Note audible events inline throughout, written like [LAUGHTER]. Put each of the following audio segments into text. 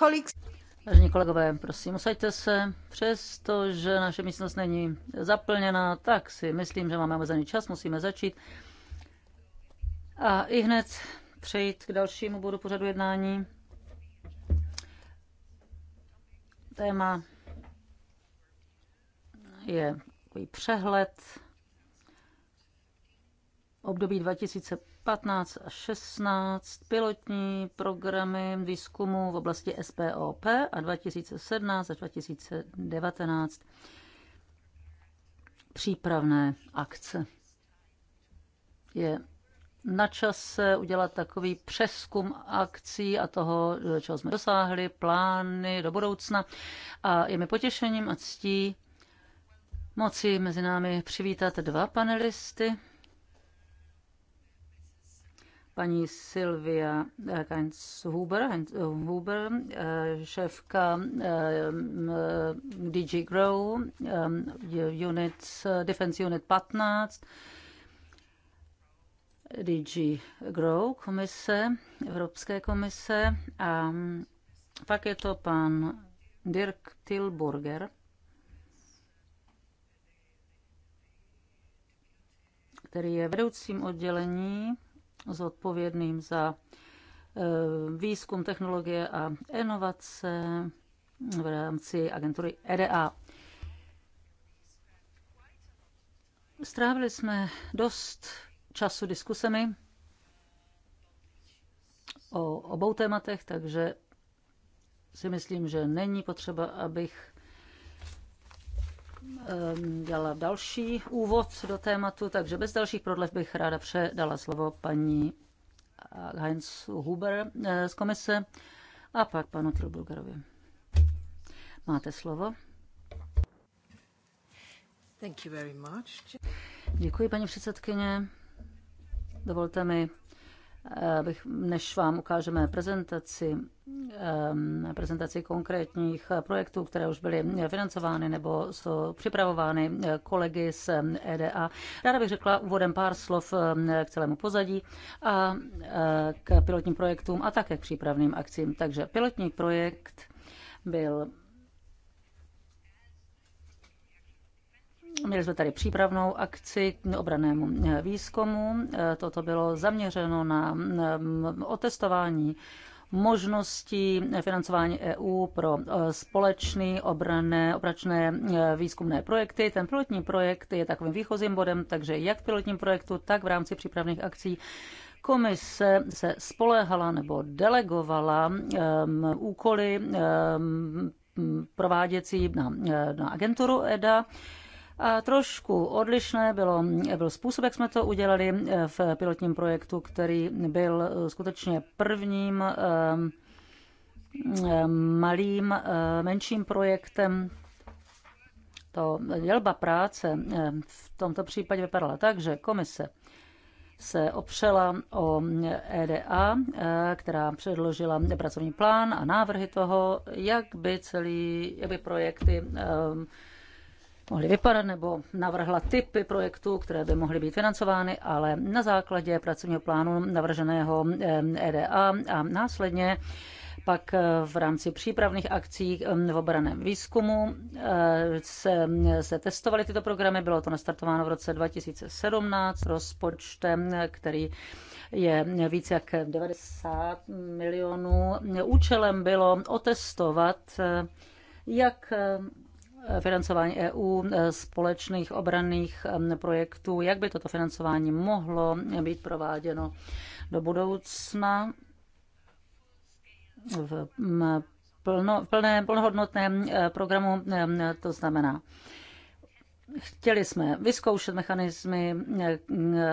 kolik... Vážení kolegové, prosím, usaďte se. Přestože naše místnost není zaplněná, tak si myslím, že máme omezený čas, musíme začít. A i hned přejít k dalšímu bodu pořadu jednání. Téma je takový přehled období 2015 15 a 16 pilotní programy výzkumu v oblasti SPOP a 2017 a 2019 přípravné akce. Je na čase udělat takový přeskum akcí a toho, čeho jsme dosáhli, plány do budoucna. A je mi potěšením a ctí moci mezi námi přivítat dva panelisty paní Silvia eh, Heinz-Huber, Huber, eh, eh, šéfka DG Grow, unit, Defense Unit 15, DG Grow komise, Evropské komise a mm, pak je to pan Dirk Tilburger, který je vedoucím oddělení zodpovědným za eh, výzkum, technologie a inovace v rámci agentury EDA. Strávili jsme dost času diskusemi o obou tématech, takže si myslím, že není potřeba, abych Ehm, dělala další úvod do tématu, takže bez dalších prodlev bych ráda předala slovo paní Heinz Huber eh, z komise a pak panu Trilburgerovi. Máte slovo. Thank you very much. Děkuji, paní předsedkyně. Dovolte mi Eh, bych, než vám ukážeme prezentaci, prezentaci konkrétních eh, projektů, které už byly financovány nebo jsou připravovány eh, kolegy z EDA. Ráda bych řekla úvodem pár slov k celému pozadí a k pilotním projektům a také k přípravným akcím. Takže pilotní projekt byl Měli jsme tady přípravnou akci k obranému eh, výzkumu. Eh, toto bylo zaměřeno na mm, otestování možností financování EU pro eh, společný obrané, obračné výzkumné projekty. Ten pilotní projekt je takovým výchozím bodem, takže jak v pilotním projektu, tak v rámci přípravných akcí komise se spolehala nebo delegovala um, úkoly um, prováděcí na, na agenturu EDA. A trošku odlišné bylo, byl způsob, jak jsme to udělali eh, v pilotním projektu, který byl eh, skutečně prvním ehm, ehm, malým, eh, menším projektem. To dělba práce v tomto případě vypadala tak, že komise se opřela o EDA, která předložila pracovní plán a návrhy toho, jak by celý, jak by projekty ehm, mohly vypadat, nebo navrhla typy projektů, které by mohly být financovány, ale na základě pracovního plánu navrženého EDA eh, e a následně pak eh, v rámci přípravných akcí eh, v obraném výzkumu se, se testovaly tyto programy. Bylo to nastartováno v roce 2017 rozpočtem, který je víc jak 90 milionů. Účelem bylo otestovat, jak financování EU eh, společných obranných eh, projektů. Jak by toto financování mohlo být prováděno do budoucna v mm, plno, plné, plnohodnotném eh, programu, to znamená Chtěli jsme vyzkoušet mechanismy, eh,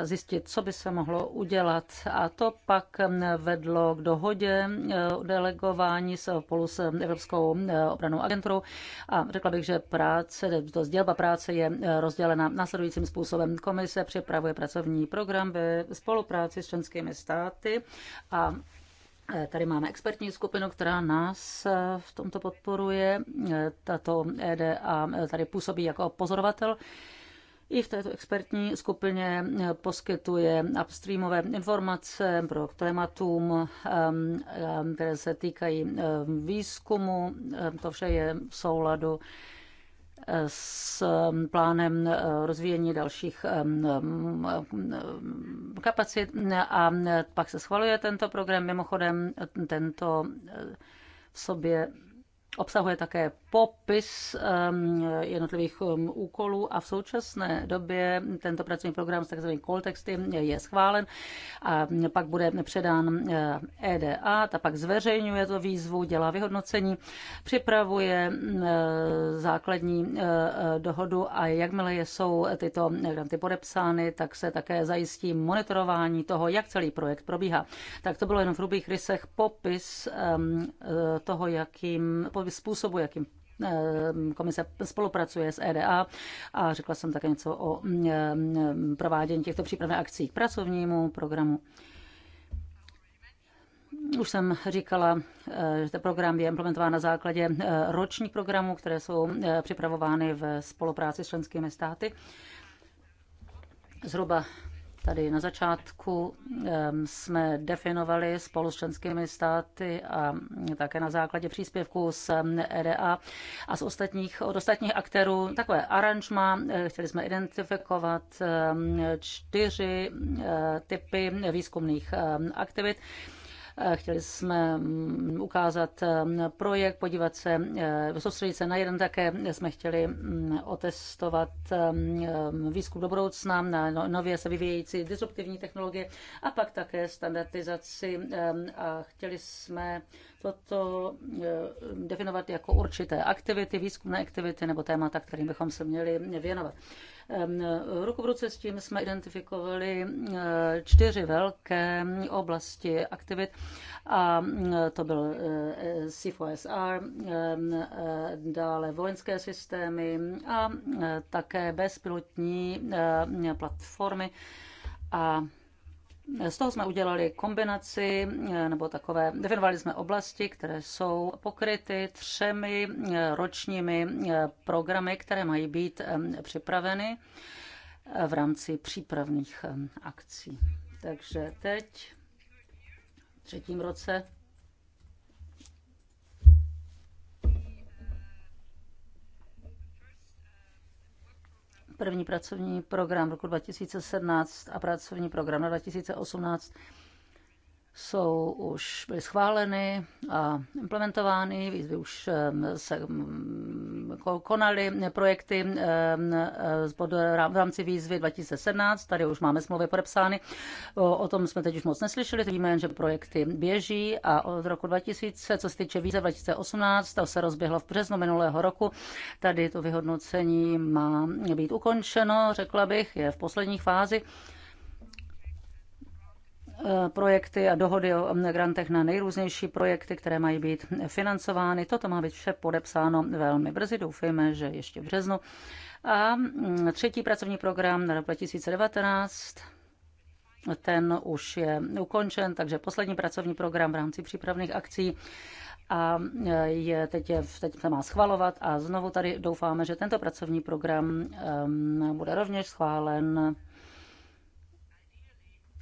zjistit, co by se mohlo udělat a to pak eh, vedlo k dohodě eh, o delegování spolu s Evropskou obranou agenturou a řekla bych, že práce, to sdělba práce je rozdělena následujícím způsobem. Komise připravuje pracovní program ve spolupráci s členskými státy a Eh, tady máme expertní skupinu, která nás eh, v tomto podporuje. Eh, tato EDA tady působí jako pozorovatel. I v této expertní skupině poskytuje upstreamové informace pro tématům, ehm, ehm, které se týkají výzkumu. To vše je v souladu s um, plánem uh, rozvíjení dalších um, um, kapacit a uh, pak se schvaluje tento program. Mimochodem, tento uh, v sobě obsahuje také popis jednotlivých úkolů a v současné době tento pracovní program s takzvaným call texty je schválen a pak bude předán EDA, eh, e ta pak zveřejňuje to výzvu, dělá vyhodnocení, připravuje eh, základní eh, dohodu a jakmile jsou tyto granty podepsány, tak se také zajistí monitorování toho, jak celý projekt probíhá. Tak to bylo jenom v hrubých rysech popis toho, jakým, popis způsobu, jakým Ehm, komise spolupracuje s EDA a řekla jsem také něco o ehm, ehm, provádění těchto přípravných akcí k pracovnímu programu. Už jsem říkala, eh, že ten program je implementován na základě eh, ročních programů, které jsou eh, připravovány v spolupráci s členskými státy. Zhruba Tady na začátku jsme definovali spolu s členskými státy a také na základě příspěvků z EDA a z ostatních, od ostatních aktérů takové aranžma. Eh, chtěli jsme identifikovat čtyři eh, typy výzkumných aktivit Chtěli jsme mm, ukázat mm, projekt, podívat se, eh, soustředit se na jeden také. Jsme chtěli mm, otestovat výzkum do budoucna na no, nově se vyvíjející disruptivní technologie a pak také standardizaci. Eh, a chtěli jsme toto eh, definovat jako určité aktivity, výzkumné aktivity nebo témata, kterým bychom se měli věnovat. Ruku v ruce s tím jsme identifikovali eh, čtyři velké oblasti aktivit a mm, to byl eh, C4SR, eh, dále vojenské systémy a také bezpilotní platformy a z toho jsme udělali kombinaci, eh, nebo takové, definovali jsme oblasti, které jsou pokryty třemi eh, ročními eh, programy, které mají být připraveny v rámci přípravných akcí. Takže teď, v třetím roce, První pracovní program roku 2017 a pracovní program na 2018 jsou už byly schváleny a implementovány, výzvy už eh, se mm, konali projekty v rámci výzvy 2017, tady už máme smlouvy podepsány, o tom jsme teď už moc neslyšeli, víme, že projekty běží a od roku 2000, co se týče výzvy 2018, to se rozběhlo v březnu minulého roku, tady to vyhodnocení má být ukončeno, řekla bych, je v posledních fázi. Eh, projekty a dohody o grantech na nejrůznější projekty, které mají být financovány. Toto má být vše podepsáno velmi brzy, doufejme, že ještě v březnu. A mm, třetí pracovní program na rok 2019, ten už je ukončen, takže poslední pracovní program v rámci přípravných akcí a eh, je teď, je, teď se má schvalovat a znovu tady doufáme, že tento pracovní program um, bude rovněž schválen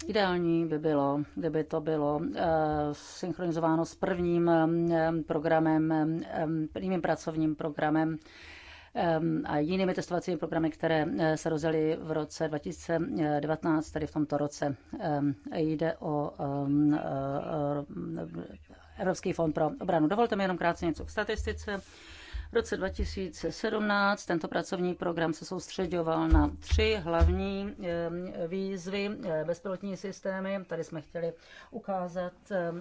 Ideální by bylo, kdyby to bylo eh, synchronizováno s prvním eh, programem, eh, prvním pracovním programem a jinými testovacími programy, které se rozjeli v roce 2019, tedy v tomto roce. Jde o Evropský fond pro obranu. Dovolte mi jenom krátce něco k statistice roce 2017 tento pracovní program se soustředoval na tři hlavní eh, výzvy eh, bezpilotní systémy. Tady jsme chtěli ukázat eh,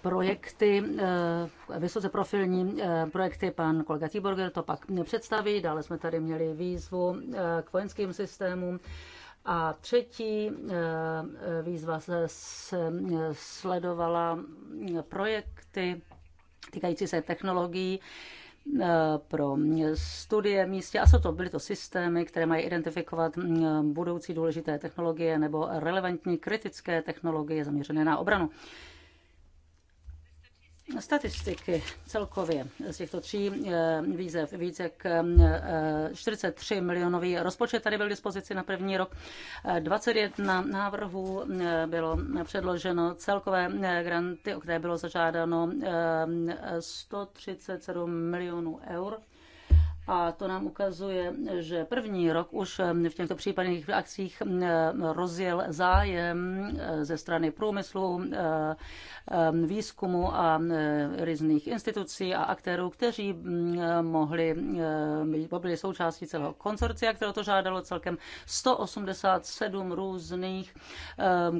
projekty, vysoce profilní projekty, pan kolega Tiborger to pak představí, dále jsme tady měli výzvu k vojenským systémům, a třetí výzva se sledovala projekty týkající se technologií eh, pro studie v místě. A jsou to, byly to systémy, které mají identifikovat mm, budoucí důležité technologie nebo relevantní kritické technologie zaměřené na obranu. Statistiky celkově z těchto tří eh, výzev, více k 43 eh, milionový rozpočet tady byl k dispozici na první rok, 21 eh, návrhů bylo předloženo, celkové granty, o které bylo zažádáno 137 milionů eur. A to nám ukazuje, že první rok už v těchto případných akcích rozjel zájem e, ze strany průmyslu, e, e, výzkumu a různých institucí a aktérů, kteří mohli, byli součástí celého konsorcia, které to žádalo celkem 187 různých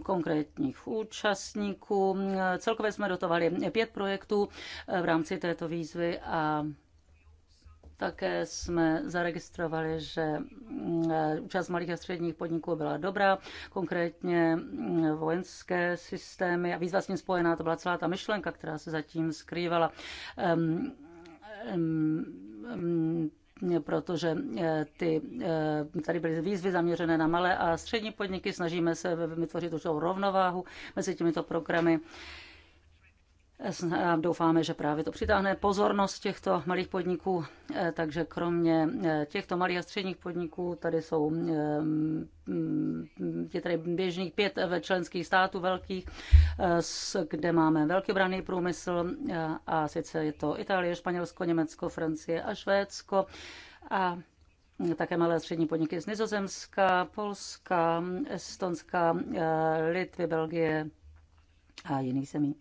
konkrétních účastníků. Celkově jsme dotovali pět projektů v rámci této výzvy a také jsme zaregistrovali, že mm, účast malých a středních podniků byla dobrá, konkrétně mm, vojenské systémy a výzva s tím spojená, to byla celá ta myšlenka, která se zatím skrývala. Um, um, protože e, ty, e, tady byly výzvy zaměřené na malé a střední podniky. Snažíme se vytvořit určitou rovnováhu mezi těmito programy. Doufáme, že právě to přitáhne pozornost těchto malých podniků, eh, takže kromě eh, těchto malých a středních podniků tady jsou eh, mm, je tady běžných pět členských států velkých, kde máme velký braný průmysl a sice je to Itálie, Španělsko, Německo, Francie a Švédsko. A také malé a střední podniky z Nizozemska, Polska, Estonska, Litvy, Belgie a jiných zemí.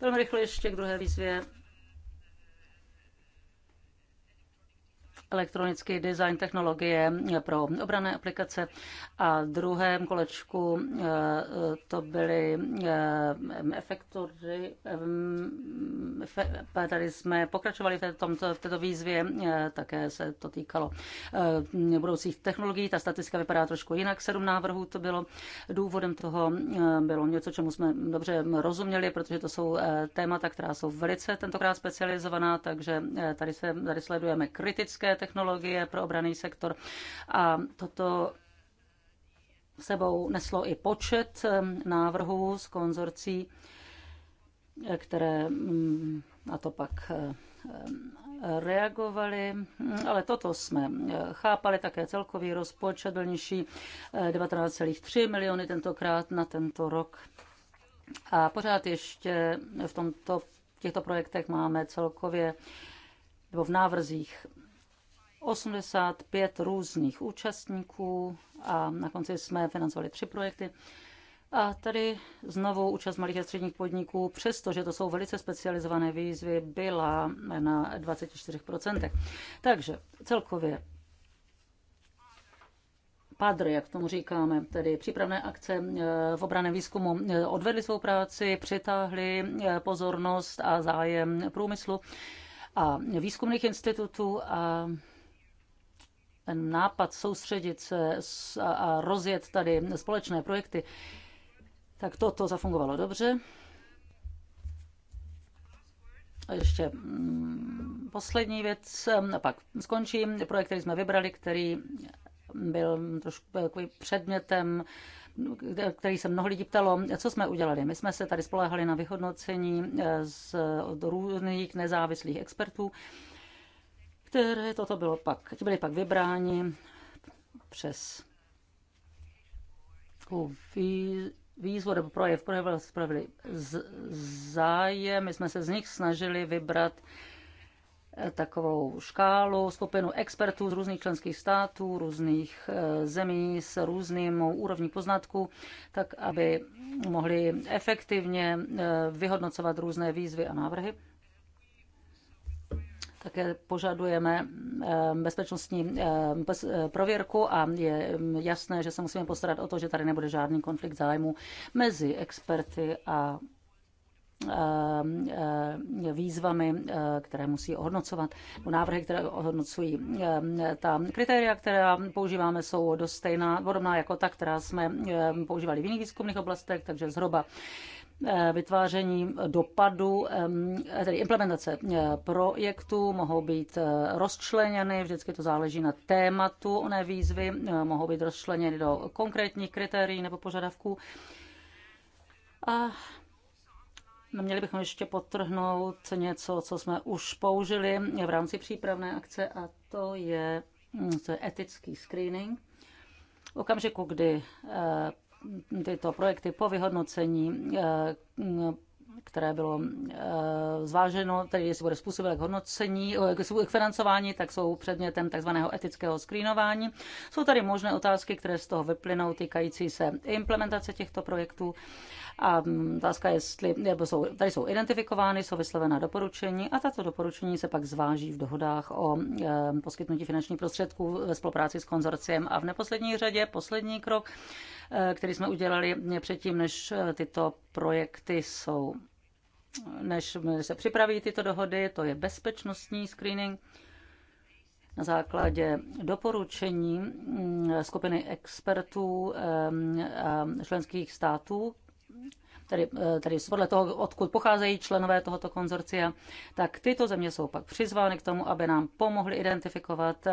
Velmi rychle ještě k druhé výzvě. elektronický design technologie pro obrané aplikace a druhém kolečku eh, to byly efektory. Eh, tady jsme pokračovali v, tomto, v této výzvě, eh, také se to týkalo budoucích technologií. Ta statistika vypadá trošku jinak, sedm návrhů to bylo. Důvodem toho bylo něco, čemu jsme dobře rozuměli, protože to jsou témata, která jsou velice tentokrát specializovaná, takže tady, se, tady sledujeme kritické technologie pro obraný sektor. A toto sebou neslo i počet návrhů z konzorcí, které mm, na to pak reagovali, ale toto jsme chápali, také celkový rozpočet byl nižší 19,3 eh, miliony tentokrát na tento rok. A pořád ještě v, tomto, v těchto projektech máme celkově nebo v návrzích 85 různých účastníků a na konci jsme financovali tři projekty. A tady znovu účast malých a středních podniků, přestože to jsou velice specializované výzvy, byla na 24%. Takže celkově PADR, jak tomu říkáme, tedy přípravné akce eh, v obraném výzkumu, eh, odvedly svou práci, přitáhly eh, pozornost a zájem průmyslu a výzkumných institutů a ten nápad soustředit se a rozjet tady společné projekty, tak toto zafungovalo dobře. A ještě mm, poslední věc, mm, a pak skončím. Projekt, který jsme vybrali, který byl trošku předmětem, který se mnoho lidí ptalo, co jsme udělali. My jsme se tady spolehali na vyhodnocení eh, z, od různých nezávislých expertů které toto bylo pak, ti byli pak vybráni přes výzvu nebo projev, se. spravili zájem. My jsme se z nich snažili vybrat eh, takovou škálu, skupinu expertů z různých členských států, různých eh, zemí s různým úrovní poznatku, tak aby mohli efektivně eh, vyhodnocovat různé výzvy a návrhy. Také požadujeme eh, bezpečnostní eh, eh, prověrku a je mm, jasné, že se musíme postarat o to, že tady nebude žádný konflikt zájmu mezi experty a výzvami, které musí hodnocovat, návrhy, které ohodnocují. Ta kritéria, která používáme, jsou dost stejná, podobná jako ta, která jsme používali v jiných výzkumných oblastech, takže zhruba Eh, vytváření dopadu, eh, tedy implementace eh, projektu mohou být rozčleněny, vždycky to záleží na tématu oné výzvy, mohou být rozčleněny do konkrétních kritérií nebo požadavků. A Měli bychom ještě potrhnout něco, co jsme už použili v rámci přípravné akce, a to je, mm, to je etický screening. V okamžiku, kdy tyto projekty po vyhodnocení, eh, které bylo eh, zváženo, tedy jestli bude způsobilé k hodnocení, eh, k financování, tak jsou předmětem tzv. etického screenování. Jsou tady možné otázky, které z toho vyplynou týkající se implementace těchto projektů a mm, otázka, jestli nebo jsou, tady jsou identifikovány, jsou vyslovená doporučení a tato doporučení se pak zváží v dohodách o e, poskytnutí finančních prostředků ve spolupráci s konzorciem. A v neposlední řadě poslední krok, e, který jsme udělali předtím, než e, tyto projekty jsou než se připraví tyto dohody, to je bezpečnostní screening na základě doporučení mm, skupiny expertů členských států, tedy, eh, tedy podle toho, odkud pocházejí členové tohoto konzorcia, tak tyto země jsou pak přizvány k tomu, aby nám pomohly identifikovat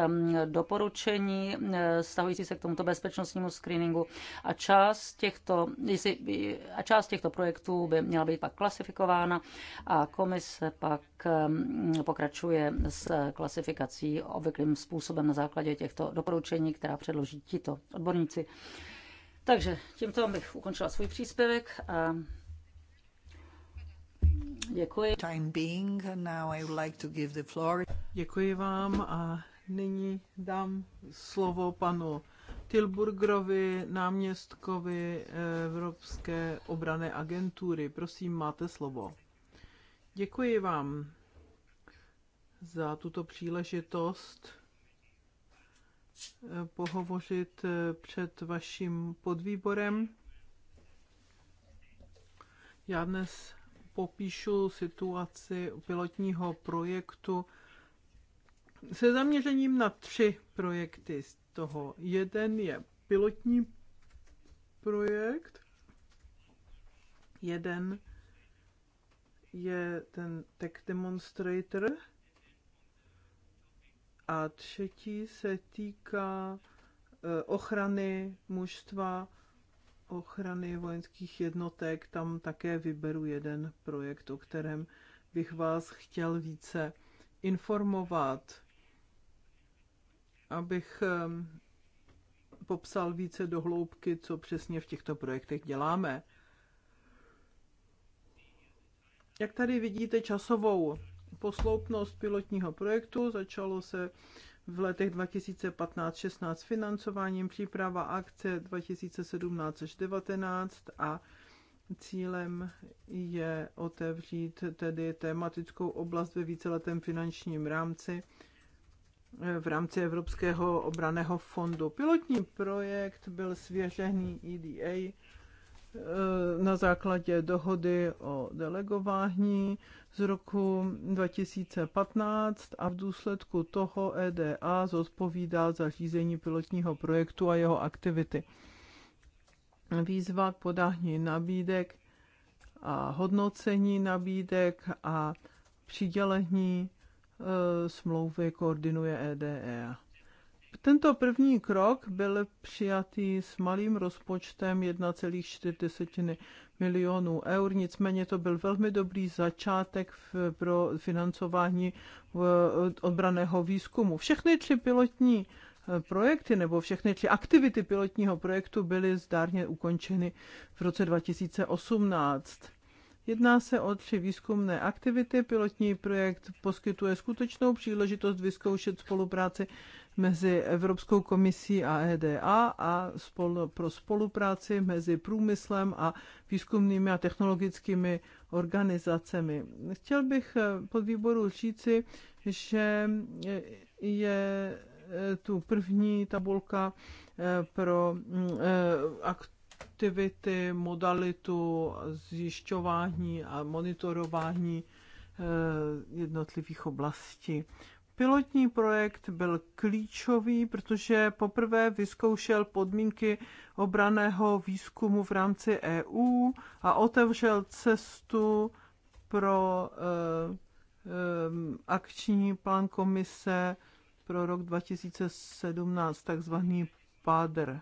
doporučení stahující eh, se k tomuto bezpečnostnímu screeningu a část těchto, jestli, a část těchto projektů by měla být pak klasifikována a komise pak pokračuje s klasifikací obvyklým způsobem na základě těchto doporučení, která předloží tito odborníci. Takže tímto bych ukončila svůj příspěvek a děkuji. Děkuji vám a nyní dám slovo panu Tilburgrovi, náměstkovi Evropské obrané agentury. Prosím, máte slovo. Děkuji vám za tuto příležitost pohovořit eh, před vaším podvýborem. Já dnes popíšu situaci pilotního projektu se zaměřením na tři projekty z toho. Jeden je pilotní projekt, jeden je ten Tech Demonstrator, a třetí se týká eh, ochrany mužstva, ochrany vojenských jednotek. Tam také vyberu jeden projekt, o kterém bych vás chtěl více informovat, abych ehm, popsal více dohloubky, co přesně v těchto projektech děláme. Jak tady vidíte časovou posloupnost pilotního projektu. Začalo se v letech 2015-16 financováním, příprava akce 2017-19 a cílem je otevřít tedy tematickou oblast ve víceletém finančním rámci v rámci Evropského obraného fondu. Pilotní projekt byl svěřený EDA Eh, na základě dohody o delegování z roku 2015 a v důsledku toho EDA zodpovídá za řízení pilotního projektu a jeho aktivity. Výzva k podání nabídek a hodnocení nabídek a přidělení eh, smlouvy koordinuje EDA. E tento první krok byl přijatý s malým rozpočtem 1,4 milionů eur, nicméně to byl velmi dobrý začátek v, pro financování odbraného výzkumu. Všechny tři pilotní eh, projekty nebo všechny tři aktivity pilotního projektu byly zdárně ukončeny v roce 2018. Jedná se o tři výzkumné aktivity. Pilotní projekt poskytuje skutečnou příležitost vyzkoušet spolupráci mezi Evropskou komisí a EDA a spol, pro spolupráci mezi průmyslem a výzkumnými a technologickými organizacemi. Chtěl bych eh, pod výboru říci, že eh, je eh, tu první tabulka pro aktivity, modalitu zjišťování a monitorování jednotlivých oblastí. Pilotní projekt byl klíčový, protože poprvé vyzkoušel podmínky obraného výzkumu v rámci EU a otevřel cestu pro eh, eh, akční plán komise pro rok 2017, takzvaný PADR.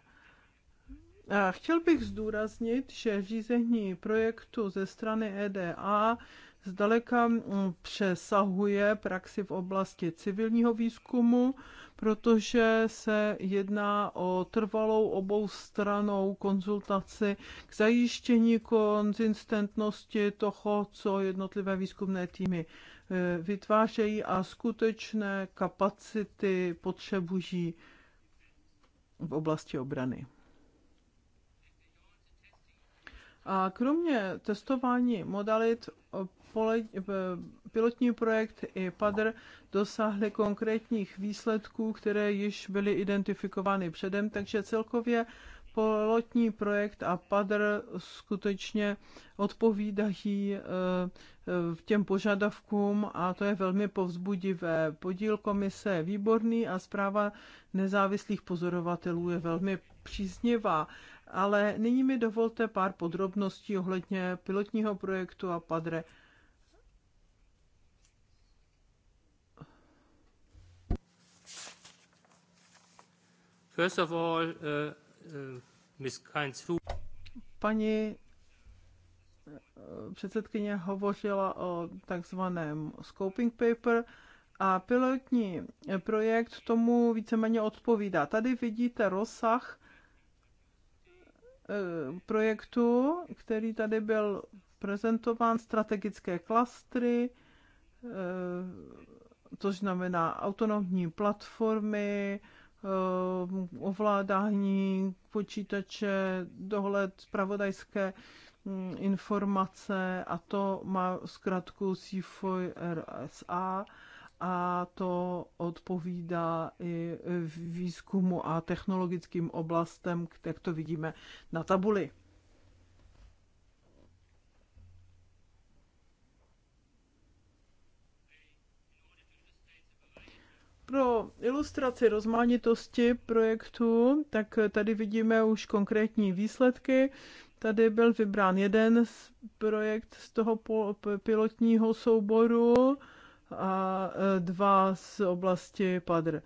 A chtěl bych zdůraznit, že řízení projektu ze strany EDA zdaleka mm, přesahuje praxi v oblasti civilního výzkumu, protože se jedná o trvalou oboustranou konzultaci k zajištění konzistentnosti toho, co jednotlivé výzkumné týmy e, vytvářejí a skutečné kapacity potřebují v oblasti obrany. A kromě testování modalit pilotní projekt i PADR dosáhly konkrétních výsledků, které již byly identifikovány předem, takže celkově pilotní projekt a PADR skutečně odpovídají e, těm požadavkům a to je velmi povzbudivé. Podíl komise je výborný a zpráva nezávislých pozorovatelů je velmi příznivá ale nyní mi dovolte pár podrobností ohledně pilotního projektu a PADRE. First of all, uh, uh, Ms. Kainz Paní eh, předsedkyně hovořila o takzvaném scoping paper a pilotní projekt tomu víceméně odpovídá. Tady vidíte rozsah Eh, projektu, který tady byl prezentován, strategické klastry, eh, což znamená autonomní platformy, eh, ovládání počítače, dohled zpravodajské hm, informace a to má zkrátku C4RSA a to odpovídá i výzkumu a technologickým oblastem, jak to vidíme na tabuli. pro ilustraci rozmanitosti projektu, tak tady vidíme už konkrétní výsledky. Tady byl vybrán jeden z projekt z toho pilotního souboru a e, dva z oblasti PADR.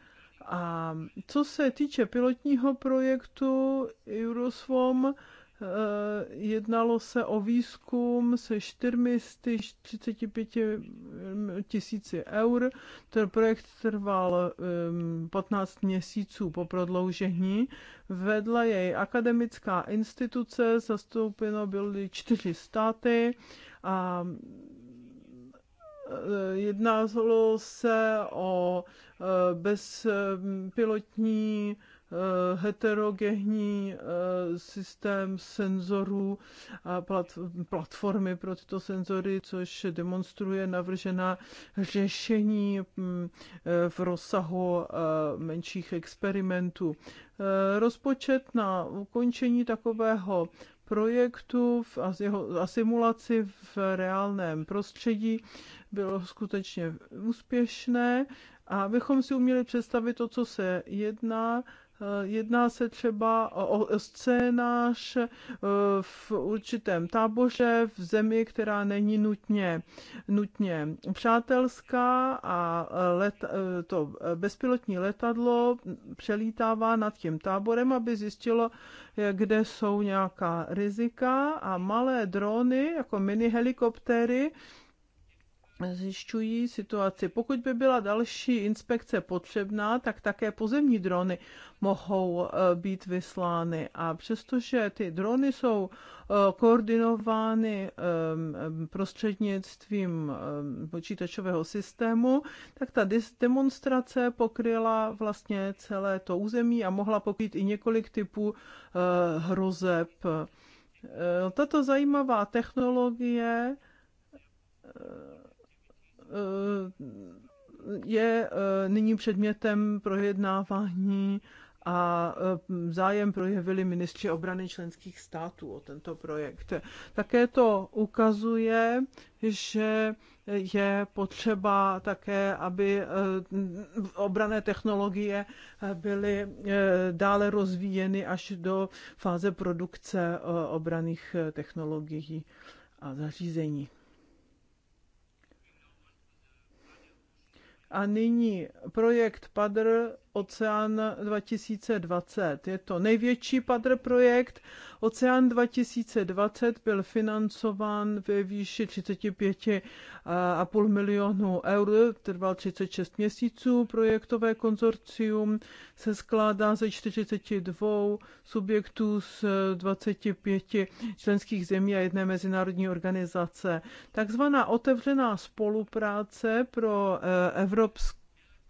A co se týče pilotního projektu Euroswom, e, jednalo se o výzkum se 435 mm, tisíci eur. Ten projekt trval 15 měsíců po prodloužení. Vedla jej akademická instituce, zastoupeno byly čtyři státy a Eh, jednalo se o eh, bezpilotní eh, heterogenní systém senzorů a platformy pro tyto senzory, což demonstruje navržená řešení mm, v rozsahu menších experimentů. Rozpočet na ukončení takového projektu a simulaci v reálném prostředí bylo skutečně úspěšné a abychom si uměli představit to, co se jedná, eh, Jedná se třeba o scénář eh, v určitém táboře v zemi, která není nutně, nutně přátelská a eh, let, to bezpilotní letadlo přelítává nad tím táborem, aby zjistilo, kde jsou nějaká rizika a malé drony jako mini helikoptéry zjišťují situaci. Pokud by byla další inspekce potřebná, tak také pozemní drony mohou eh, být vyslány. A přestože ty drony jsou eh, koordinovány ehm, ehm, prostřednictvím ehm, počítačového systému, tak ta demonstrace pokryla vlastně celé to území a mohla pokrýt i několik typů eh, hrozeb. Tato zajímavá technologie je e, nyní předmětem projednávání a e, zájem projevili ministři obrany členských států o tento projekt. Také to ukazuje, že je potřeba také, aby e, obrané technologie byly dále rozvíjeny až do fáze produkce obraných technologií a zařízení. A nyní projekt PADR Oceán 2020. Je to největší PADR projekt. Oceán 2020 byl financován ve výši 35,5 milionů eur, trval 36 měsíců. Projektové konzorcium se skládá ze 42 subjektů z 25 členských zemí a jedné mezinárodní organizace. Takzvaná otevřená spolupráce pro eh, evropské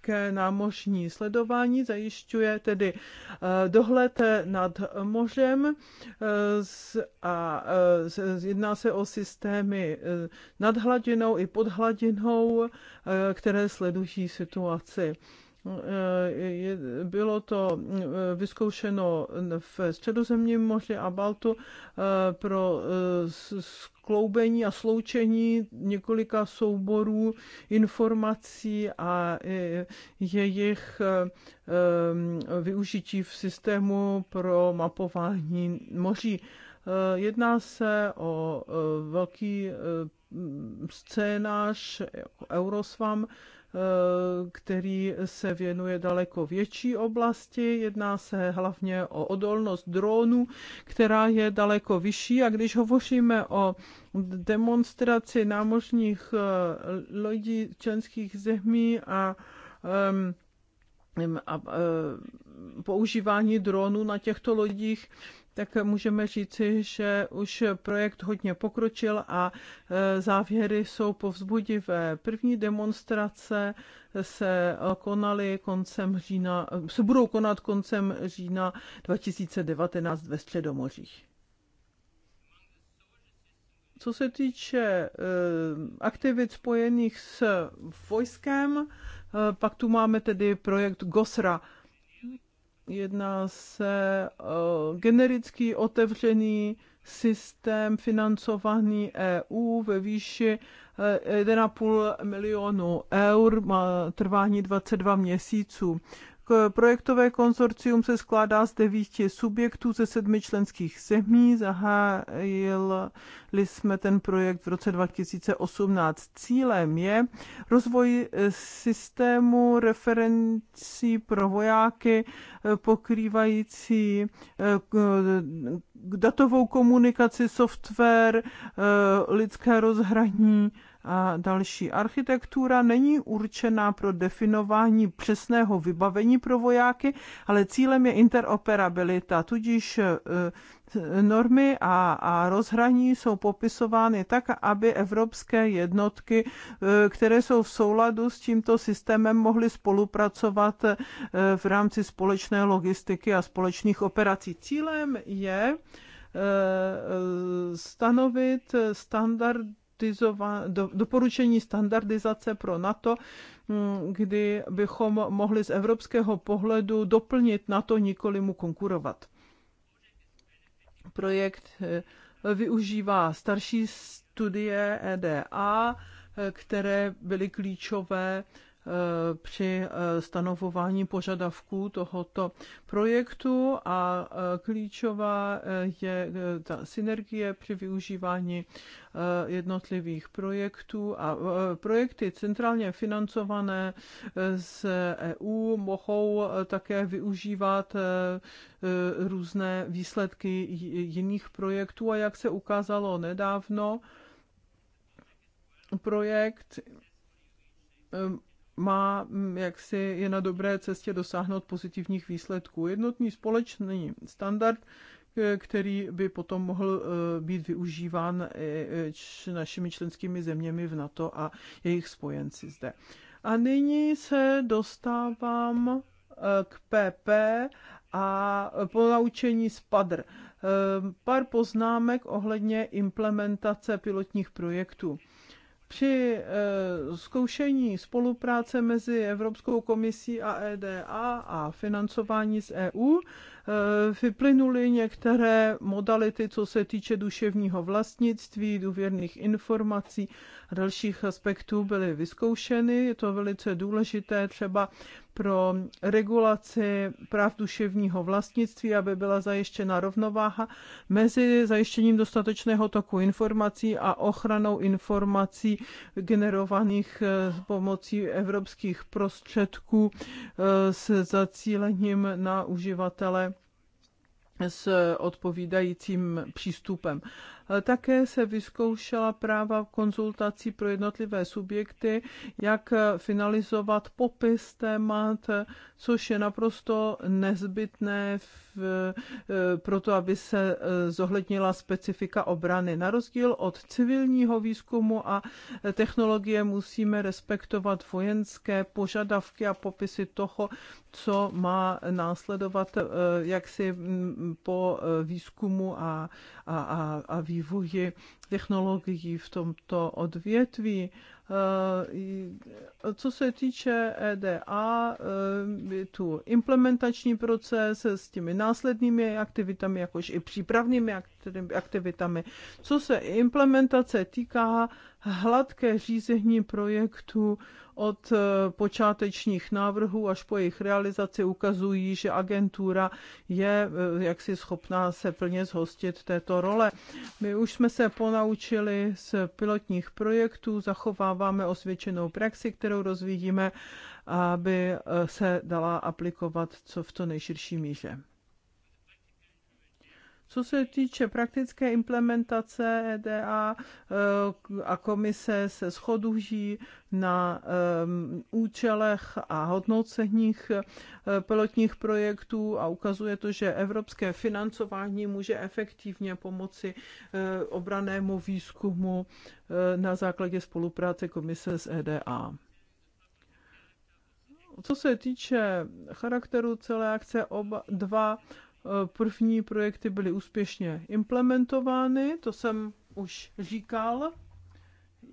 také námořní sledování, zajišťuje tedy eh, dohled nad mořem eh, a eh, jedná se o systémy nad hladinou i pod hladinou, které sledují situaci. Eh, bylo to eh, vyzkoušeno v Středozemním moři a Baltu eh, pro skloubení a sloučení několika souborů informací a jejich využití v systému pro mapování moří. Jedná se o velký scénář Eurosvam. Eh, který se věnuje daleko větší oblasti. Jedná se hlavně o odolnost dronů, která je daleko vyšší. A když hovoříme o demonstraci námořních eh, lodí členských zemí a a eh, používání dronů na těchto lodích tak můžeme říci, že už projekt hodně pokročil a e, závěry jsou povzbudivé. První demonstrace se konaly koncem října, se budou konat koncem října 2019 ve Středomořích. Co se týče e, aktivit spojených s vojskem, e, pak tu máme tedy projekt GOSRA, Jedná se o generický otevřený systém financovaný EU ve výši eh, 1,5 milionu eur, má trvání 22 měsíců. Projektové konzorcium se skládá z devíti subjektů ze sedmi členských zemí. Zahájili jsme ten projekt v roce 2018. Cílem je rozvoj systému referencí pro vojáky eh, pokrývající eh, datovou komunikaci, software, eh, lidské rozhraní a další. Architektura není určená pro definování přesného vybavení pro vojáky, ale cílem je interoperabilita, tudíž e, e, normy a, a rozhraní jsou popisovány tak, aby evropské jednotky, e, které jsou v souladu s tímto systémem, mohly spolupracovat v rámci společné logistiky a společných operací. Cílem je stanovit standard do, doporučení standardizace pro NATO, mm, kdy bychom mohli z evropského pohledu doplnit NATO, nikoli mu konkurovat. Projekt eh, využívá starší studie EDA, eh, které byly klíčové Eh, při eh, stanovování požadavků tohoto projektu a eh, klíčová je ta synergie při využívání jednotlivých projektů a projekty centrálně financované z EU mohou také využívat různé výsledky jiných projektů a jak se ukázalo nedávno, projekt má, mm, jak si je na dobré cestě dosáhnout pozitivních výsledků. Jednotný společný standard, který by potom mohl eh, být využíván našimi členskými zeměmi v NATO a jejich spojenci zde. A nyní se dostávám eh, k PP a ponaučení z PADR. Eh, pár poznámek ohledně implementace pilotních projektů při eh, zkoušení spolupráce mezi Evropskou komisí a EDA a financování z EU eh, vyplynuly některé modality, co se týče duševního vlastnictví, důvěrných informací a dalších aspektů byly vyzkoušeny. Je to velice důležité třeba pro regulaci práv duševního vlastnictví, aby byla zajištěna rovnováha mezi zajištěním dostatečného toku informací a ochranou informací generovaných eh, pomocí evropských prostředků eh, s zacílením na uživatele s odpovídajícím přístupem. Také se vyzkoušela práva konzultací pro jednotlivé subjekty, jak finalizovat popis témat, což je naprosto nezbytné v, e, pro to, aby se e, zohlednila specifika obrany. Na rozdíl od civilního výzkumu a technologie musíme respektovat vojenské požadavky a popisy toho, co má následovat e, jaksi po výzkumu a, a, a, a výzkumu vývoji technologií v tomto odvětví. Eh, co se týče EDA, eh, tu implementační proces s těmi následnými aktivitami, jakož i přípravnými aktivitami, aktivitami. Co se implementace týká, hladké řízení projektu od eh, počátečních návrhů až po jejich realizaci ukazují, že agentura je eh, jaksi schopná se plně zhostit této role. My už jsme se ponaučili z pilotních projektů, zachováváme osvědčenou praxi, kterou rozvíjíme, aby eh, se dala aplikovat co v to nejširší míře. Co se týče praktické implementace EDA eh, a komise se shodůží na eh, účelech a hodnoceních eh, pilotních projektů a ukazuje to, že evropské financování může efektivně pomoci obranému výzkumu na základě spolupráce komise s EDA. Co se týče charakteru celé akce, oba dva Eh, první projekty byly úspěšně implementovány, to jsem už říkal,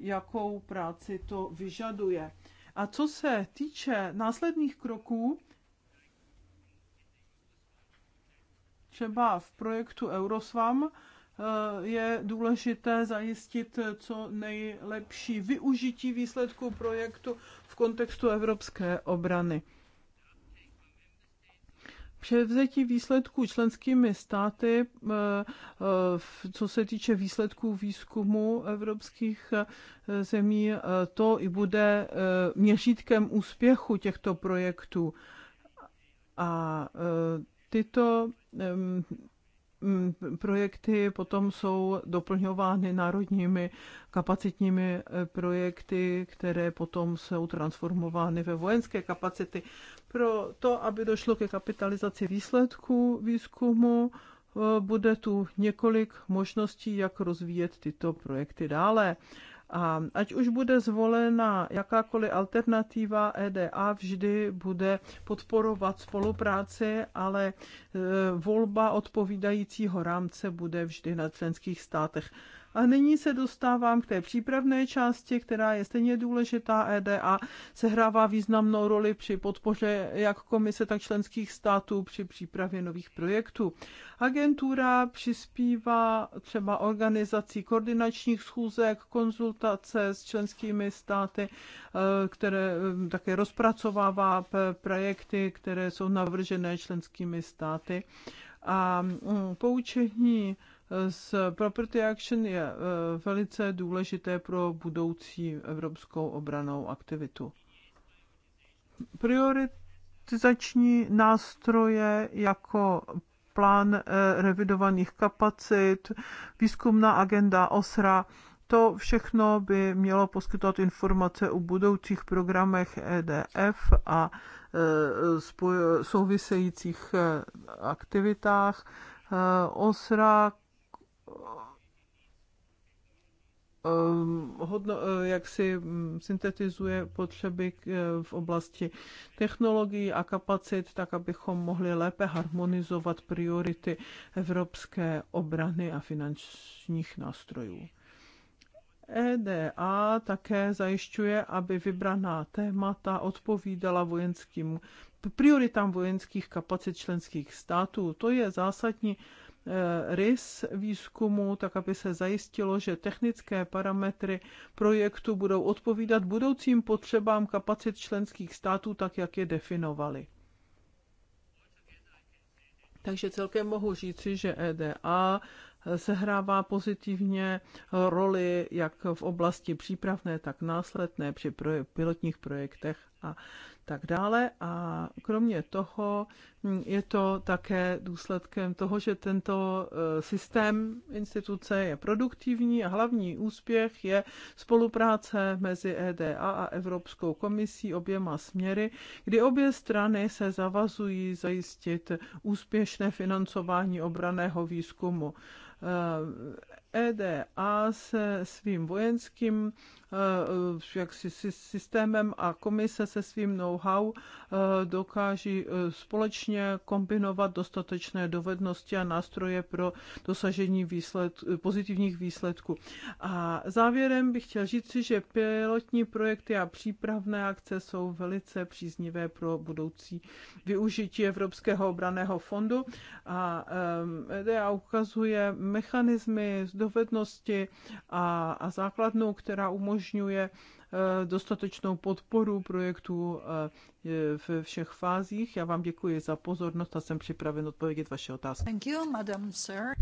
jakou práci to vyžaduje. A co se týče následných kroků, třeba v projektu Eurosvam, eh, je důležité zajistit co nejlepší využití výsledků projektu v kontextu evropské obrany převzetí výsledků členskými státy, eh, eh, co se týče výsledků výzkumu evropských eh, zemí, to i bude měřítkem úspěchu těchto projektů. A tyto projekty potom jsou doplňovány národními kapacitními projekty, které potom jsou transformovány ve vojenské kapacity pro to, aby došlo ke kapitalizaci výsledků výzkumu. Eh, bude tu několik možností, jak rozvíjet tyto projekty dále. A ať už bude zvolena jakákoliv alternativa, EDA vždy bude podporovat spolupráci, ale eh, volba odpovídajícího rámce bude vždy na členských státech. A nyní se dostávám k té přípravné části, která je stejně důležitá. EDA sehrává významnou roli při podpoře jak komise, tak členských států při přípravě nových projektů. Agentura přispívá třeba organizací koordinačních schůzek, konzultace s členskými státy, eh, které eh, také rozpracovává projekty, které jsou navržené členskými státy. A mm, poučení s Property Action je eh, velice důležité pro budoucí evropskou obranou aktivitu. Prioritizační nástroje jako plán eh, revidovaných kapacit, výzkumná agenda OSRA, to všechno by mělo poskytovat informace o budoucích programech EDF a eh, souvisejících aktivitách. OSRA, Ehm, hodno, eh, jak si mm, syntetizuje potřeby eh, v oblasti technologií a kapacit, tak abychom mohli lépe harmonizovat priority evropské obrany a finančních nástrojů. EDA také zajišťuje, aby vybraná témata odpovídala vojenským prioritám vojenských kapacit členských států. To je zásadní Eh, rys výzkumu, tak aby se zajistilo, že technické parametry projektu budou odpovídat budoucím potřebám kapacit členských států, tak jak je definovali. Takže celkem mohu říci, že EDA sehrává pozitivně roli jak v oblasti přípravné, tak následné při pilotních projektech a tak dále. A kromě toho mm, je to také důsledkem toho, že tento eh, systém instituce je produktivní a hlavní úspěch je spolupráce mezi EDA a Evropskou komisí oběma směry, kdy obě strany se zavazují zajistit úspěšné financování obraného výzkumu. Eh, EDA se svým vojenským eh, jaksi, systémem a komise se svým know-how eh, dokáží eh, společně kombinovat dostatečné dovednosti a nástroje pro dosažení výsled, pozitivních výsledků. A závěrem bych chtěl říci, že pilotní projekty a přípravné akce jsou velice příznivé pro budoucí využití Evropského obraného fondu a EDA e ukazuje mechanizmy, dovednosti a, a základnou, která umožňuje eh, dostatečnou podporu projektu eh, ve všech fázích. Já vám děkuji za pozornost a jsem připraven odpovědět vaše otázky. Thank you, madam, sir.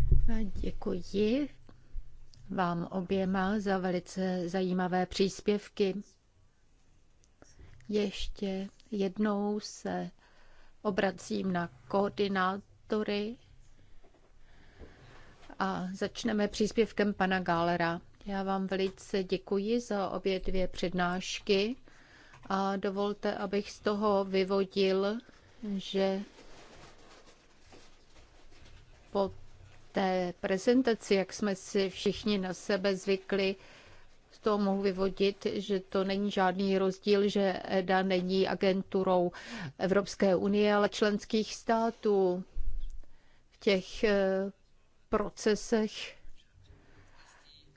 Děkuji vám oběma za velice zajímavé příspěvky. Ještě jednou se obracím na koordinátory a začneme příspěvkem pana Gálera. Já vám velice děkuji za obě dvě přednášky a dovolte, abych z toho vyvodil, že po té prezentaci, jak jsme si všichni na sebe zvykli, z toho mohu vyvodit, že to není žádný rozdíl, že EDA není agenturou Evropské unie, ale členských států. V těch eh, procesech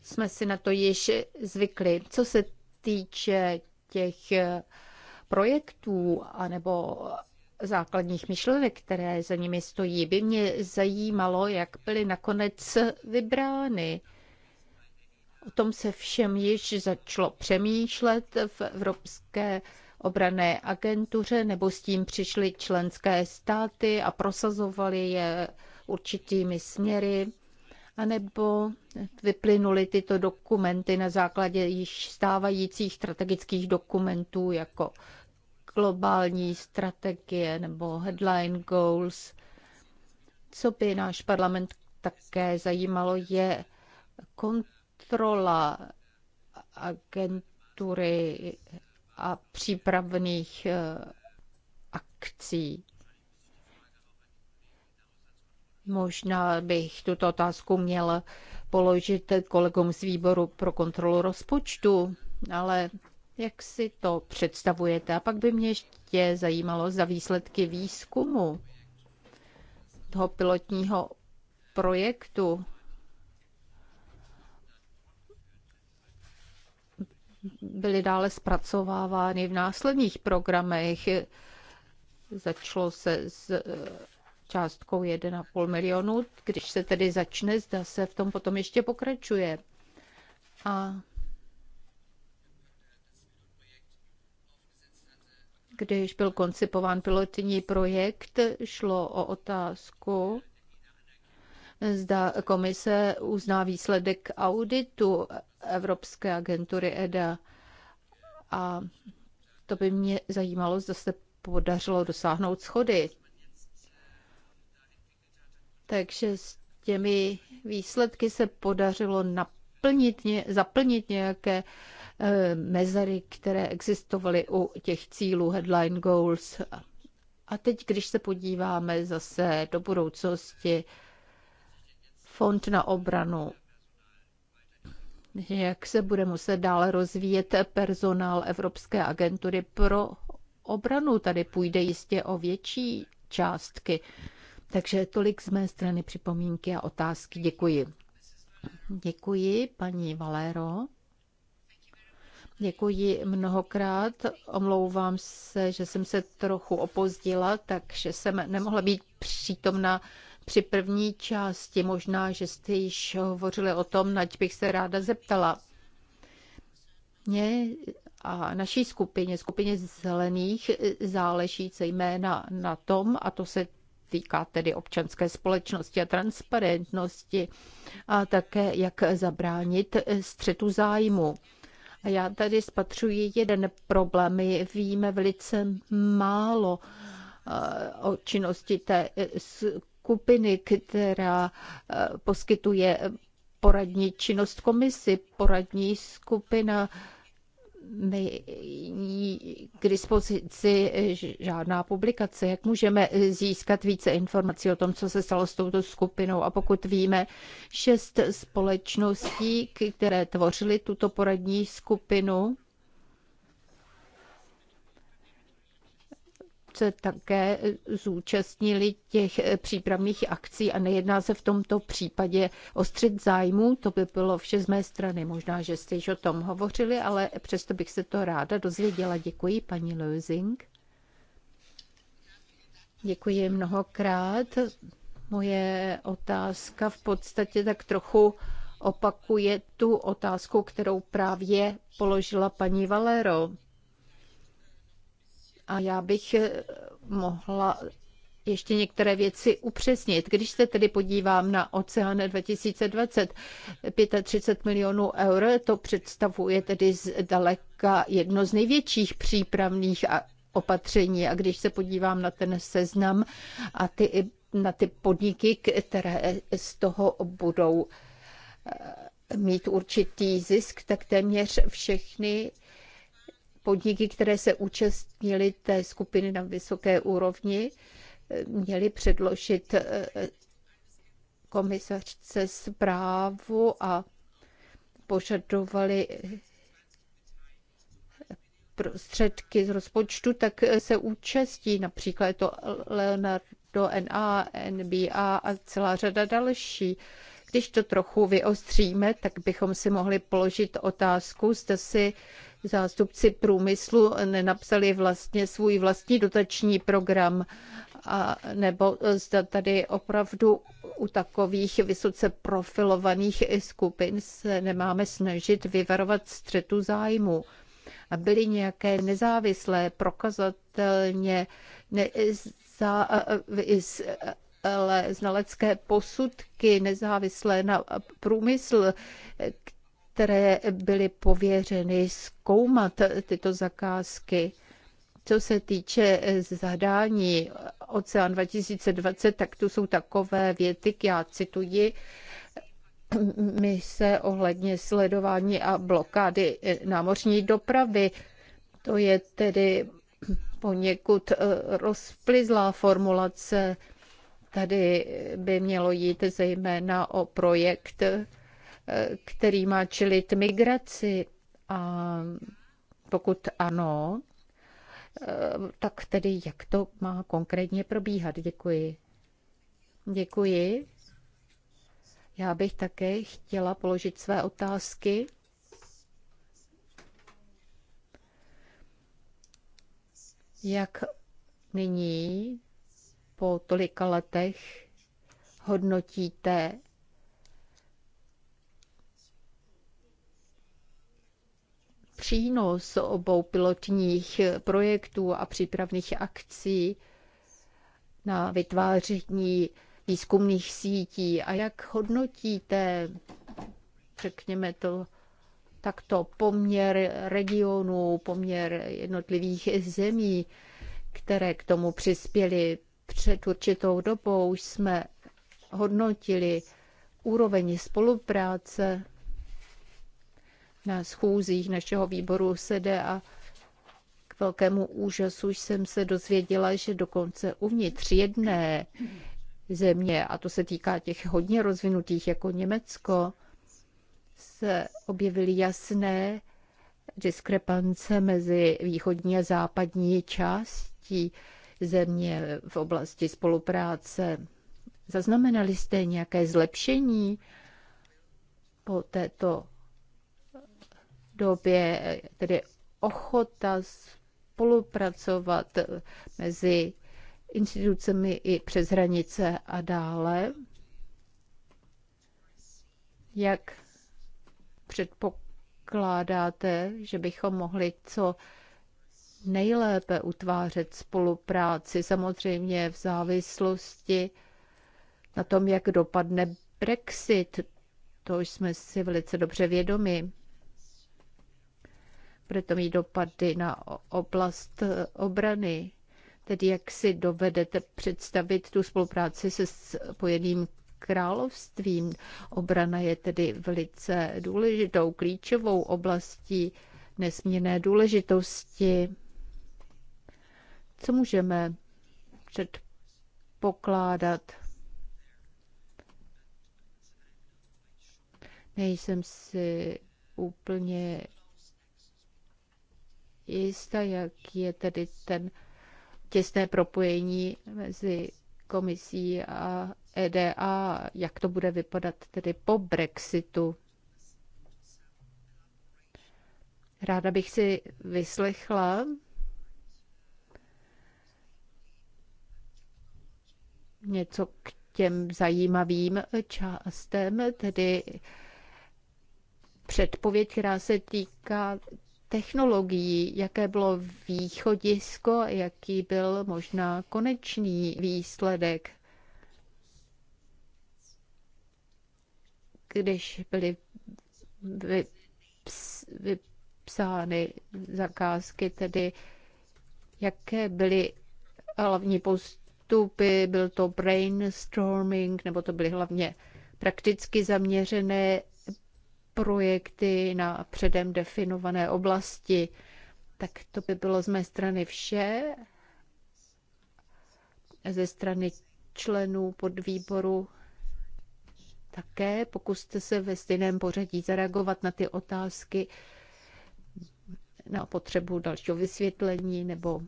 jsme si na to již zvykli. Co se týče těch eh, projektů anebo základních myšlenek, které za nimi stojí, by mě zajímalo, jak byly nakonec vybrány. O tom se všem již začalo přemýšlet v Evropské obrané agentuře, nebo s tím přišly členské státy a prosazovali je určitými směry, anebo vyplynuly tyto dokumenty na základě již stávajících strategických dokumentů jako globální strategie nebo headline goals. Co by náš parlament také zajímalo, je kontrola agentury a přípravných eh, akcí. Možná bych tuto otázku měl položit kolegům z výboru pro kontrolu rozpočtu, ale jak si to představujete? A pak by mě ještě zajímalo za výsledky výzkumu toho pilotního projektu. Byly dále zpracovávány v následných programech. Začalo se s částkou 1,5 milionu, když se tedy začne, zda se v tom potom ještě pokračuje. A když byl koncipován pilotní projekt, šlo o otázku, zda komise uzná výsledek auditu Evropské agentury EDA. A to by mě zajímalo, zda se podařilo dosáhnout schody. Takže s těmi výsledky se podařilo naplnit, zaplnit nějaké eh, mezery, které existovaly u těch cílů headline goals. A teď, když se podíváme zase do budoucnosti, fond na obranu, jak se bude muset dále rozvíjet personál Evropské agentury pro obranu. Tady půjde jistě o větší částky. Takže tolik z mé strany připomínky a otázky. Děkuji. Děkuji, paní Valero. Děkuji mnohokrát. Omlouvám se, že jsem se trochu opozdila, takže jsem nemohla být přítomna při první části. Možná, že jste již hovořili o tom, nať bych se ráda zeptala. Mě a naší skupině, skupině zelených, e, záleží zejména na tom, a to se týká tedy občanské společnosti a transparentnosti a také jak zabránit střetu zájmu. A já tady spatřuji jeden problém. My víme velice málo eh, o činnosti té eh, skupiny, která eh, poskytuje poradní činnost komisi. Poradní skupina k dispozici žádná publikace. Jak můžeme získat více informací o tom, co se stalo s touto skupinou? A pokud víme, šest společností, které tvořily tuto poradní skupinu, se také zúčastnili těch přípravných akcí a nejedná se v tomto případě o střed zájmu, To by bylo vše z mé strany. Možná, že jste již o tom hovořili, ale přesto bych se to ráda dozvěděla. Děkuji, paní Lozing. Děkuji mnohokrát. Moje otázka v podstatě tak trochu opakuje tu otázku, kterou právě položila paní Valero. A já bych eh, mohla ještě některé věci upřesnit. Když se tedy podívám na Oceán 2020, 35 milionů eur, to představuje tedy zdaleka jedno z největších přípravných opatření. A když se podívám na ten seznam a ty, na ty podniky, které z toho budou eh, mít určitý zisk, tak téměř všechny podniky, které se účastnily té skupiny na vysoké úrovni, měly předložit eh, komisařce zprávu a požadovali eh, prostředky z rozpočtu, tak eh, se účastí například to Leonardo NA, NBA a celá řada další. Když to trochu vyostříme, tak bychom si mohli položit otázku, zda si zástupci průmyslu nenapsali vlastně svůj vlastní dotační program, a nebo zda tady opravdu u takových vysoce profilovaných skupin se nemáme snažit vyvarovat střetu zájmu. A byly nějaké nezávislé, prokazatelně z ale znalecké posudky nezávislé na průmysl, které byly pověřeny zkoumat tyto zakázky. Co se týče eh, zadání Oceán 2020, tak tu jsou takové věty, já cituji, se ohledně sledování a blokády eh, námořní dopravy. To je tedy poněkud eh, rozplizlá formulace. Tady by mělo jít zejména o projekt který má čelit migraci? A pokud ano, tak tedy jak to má konkrétně probíhat? Děkuji. Děkuji. Já bych také chtěla položit své otázky. Jak nyní po tolika letech hodnotíte přínos obou pilotních projektů a přípravných akcí na vytváření výzkumných sítí a jak hodnotíte, řekněme to, takto poměr regionů, poměr jednotlivých zemí, které k tomu přispěly před určitou dobou, jsme hodnotili úroveň spolupráce na schůzích našeho výboru sede a k velkému úžasu jsem se dozvěděla, že dokonce uvnitř jedné země, a to se týká těch hodně rozvinutých jako Německo, se objevily jasné diskrepance mezi východní a západní částí země v oblasti spolupráce. Zaznamenali jste nějaké zlepšení po této době, tedy ochota spolupracovat mezi institucemi i přes hranice a dále. Jak předpokládáte, že bychom mohli co nejlépe utvářet spolupráci, samozřejmě v závislosti na tom, jak dopadne Brexit. To už jsme si velice dobře vědomi. Bude to mít dopady na oblast eh, obrany. Tedy jak si dovedete představit tu spolupráci se Spojeným královstvím. Obrana je tedy velice důležitou, klíčovou oblastí nesmírné důležitosti. Co můžeme předpokládat? Nejsem si úplně jistá, jak je tedy ten těsné propojení mezi komisí a EDA, jak to bude vypadat tedy po Brexitu. Ráda bych si vyslechla něco k těm zajímavým částem, tedy předpověď, která se týká technologií, jaké bylo východisko a jaký byl možná konečný výsledek. Když byly vypsány zakázky, tedy jaké byly hlavní postupy, byl to brainstorming, nebo to byly hlavně prakticky zaměřené projekty na předem definované oblasti. Tak to by bylo z mé strany vše. Ze strany členů podvýboru také. Pokuste se ve stejném pořadí zareagovat na ty otázky, na potřebu dalšího vysvětlení nebo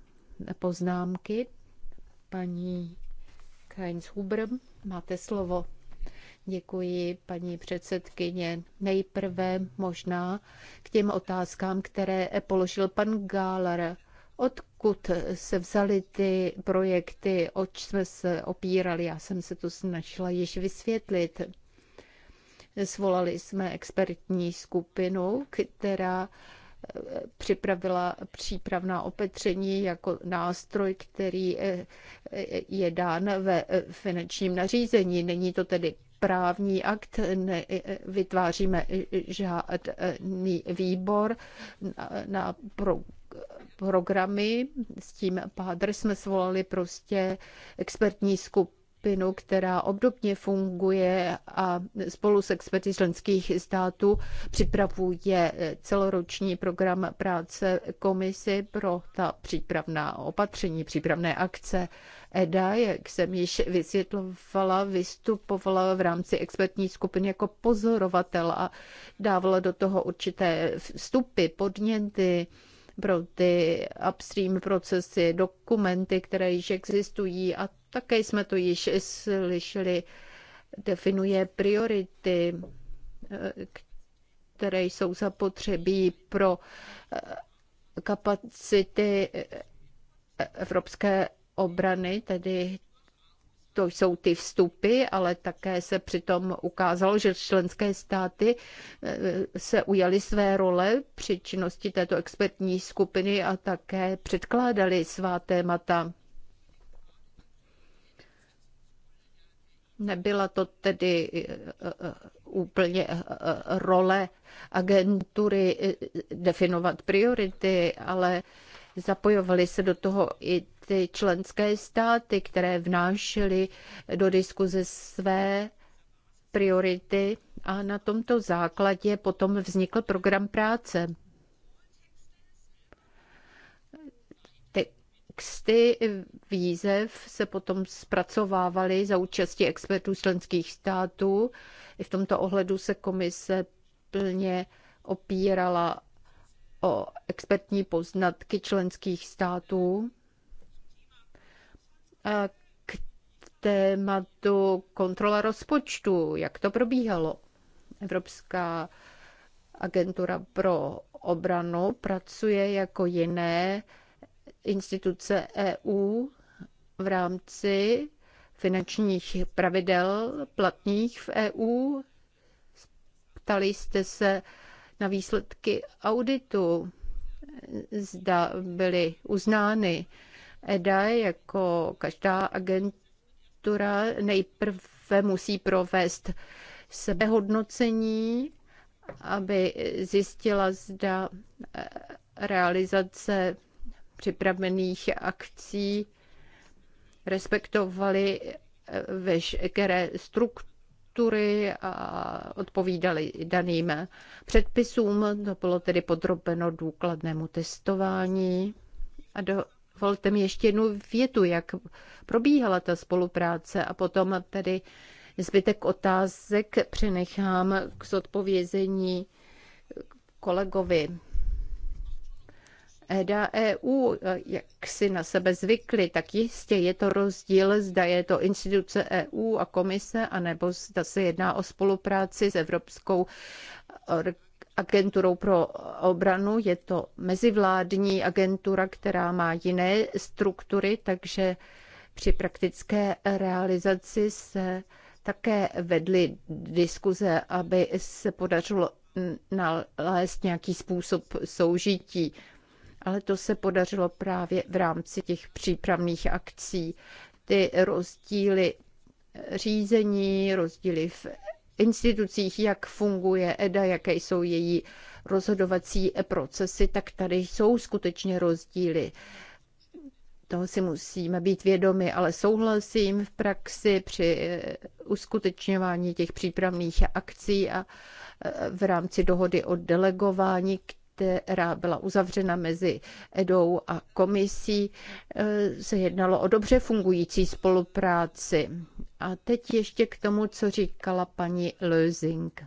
poznámky. Paní Heinz Huber, máte slovo. Děkuji, paní předsedkyně. Nejprve možná k těm otázkám, které položil pan Gáler. Odkud se vzaly ty projekty, oč jsme se opírali? Já jsem se to snažila již vysvětlit. Svolali jsme expertní skupinu, která eh, připravila přípravná opatření jako nástroj, který eh, eh, je dán ve finančním nařízení. Není to tedy právní akt, ne, vytváříme žádný výbor na, na pro, programy. S tím pádr jsme svolali prostě expertní skupinu, která obdobně funguje a spolu s experty členských států připravuje celoroční program práce komisi pro ta přípravná opatření, přípravné akce. EDA, jak jsem již vysvětlovala, vystupovala v rámci expertní skupiny jako pozorovatel a dávala do toho určité vstupy, podněty pro ty upstream procesy, dokumenty, které již existují a také jsme to již slyšeli, definuje priority, které jsou zapotřebí pro kapacity Evropské obrany, tedy to jsou ty vstupy, ale také se přitom ukázalo, že členské státy eh, se ujaly své role při činnosti této expertní skupiny a také předkládali svá témata. Nebyla to tedy eh, eh, úplně role agentury definovat priority, ale Zapojovaly se do toho i ty členské státy, které vnášely do diskuze své priority a na tomto základě potom vznikl program práce. texty výzev se potom zpracovávaly za účasti expertů členských států. I v tomto ohledu se komise plně opírala o expertní poznatky členských států k tématu kontrola rozpočtu, jak to probíhalo. Evropská agentura pro obranu pracuje jako jiné instituce EU v rámci finančních pravidel platných v EU. Ptali jste se na výsledky auditu, zda byly uznány. EDA jako každá agentura nejprve musí provést sebehodnocení, aby zjistila, zda eh, realizace připravených akcí respektovaly eh, veškeré struktury struktury a odpovídali daným předpisům. To bylo tedy podrobeno důkladnému testování. A dovolte mi ještě jednu větu, jak probíhala ta spolupráce a potom tedy zbytek otázek přenechám k zodpovězení kolegovi. EDA EU, eh, jak si na sebe zvykli, tak jistě je to rozdíl, zda je to instituce EU a komise, anebo zda se jedná o spolupráci s Evropskou agenturou pro obranu. Je to mezivládní agentura, která má jiné struktury, takže při praktické realizaci se také vedly diskuze, aby se podařilo nalézt nějaký způsob soužití ale to se podařilo právě v rámci těch přípravných akcí. Ty rozdíly eh, řízení, rozdíly v institucích, jak funguje EDA, jaké jsou její rozhodovací procesy, tak tady jsou skutečně rozdíly. Toho si musíme být vědomi, ale souhlasím v praxi při eh, uskutečňování těch přípravných akcí a eh, v rámci dohody o delegování, která byla uzavřena mezi EDou a komisí, eh, se jednalo o dobře fungující spolupráci. A teď ještě k tomu, co říkala paní Lösing.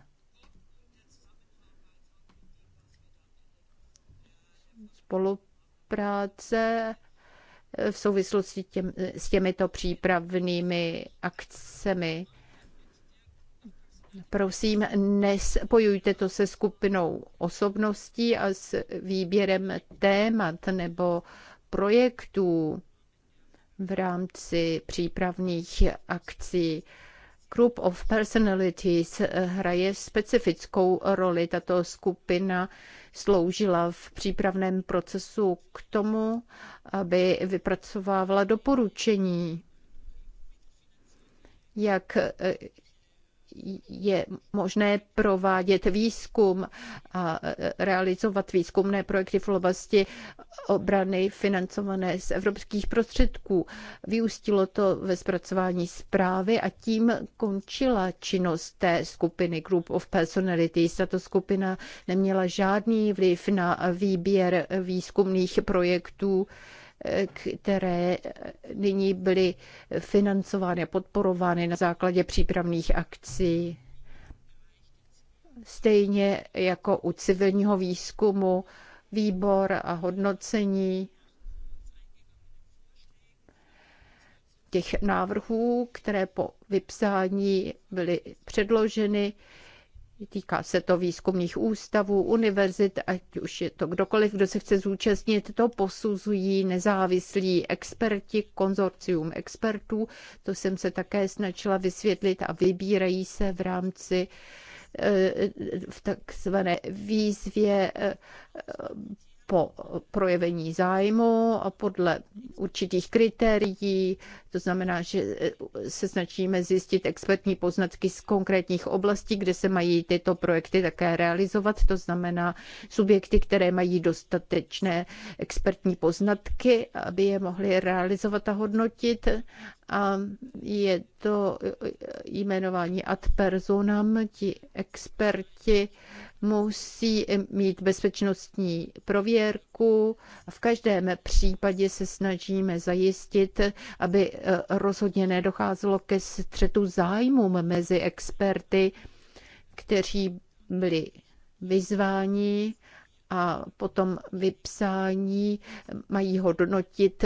Spolupráce eh, v souvislosti těm, eh, s těmito přípravnými akcemi Prosím, nespojujte to se skupinou osobností a s výběrem témat nebo projektů v rámci přípravných akcí. Group of Personalities hraje specifickou roli. Tato skupina sloužila v přípravném procesu k tomu, aby vypracovávala doporučení, jak je možné provádět výzkum a realizovat výzkumné projekty v oblasti obrany financované z evropských prostředků. Vyústilo to ve zpracování zprávy a tím končila činnost té skupiny Group of Personalities. Tato skupina neměla žádný vliv na výběr výzkumných projektů které nyní byly financovány a podporovány na základě přípravných akcí. Stejně jako u civilního výzkumu, výbor a hodnocení těch návrhů, které po vypsání byly předloženy, Týká se to výzkumných ústavů, univerzit, ať už je to kdokoliv, kdo se chce zúčastnit, to posuzují nezávislí experti, konzorcium expertů. To jsem se také snažila vysvětlit a vybírají se v rámci eh, v takzvané výzvě eh, po projevení zájmu a podle určitých kritérií. To znamená, že eh, se snažíme zjistit expertní poznatky z konkrétních oblastí, kde se mají tyto projekty také realizovat. To znamená subjekty, které mají dostatečné expertní poznatky, aby je mohly realizovat a hodnotit. A je to eh, jmenování ad personam, ti experti musí mít bezpečnostní prověrku. V každém případě se snažíme zajistit, aby eh, rozhodně nedocházelo ke střetu zájmům mezi experty, kteří byli vyzváni a potom vypsání eh, mají hodnotit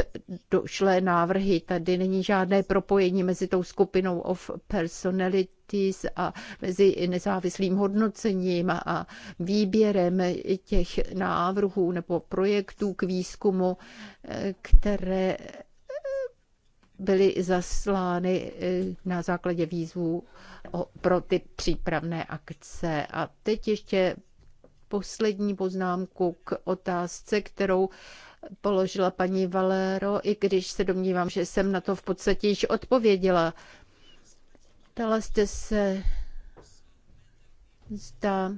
došlé návrhy. Tady není žádné propojení mezi tou skupinou of personality expertíz a mezi nezávislým hodnocením a výběrem těch návrhů nebo projektů k výzkumu, které byly zaslány eh, na základě výzvů pro ty přípravné akce. A teď ještě poslední poznámku k otázce, kterou položila paní Valero, i když se domnívám, že jsem na to v podstatě již odpověděla. Ptala jste se, zda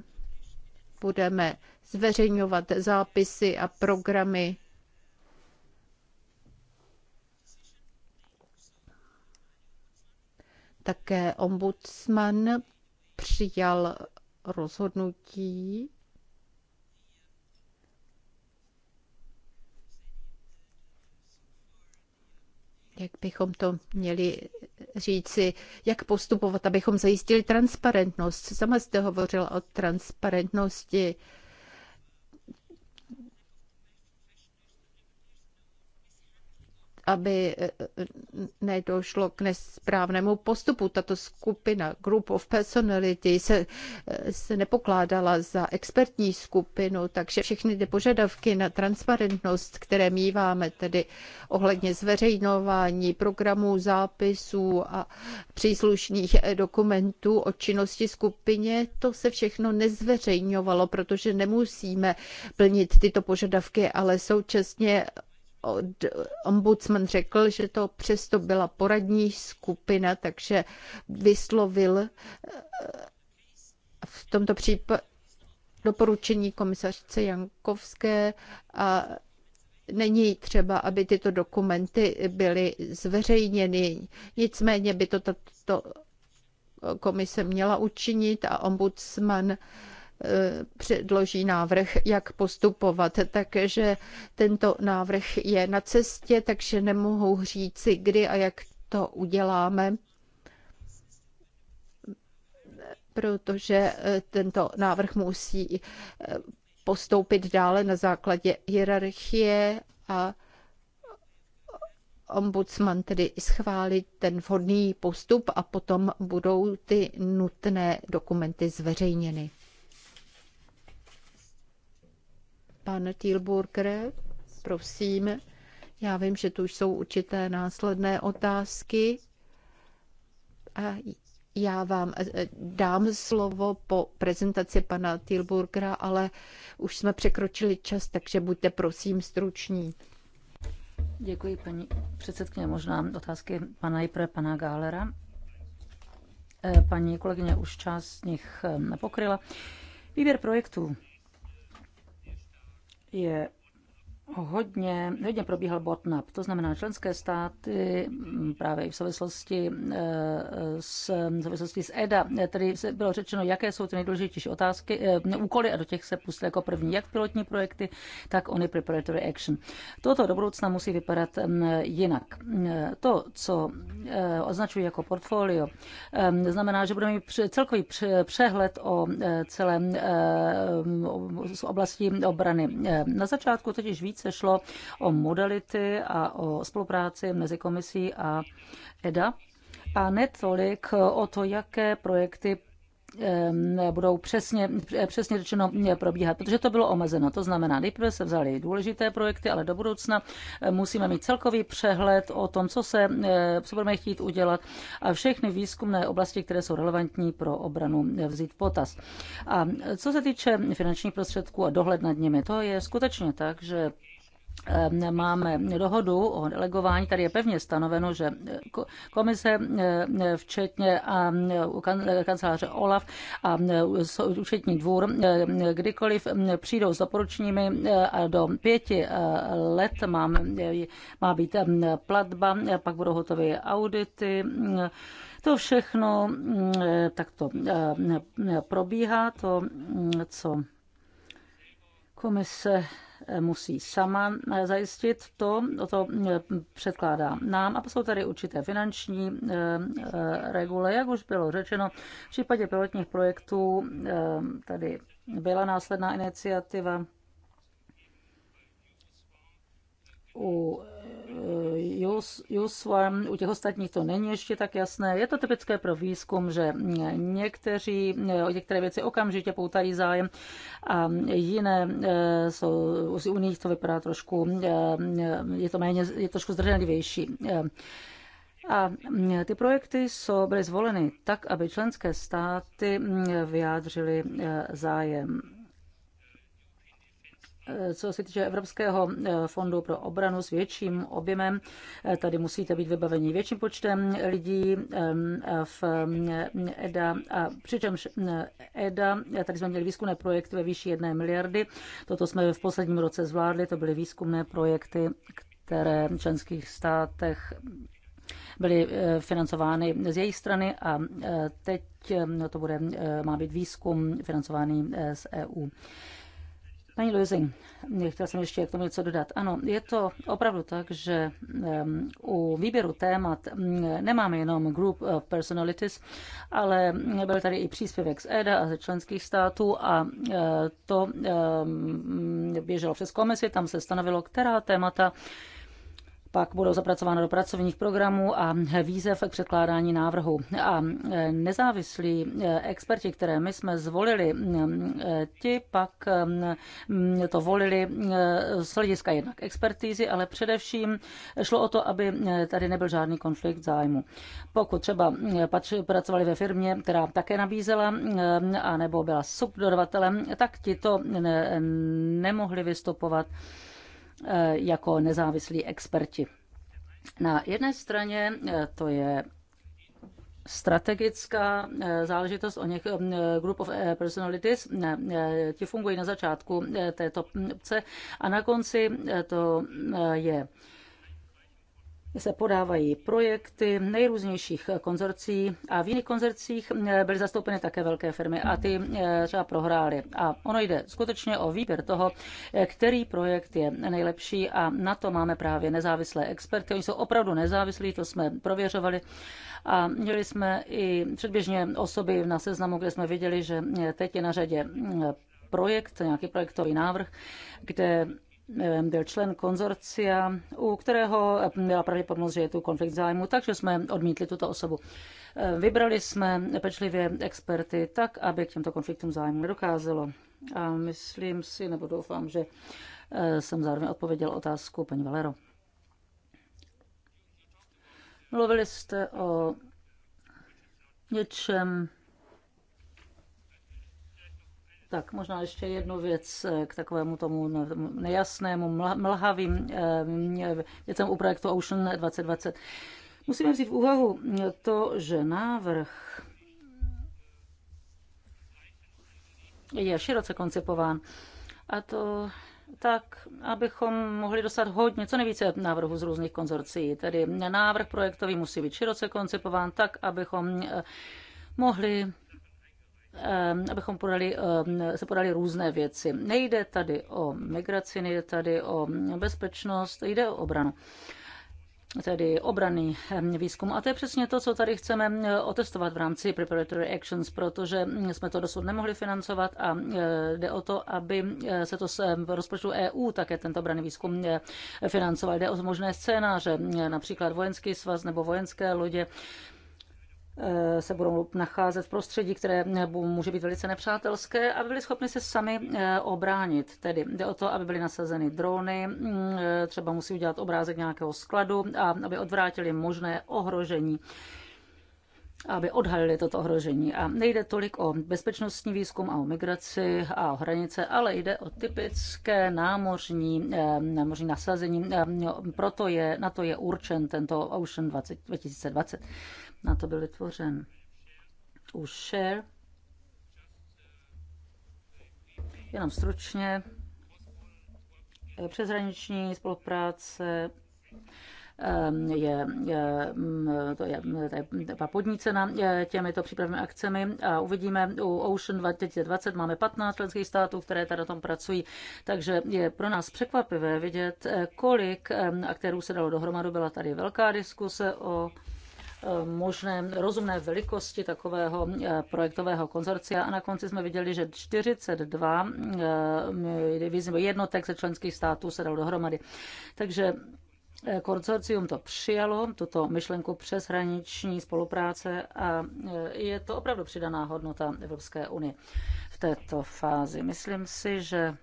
budeme zveřejňovat zápisy a programy. Také ombudsman přijal rozhodnutí jak bychom to měli říci, jak postupovat, abychom zajistili transparentnost. Sama jste hovořila o transparentnosti. aby eh, eh, nedošlo k nesprávnému postupu. Tato skupina Group of Personality se, eh, se nepokládala za expertní skupinu, takže všechny ty požadavky na transparentnost, které míváme, tedy ohledně zveřejňování programů, zápisů a příslušných dokumentů o činnosti skupině, to se všechno nezveřejňovalo, protože nemusíme plnit tyto požadavky, ale současně ombudsman řekl, že to přesto byla poradní skupina, takže vyslovil eh, v tomto případě doporučení komisařce Jankovské a není třeba, aby tyto dokumenty byly zveřejněny. Nicméně by to tato komise měla učinit a ombudsman Eh, předloží návrh, jak postupovat. Takže tento návrh je na cestě, takže nemohu říci, kdy a jak to uděláme, protože eh, tento návrh musí eh, postoupit dále na základě hierarchie a ombudsman tedy schválit ten vhodný postup a potom budou ty nutné dokumenty zveřejněny. Pan Tilburger, prosím. Já vím, že tu jsou určité následné otázky. A já vám eh, dám slovo po prezentaci pana Tilburgera, ale už jsme překročili čas, takže buďte prosím struční. Děkuji, paní předsedkyně. Možná otázky pana pro pana Gálera. Eh, paní kolegyně už část z nich eh, nepokryla. Výběr projektů je hodně, hodně probíhal bottom-up, to znamená členské státy právě i v souvislosti e, s, v souvislosti s EDA, e, tedy se bylo řečeno, jaké jsou ty nejdůležitější otázky, e, úkoly a do těch se pustil jako první jak pilotní projekty, tak ony preparatory action. Toto do budoucna musí vypadat jinak. To, co označuji jako portfolio, znamená, že budeme mít celkový přehled o celém oblasti obrany. Na začátku totiž víc více šlo o modality a o spolupráci mezi komisí a EDA a netolik o to, jaké projekty budou přesně, přesně řečeno probíhat, protože to bylo omezeno. To znamená, nejprve se vzali důležité projekty, ale do budoucna musíme mít celkový přehled o tom, co se co budeme chtít udělat a všechny výzkumné oblasti, které jsou relevantní pro obranu, e, vzít potaz. A co se týče finančních prostředků a dohled nad nimi, to je skutečně tak, že Ehm, máme dohodu o delegování, tady je pevně stanoveno, že eh, komise, eh, včetně a eh, kanceláře OLAF a účetní dvůr, kdykoliv mm, přijdou s doporučními a do pěti let má, má být platba, pak budou hotové audity, to všechno mm, takto probíhá, to, mm, co komise musí sama eh, zajistit, to, to eh, předkládá nám. A jsou tady určité finanční eh, regule, jak už bylo řečeno. V případě pilotních projektů tady byla následná iniciativa u Eh, USWARM, u těch ostatních to není ještě tak jasné. Je to typické pro výzkum, že někteří o eh, některé věci okamžitě poutají zájem a jiné eh, jsou, u nich to vypadá trošku, je to méně, je trošku zdrženlivější. A mm, ty projekty jsou, byly zvoleny tak, aby členské státy mm, vyjádřily zájem. Eh, co se týče Evropského eh, fondu pro obranu s větším objemem, eh, tady musíte být vybaveni větším počtem lidí v mm, EDA. A přičemž mm, EDA, tady jsme měli výzkumné projekty ve výši jedné miliardy. Toto jsme v posledním roce zvládli, to byly výzkumné projekty, které v členských státech byly financovány z její strany a teď to bude, má být výzkum financovaný z EU. Paní Luizy, chtěla jsem ještě k tomu něco dodat. Ano, je to opravdu tak, že u výběru témat nemáme jenom group of eh, personalities, ale byl tady i příspěvek z EDA a ze členských států a eh, to běželo přes komisi, tam se stanovilo, která témata pak budou zapracována do pracovních programů a výzev k předkládání návrhu. A e, nezávislí e, experti, které my jsme zvolili, e, ti pak to volili z hlediska jednak expertízy, ale především šlo o to, aby tady nebyl žádný konflikt zájmu. Pokud třeba pracovali ve firmě, která také nabízela, a nebo byla subdodavatelem, tak ti to nemohli vystupovat Eh, jako nezávislí experti. Na jedné straně eh, to je strategická eh, záležitost o něch group of personalities. Ti fungují na začátku této pce a na konci to je se podávají projekty nejrůznějších konzorcí a v jiných konzorcích eh, byly zastoupeny také velké firmy a ty eh, třeba prohrály. A ono jde skutečně o výběr toho, eh, který projekt je nejlepší a na to máme právě nezávislé experty. Oni jsou opravdu nezávislí, to jsme prověřovali a měli jsme i předběžně osoby na seznamu, kde jsme viděli, že teď je na řadě projekt, nějaký projektový návrh, kde byl člen konzorcia, u kterého byla pravděpodobnost, že je tu konflikt zájmu, takže jsme odmítli tuto osobu. Vybrali jsme pečlivě experty tak, aby k těmto konfliktům zájmu nedokázalo. A myslím si, nebo doufám, že e, jsem zároveň odpověděl otázku paní Valero. Mluvili jste o něčem, tak možná ještě jednu věc eh, k takovému tomu nejasnému, mlhavým eh, věcem u projektu Ocean 2020. Musíme vzít v úvahu eh, to, že návrh je široce koncipován. A to tak, abychom mohli dostat hodně, co nejvíce návrhů z různých konzorcí. Tedy návrh projektový musí být široce koncipován tak, abychom mohli Ehm, abychom podali, ehm, se podali různé věci. Nejde tady o migraci, nejde tady o bezpečnost, jde o obranu tedy obraný ehm, výzkum. A to je přesně to, co tady chceme eh, otestovat v rámci Preparatory Actions, protože hm, jsme to dosud nemohli financovat a eh, jde o to, aby eh, se to v rozpočtu EU také tento obraný výzkum financoval. Jde o možné scénáře, hm, například vojenský svaz nebo vojenské lodě Eh, se budou nacházet v prostředí, které může být velice nepřátelské, aby byli schopni se sami eh, obránit. Tedy jde o to, aby byly nasazeny drony, mm, eh, třeba musí udělat obrázek nějakého skladu a aby odvrátili možné ohrožení aby odhalili toto ohrožení. A nejde tolik o bezpečnostní výzkum a o migraci a o hranice, ale jde o typické námořní, námořní nasazení. No, proto je, na to je určen tento Ocean 20, 2020 na to byl vytvořen. U share, jenom stručně, přeshraniční spolupráce, ehm, je, je, mm, to je, mm, to je mm, podnícena těmito přípravnými akcemi. A uvidíme, u Ocean 2020 máme 15 členských států, které tady na tom pracují, takže je pro nás překvapivé vidět, eh, kolik ehm, aktérů se dalo dohromady. Byla tady velká diskuse o možné rozumné velikosti takového eh, projektového konzorcia a na konci jsme viděli, že 42 eh, jednotek ze členských států se dal dohromady. Takže eh, Konzorcium to přijalo, tuto myšlenku přeshraniční spolupráce a je to opravdu přidaná hodnota Evropské unie v této fázi. Myslím si, že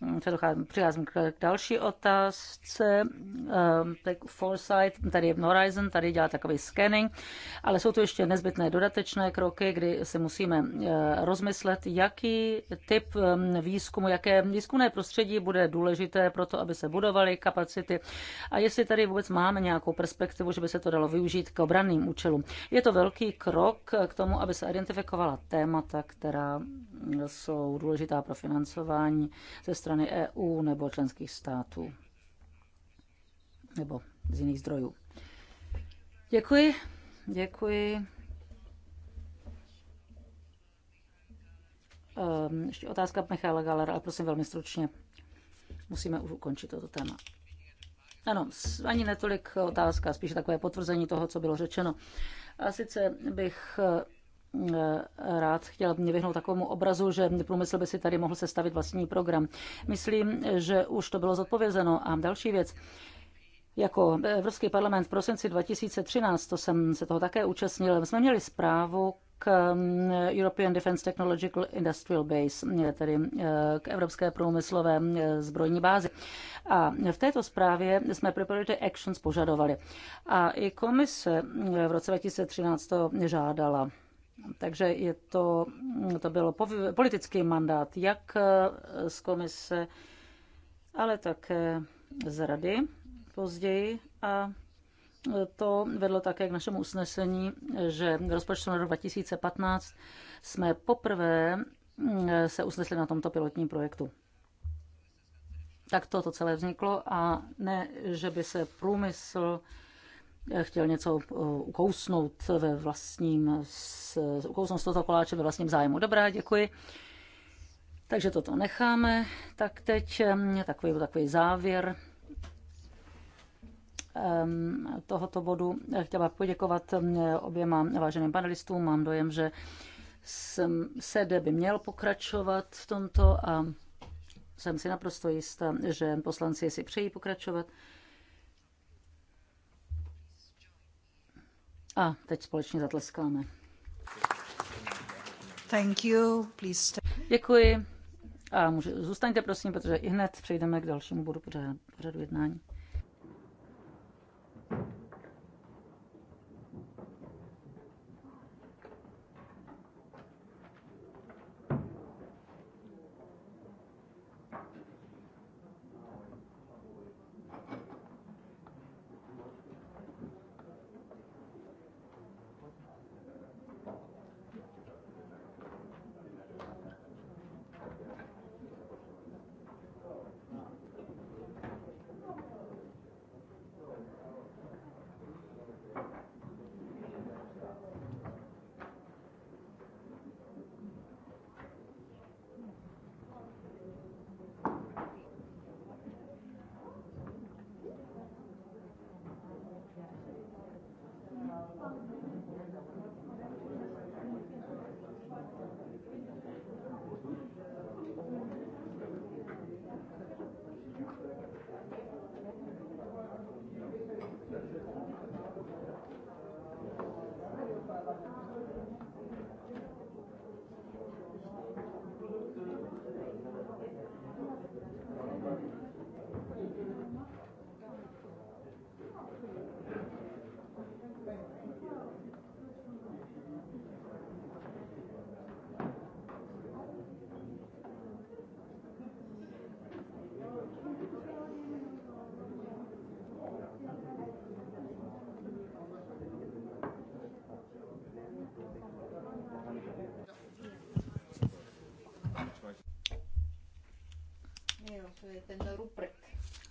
Mm, se přicházím k další otázce. Ehm, tak Foresight, tady je Horizon, tady dělá takový scanning, ale jsou tu ještě nezbytné dodatečné kroky, kdy si musíme eh, rozmyslet, jaký typ ehm, výzkumu, jaké výzkumné prostředí bude důležité pro to, aby se budovaly kapacity a jestli tady vůbec máme nějakou perspektivu, že by se to dalo využít k obranným účelům. Je to velký krok k tomu, aby se identifikovala témata, která jsou důležitá pro financování ze strany strany EU nebo členských států nebo z jiných zdrojů. Děkuji, děkuji. Ehm, ještě otázka Michála Galera, ale prosím velmi stručně. Musíme už ukončit toto téma. Ano, ani netolik otázka, spíše takové potvrzení toho, co bylo řečeno. A sice bych Eh, rád chtěl mě vyhnout takovému obrazu, že průmysl by si tady mohl sestavit vlastní program. Myslím, že už to bylo zodpovězeno. A další věc. Jako Evropský parlament v prosinci 2013, to jsem se toho také účastnil, jsme měli zprávu k mm, European Defense Technological Industrial Base, tedy eh, k Evropské průmyslové eh, zbrojní bázi. A v této zprávě jsme Priority Actions požadovali. A i komise v roce 2013 to žádala. Takže je to, to bylo politický mandát jak eh, z komise, ale také z rady později. A eh, to vedlo také k našemu usnesení, že v rozpočtu na rok 2015 jsme poprvé eh, se usnesli na tomto pilotním projektu. Tak to, to celé vzniklo a ne, že by se průmysl chtěl něco eh, ukousnout ve vlastním, ukousnout z toto koláče ve vlastním zájmu. Dobrá, děkuji. Takže toto necháme. Tak teď eh, takový, takový závěr eh, tohoto bodu. Chtěla poděkovat oběma váženým panelistům. Mám dojem, že sede by měl pokračovat v tomto a jsem si naprosto jistá, že poslanci si přejí pokračovat. A teď společně zatleskáme. Thank you. Please Děkuji. A může, zůstaňte prosím, protože i hned přejdeme k dalšímu bodu pořadu jednání.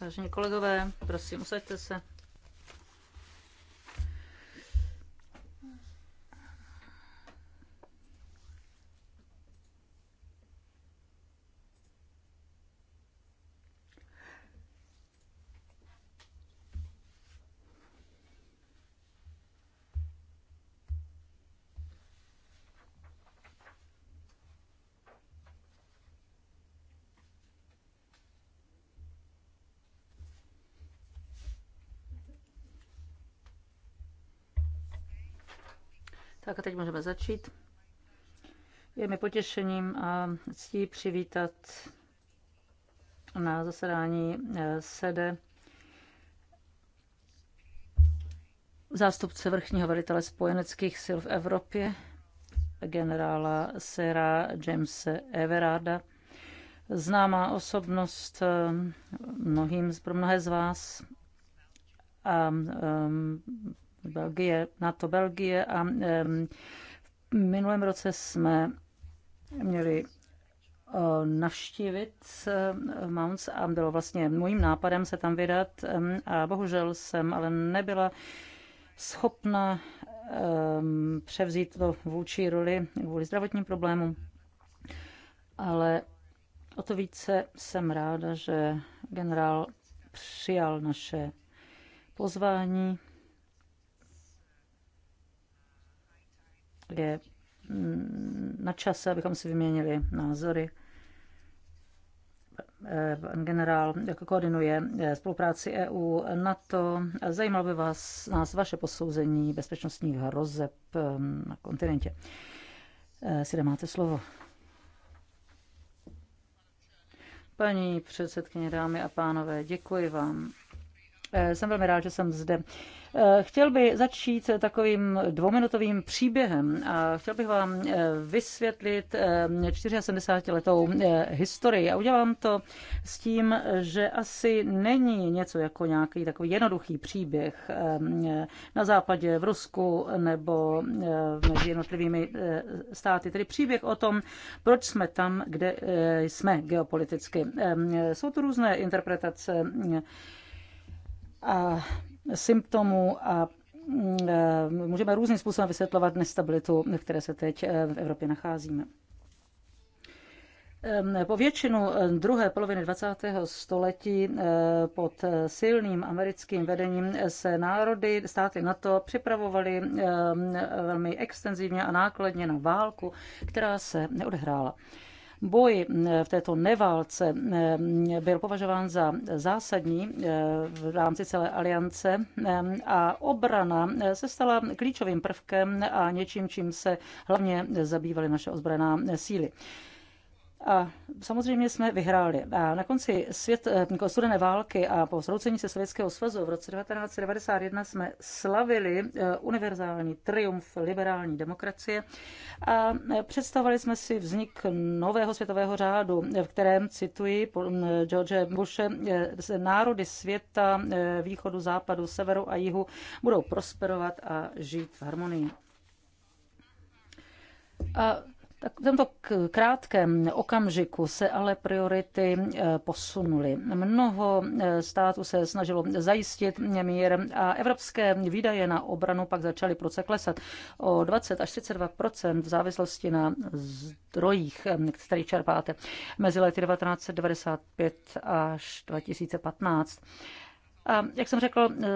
Vážení kolegové, prosím, usaďte se. Tak a teď můžeme začít. Je mi potěšením a ctí přivítat na zasedání eh, SEDE zástupce vrchního velitele spojeneckých sil v Evropě, generála Sera Jamesa Everarda, známá osobnost eh, mnohým, pro mnohé z vás a um, Belgie, NATO Belgie a v minulém roce jsme měli navštívit eh, Mounts a bylo vlastně mým nápadem se tam vydat a bohužel jsem ale nebyla schopna převzít to vůči roli kvůli zdravotním problémům. Ale o to více jsem ráda, že generál přijal naše pozvání je mm, na čase, abychom si vyměnili názory. Pan generál jako koordinuje spolupráci EU, NATO. Zajímalo by vás, nás vaše posouzení bezpečnostních hrozeb mm, na kontinentě. Sire, máte slovo. Paní předsedkyně, dámy a pánové, děkuji vám Eh, jsem velmi rád, že jsem zde. Eh, chtěl bych začít takovým dvouminutovým příběhem a chtěl bych vám eh, vysvětlit 74-letou historii. A udělám to s tím, že asi není něco jako nějaký takový jednoduchý příběh na západě, v Rusku nebo mezi jednotlivými státy. Tedy příběh o tom, proč jsme tam, kde jsme geopoliticky. Jsou tu různé interpretace a symptomů a mm, e, můžeme různým způsobem vysvětlovat nestabilitu, v které se teď e, v Evropě nacházíme. Po většinu e, druhé poloviny 20. století pod silným americkým vedením se národy, státy NATO připravovaly velmi extenzivně a nákladně na válku, která se neodehrála. Boj eh, v této neválce eh, byl považován za zásadní eh, v rámci celé aliance a obrana se stala klíčovým prvkem a něčím, čím se hlavně zabývaly naše ozbrojená síly. A samozřejmě jsme vyhráli. A na konci svět, eh, jako studené války a po zroucení se Sovětského svazu v roce 1991 jsme slavili eh, univerzální triumf liberální demokracie a eh, představovali jsme si vznik nového světového řádu, v kterém, cituji George Bushe, národy světa východu, západu, severu a jihu budou prosperovat a žít v harmonii. A tak v tomto krátkém okamžiku se ale priority eh, posunuly. Mnoho eh, států se snažilo zajistit mír a evropské výdaje na obranu pak začaly proce klesat o 20 až 32 v závislosti na zdrojích, eh, které čerpáte mezi lety 1995 až 2015. A jak jsem řekl, eh,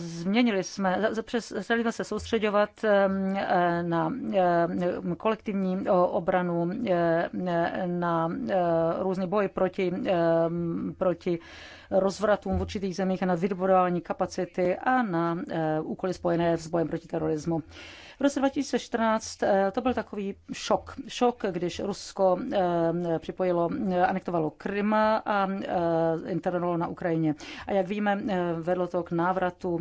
změnili jsme, přestali jsme se soustředovat ehm, eh, na ehm, kolektivní obranu, eh, na různý boj proti, ehm, proti rozvratům v určitých zemích a na vybudování kapacity a na eh, úkoly spojené s bojem proti terorismu. V roce 2014 eh, to byl takový šok. Šok, když Rusko eh, připojilo, anektovalo Krym a internovalo na Ukrajině. A jak víme, vedlo to k návratu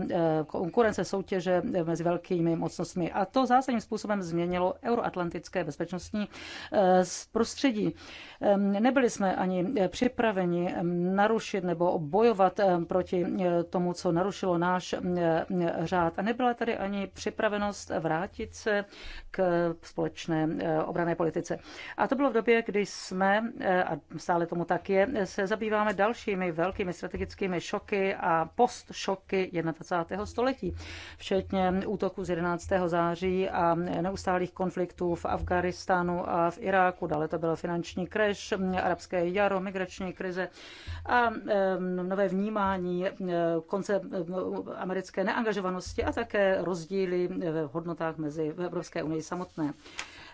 konkurence soutěže mezi velkými mocnostmi. A to zásadním způsobem změnilo euroatlantické bezpečnostní prostředí. Nebyli jsme ani připraveni narušit nebo bojovat eh, proti eh, tomu, co narušilo náš eh, řád. A nebyla tady ani připravenost vrátit se k společné obrané politice. A to bylo v době, kdy jsme, a stále tomu tak je, se zabýváme dalšími velkými strategickými šoky a postšoky 21. století, včetně útoku z 11. září a neustálých konfliktů v Afganistánu a v Iráku. Dále to byl finanční crash, arabské jaro, migrační krize a nové vnímání eh, konce eh, americké neangažovanosti a také rozdíly v hodnotách mezi v Evropské unii samotné.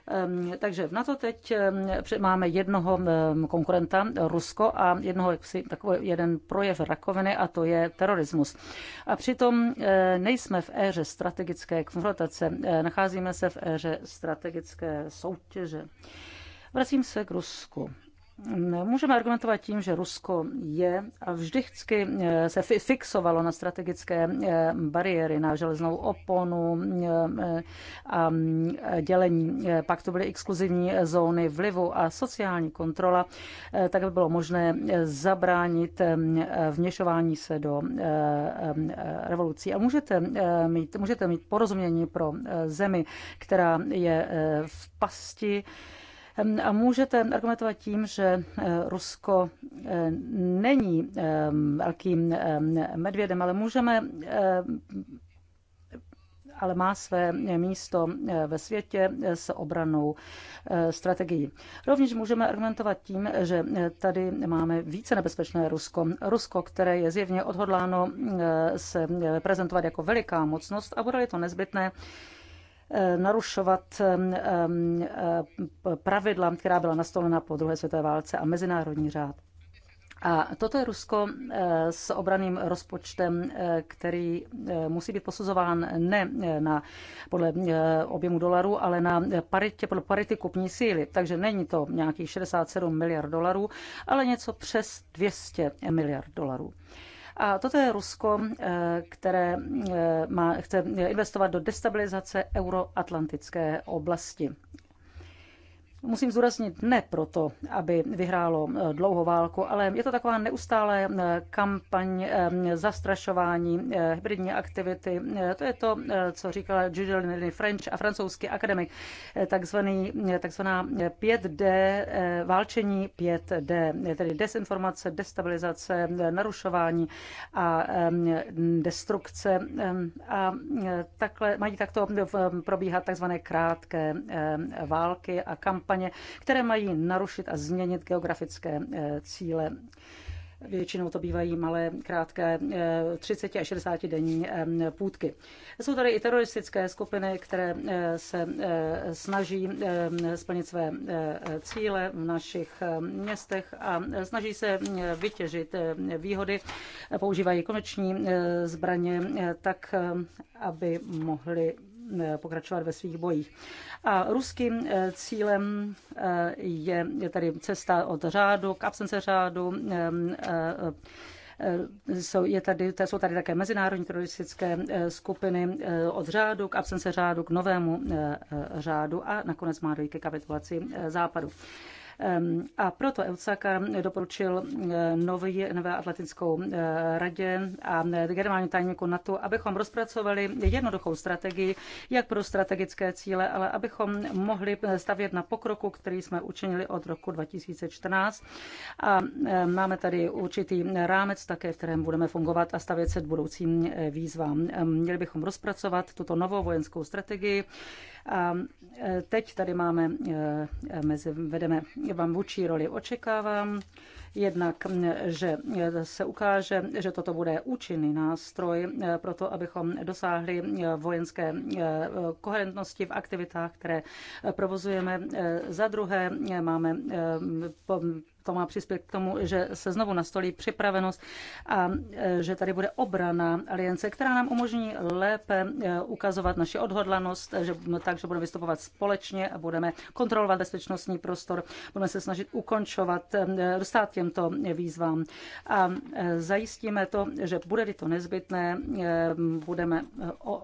Ehm, takže na to teď ehm, máme jednoho ehm, konkurenta, Rusko, a jednoho, jaksi, takový jeden projev rakoviny, a to je terorismus. A přitom eh, nejsme v éře strategické konfrontace, nacházíme se v éře strategické soutěže. Vracím se k Rusku. Můžeme argumentovat tím, že Rusko je a vždycky eh, se fixovalo na strategické eh, bariéry, na železnou oponu eh, a mm, dělení. Pak to byly exkluzivní zóny vlivu a sociální kontrola, tak by bylo možné zabránit vněšování se do revolucí. A můžete mít, můžete mít porozumění pro zemi, která je v pasti, a můžete argumentovat tím, že eh, Rusko eh, není velkým medvědem, ale můžeme ale má své místo eh, ve světě s obranou strategií. Rovněž můžeme argumentovat tím, že tady máme více nebezpečné Rusko. Rusko, které je zjevně odhodláno se prezentovat jako veliká mocnost a bude to nezbytné, narušovat eh, pravidla, která byla nastolena po druhé světové válce a mezinárodní řád. A toto je Rusko eh, s obraným rozpočtem, eh, který musí být posuzován ne na, podle objemu dolarů, ale na paritě, podle parity kupní síly. Takže není to nějakých 67 miliard dolarů, ale něco přes 200 miliard dolarů. A toto je Rusko, eh, které eh, má, chce investovat do destabilizace euroatlantické oblasti musím zúraznit ne proto, aby vyhrálo eh, dlouhou válku, ale je to taková neustále eh, kampaň eh, zastrašování, hybridní aktivity. To je to, co říkala Judy French a francouzský akademik, takzvaný, takzvaná 5D, válčení 5D, tedy desinformace, destabilizace, narušování a destrukce. A takhle, mají takto probíhat takzvané krátké války a kampaně kampaně, které mají narušit a změnit geografické eh, cíle. Většinou to bývají malé, krátké 30 až 60 denní eh, půdky. Jsou tady i teroristické skupiny, které eh, se snaží splnit své cíle v našich městech a snaží se vytěžit výhody. Používají koneční zbraně tak, aby mohli Eh, pokračovat ve svých bojích. A ruským eh, cílem eh, je, tady cesta od řádu k absence řádu, jsou, je tady, jsou tady také mezinárodní teroristické skupiny od řádu k absence řádu, k novému řádu a nakonec má dojít ke kapitulaci západu. A proto Eucaka doporučil eh, nový, nové atletickou eh, radě a generálnímu tajemníku to, abychom rozpracovali jednoduchou strategii, jak pro strategické cíle, ale abychom mohli stavět na pokroku, který jsme učinili od roku 2014. A eh, máme tady určitý rámec také, v kterém budeme fungovat a stavět se budoucím výzvám. Měli bychom rozpracovat tuto novou vojenskou strategii, a e, teď tady máme, e, mezi, vedeme vám vůči roli. Očekávám jednak, že se ukáže, že toto bude účinný nástroj e, pro to, abychom dosáhli vojenské koherentnosti v aktivitách, které provozujeme. Za druhé máme to má přispět k tomu, že se znovu nastolí připravenost a e, že tady bude obrana aliance, která nám umožní lépe e, ukazovat naši odhodlanost, e, že, no, tak, že budeme vystupovat společně a budeme kontrolovat bezpečnostní prostor, budeme se snažit ukončovat, dostat těmto výzvám a zajistíme to, že bude-li to nezbytné, budeme,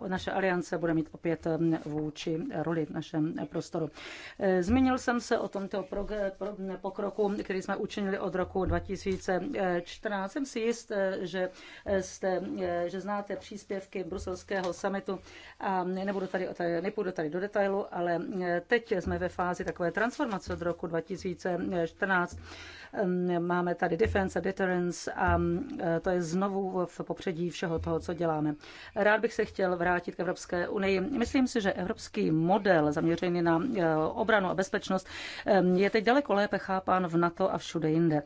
naše aliance bude mít opět vůči roli v našem prostoru. Zmínil jsem se o tomto pokroku, který jsme jsme učinili od roku 2014. Jsem si jist, že, jste, že znáte příspěvky bruselského summitu a nebudu tady, nepůjdu tady do detailu, ale teď jsme ve fázi takové transformace od roku 2014. Máme tady defense a deterrence a e, to je znovu v popředí všeho toho, co děláme. Rád bych se chtěl vrátit k Evropské unii. Myslím si, že evropský model zaměřený na e, obranu a bezpečnost je teď daleko lépe chápán v NATO a všude jinde.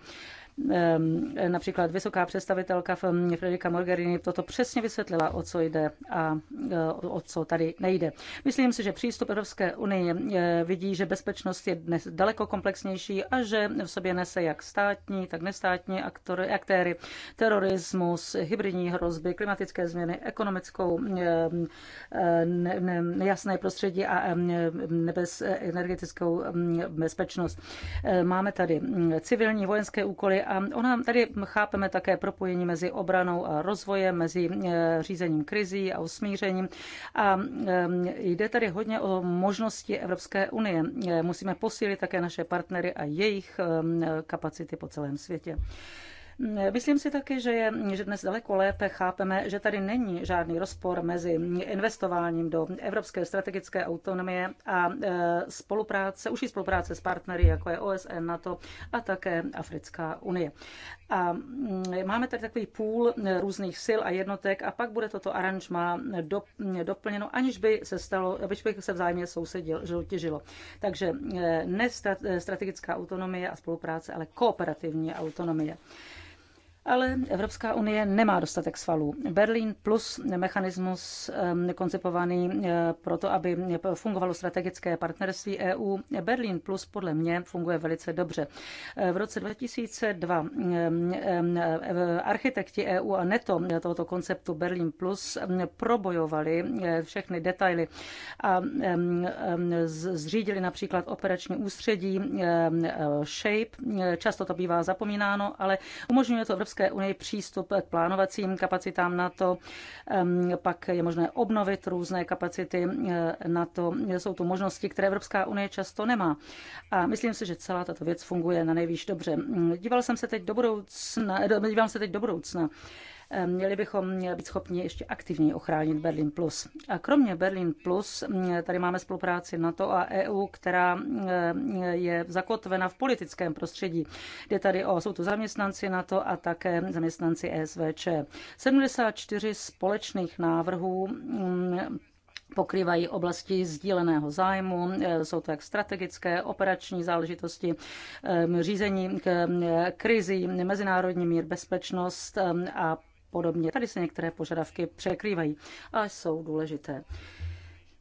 Například vysoká představitelka Frederika Mogherini toto přesně vysvětlila, o co jde a e, o co tady nejde. Myslím si, že přístup Evropské unie e, vidí, že bezpečnost je dnes daleko komplexnější a že v sobě nese jak státní, tak nestátní aktory, aktéry, terorismus, hybridní hrozby, klimatické změny, ekonomickou e, nejasné prostředí a nebez energetickou bezpečnost. Máme tady civilní vojenské úkoly a ona tady chápeme také propojení mezi obranou a rozvojem, mezi eh, řízením krizí a usmířením. A eh, jde tady hodně o možnosti Evropské unie. Eh, musíme posílit také naše partnery a jejich kapacity po celém světě. Myslím si taky, že, je, že dnes daleko lépe chápeme, že tady není žádný rozpor mezi investováním do evropské strategické autonomie a e, spolupráce, užší spolupráce s partnery, jako je OSN, NATO a také Africká unie. A mm, máme tady takový půl e, různých sil a jednotek a pak bude toto aranžma e, doplněno, aniž by se stalo, aniž by se vzájemně soutěžilo. Takže ne strategická autonomie a spolupráce, ale kooperativní autonomie ale Evropská unie nemá dostatek svalů. Berlín plus mechanismus ehm, koncipovaný eh, proto, aby fungovalo strategické partnerství EU. Berlín plus podle mě funguje velice dobře. Eh, v roce 2002 ehm, ehm, eh, architekti EU a NETO tohoto konceptu Berlín plus probojovali všechny detaily a zřídili například operační ústředí SHAPE. Často to bývá zapomínáno, ale umožňuje to Evropské Evropské unii přístup k plánovacím kapacitám NATO, pak je možné obnovit různé kapacity eh, NATO. Jsou to možnosti, které Evropská unie často nemá. A myslím si, že celá tato věc funguje na nejvýš dobře. Díval jsem se teď do budoucna, dívám se teď do budoucna. Měli bychom měli být schopni ještě aktivně ochránit Berlin Plus. A kromě Berlin Plus tady máme spolupráci NATO a EU, která je zakotvena v politickém prostředí. Jde tady o, jsou to zaměstnanci NATO a také zaměstnanci SVČ. 74 společných návrhů pokrývají oblasti sdíleného zájmu, e, jsou to jak strategické, operační záležitosti, e, řízení k krizi, mezinárodní mír, bezpečnost a podobně. Tady se některé požadavky překrývají a jsou důležité.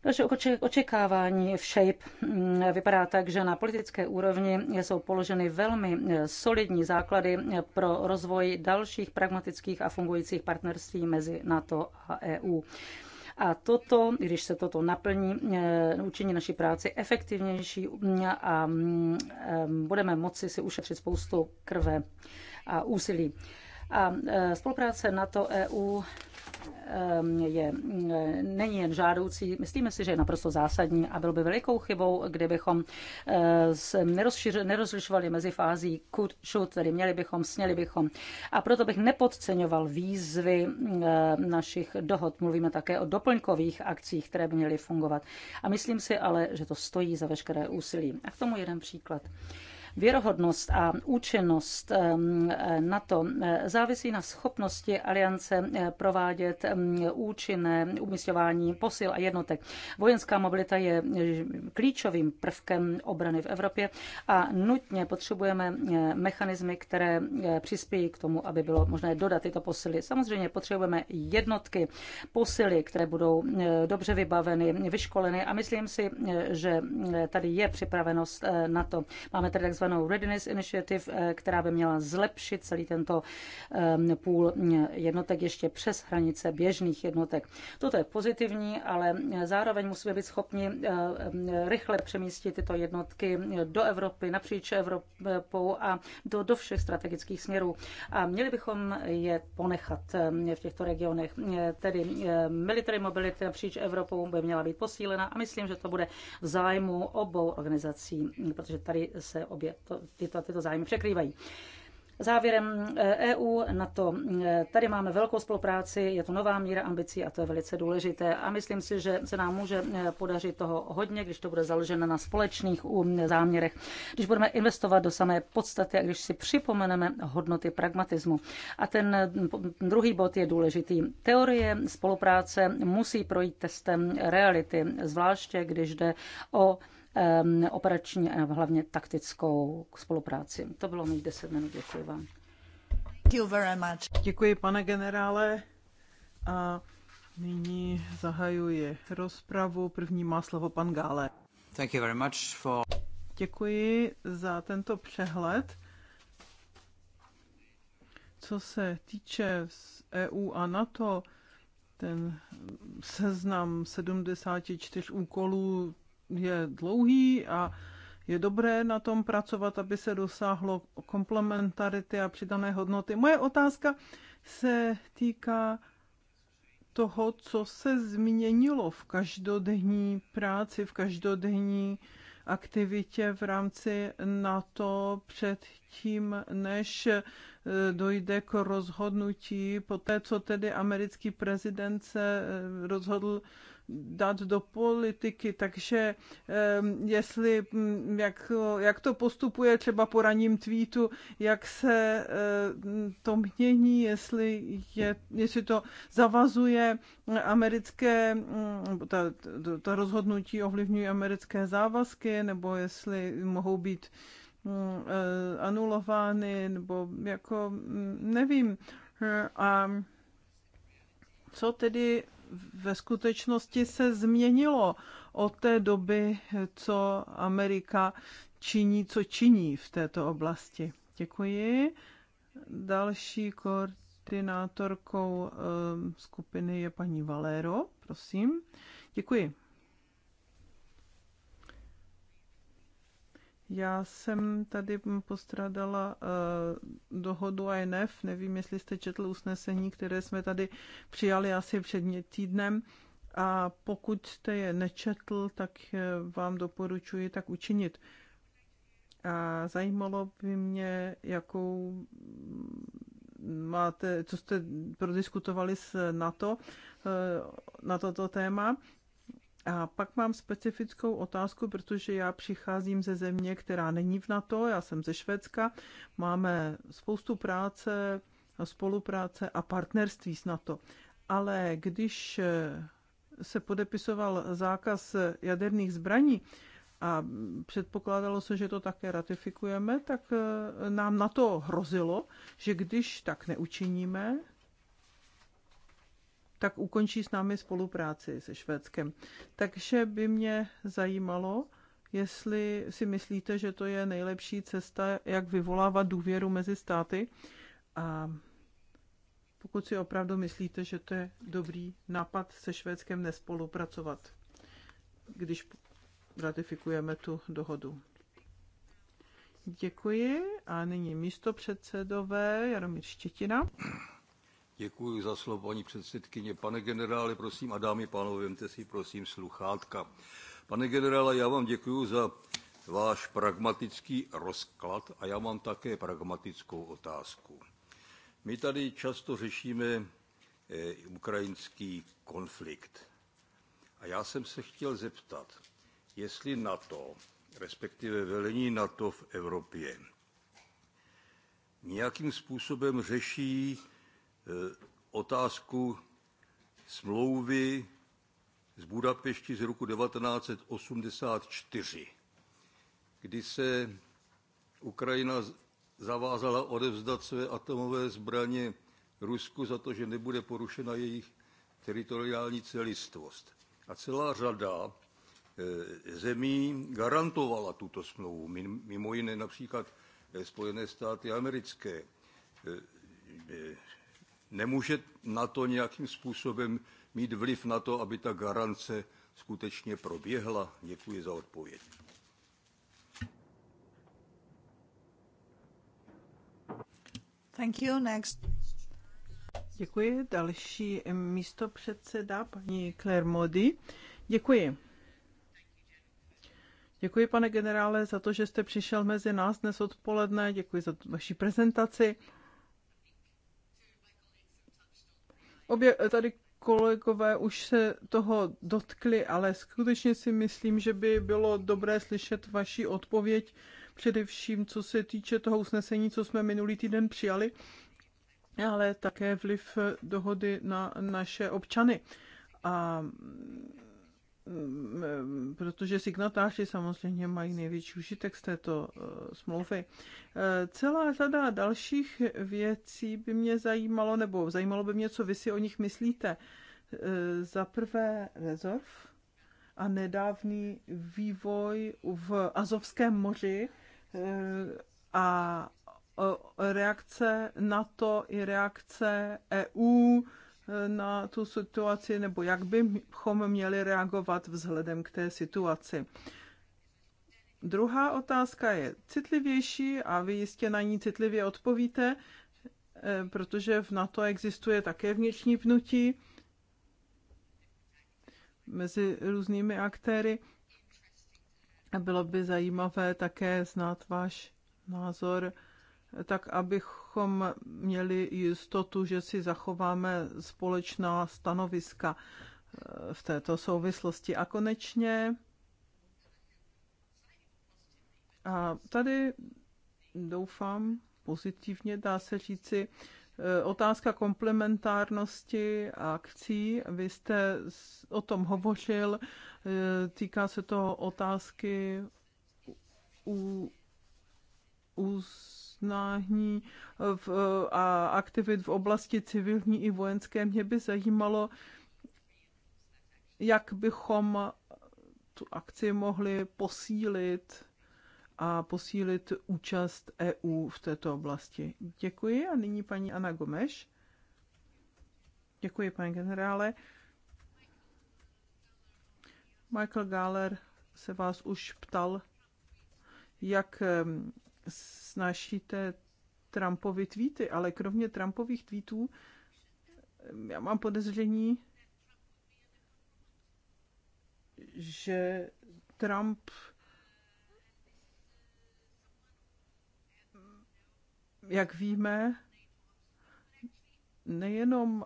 Naše očekávání v SHAPE mm, vypadá tak, že na politické úrovni jsou položeny velmi eh, solidní základy pro rozvoj dalších pragmatických a fungujících partnerství mezi NATO a EU. A toto, když se toto naplní, eh, učiní naši práci efektivnější mm, a mm, eh, budeme moci si ušetřit spoustu krve a úsilí. A e, spolupráce to eu e, je, e, není jen žádoucí. Myslíme si, že je naprosto zásadní a bylo by velikou chybou, kdybychom se nerozlišovali mezi fází could, should, tedy měli bychom, sněli bychom. A proto bych nepodceňoval výzvy našich dohod. Mluvíme také o doplňkových akcích, které by měly fungovat. A myslím si ale, že to stojí za veškeré úsilí. A k tomu jeden příklad. Věrohodnost a účinnost ehm, eh, NATO eh, závisí na schopnosti aliance eh, provádět ehm, účinné umístěvání posil a jednotek. Vojenská mobilita je klíčovým prvkem obrany v Evropě a nutně potřebujeme mechanismy, které přispějí k tomu, aby bylo možné dodat tyto posily. Samozřejmě potřebujeme jednotky, posily, které budou dobře vybaveny, vyškoleny a myslím si, že tady je připravenost na to. Máme tady tzv takzvanou Readiness Initiative, eh, která by měla zlepšit celý tento ehm, půl hm, jednotek ještě přes hranice běžných jednotek. Toto je pozitivní, ale eh, zároveň musíme být schopni eh, hm, rychle přemístit tyto jednotky do Evropy, napříč Evropou a do, do všech strategických směrů. A měli bychom je ponechat hm, v těchto regionech. Tedy military mobility napříč Evropou by měla být posílena a myslím, že to bude v zájmu obou organizací, protože tady se obě tyto, tyto zájmy překrývají. Závěrem EU eh, e na to. Eh, tady máme velkou spolupráci, je to nová míra ambicí a to je velice důležité. A myslím si, že se nám může eh, podařit toho hodně, když to bude založeno na společných záměrech, když budeme investovat do samé podstaty a když si připomeneme hodnoty pragmatismu. A ten druhý bod je důležitý. Teorie spolupráce musí projít testem reality, zvláště když jde o operační a hlavně taktickou spolupráci. To bylo mých 10 minut, děkuji vám. Děkuji, pane generále. A nyní zahajuji rozpravu. První má slovo pan Gále. Thank you very much for... Děkuji za tento přehled. Co se týče EU a NATO, ten seznam 74 úkolů je dlouhý a je dobré na tom pracovat, aby se dosáhlo komplementarity a přidané hodnoty. Moje otázka se týká toho, co se změnilo v každodenní práci, v každodenní aktivitě v rámci NATO předtím, než Eh, dojde k rozhodnutí po té, co tedy americký prezident se eh, rozhodl dát do politiky, takže eh, jestli, hm, jak, jak to postupuje třeba po raním tweetu, jak se to mění, jestli, je, jestli to zavazuje americké, hm, ta, ta rozhodnutí ovlivňují americké závazky, nebo jestli mohou být Mm, eh, anulovány, nebo jako mm, nevím. Eh, a co tedy ve skutečnosti se změnilo od té doby, co Amerika činí, co činí v této oblasti? Děkuji. Další koordinátorkou eh, skupiny je paní Valero, prosím. Děkuji. Já jsem tady postradala uh, dohodu INF. nevím, jestli jste četl usnesení, které jsme tady přijali asi před týdnem. A pokud jste je nečetl, tak vám doporučuji tak učinit. A zajímalo by mě, jakou máte, co jste prodiskutovali s NATO eh, na toto téma a pak mám specifickou otázku, protože já přicházím ze země, která není v NATO, já jsem ze Švédska, máme spoustu práce, spolupráce a partnerství s NATO. Ale když se podepisoval zákaz jaderných zbraní a předpokládalo se, že to také ratifikujeme, tak nám na to hrozilo, že když tak neučiníme, tak ukončí s námi spolupráci se Švédskem. Takže by mě zajímalo, jestli si myslíte, že to je nejlepší cesta, jak vyvolávat důvěru mezi státy a pokud si opravdu myslíte, že to je dobrý nápad se Švédskem nespolupracovat, když ratifikujeme tu dohodu. Děkuji a nyní místo předsedové Jaromír Štětina. Děkuji za slovo, paní předsedkyně. Pane generále, prosím, a dámy pánové, vemte si prosím sluchátka. Pane generále, já vám děkuji za váš pragmatický rozklad a já mám také pragmatickou otázku. My tady často řešíme eh, ukrajinský konflikt. A já jsem se chtěl zeptat, jestli NATO, respektive velení NATO v Evropě, nějakým způsobem řeší Eh, otázku smlouvy z Budapešti z roku 1984, kdy se Ukrajina zavázala odevzdat své atomové zbraně Rusku za to, že nebude porušena jejich teritoriální celistvost. A celá řada eh, zemí garantovala tuto smlouvu, mimo jiné například eh, Spojené státy americké, Nemůže na to nějakým způsobem mít vliv na to, aby ta garance skutečně proběhla? Děkuji za odpověď. Thank you. Next. Děkuji. Další místo předseda, paní Claire Modi. Děkuji. Děkuji, pane generále, za to, že jste přišel mezi nás dnes odpoledne. Děkuji za vaši prezentaci. Obě tady kolegové už se toho dotkli, ale skutečně si myslím, že by bylo dobré slyšet vaši odpověď, především co se týče toho usnesení, co jsme minulý týden přijali, ale také vliv dohody na naše občany. A Mm, mm, protože signatáři samozřejmě mají největší užitek z této eh, smlouvy. Eh, celá řada dalších věcí by mě zajímalo, nebo zajímalo by mě, co vy si o nich myslíte. Eh, za prvé rezerv a nedávný vývoj v Azovském moři a reakce NATO i reakce EU, na tu situaci, nebo jak bychom měli reagovat vzhledem k té situaci. Druhá otázka je citlivější a vy jistě na ní citlivě odpovíte, eh, protože v NATO existuje také vnitřní pnutí mezi různými aktéry. Bylo by zajímavé také znát váš názor, tak abych abychom měli jistotu, že si zachováme společná stanoviska eh, v této souvislosti. A konečně a tady doufám pozitivně, dá se říci, eh, otázka komplementárnosti akcí. Vy jste o tom hovořil, eh, týká se to otázky u, u jednání eh, v, eh, a aktivit v oblasti civilní i vojenské. Mě by zajímalo, jak bychom tu akci mohli posílit a posílit účast EU v této oblasti. Děkuji a nyní paní Ana Gomeš. Děkuji, pane generále. Michael Galler se vás už ptal, jak eh, snášíte Trumpovy tweety, ale kromě Trumpových tweetů já mám podezření, že Trump jak víme, nejenom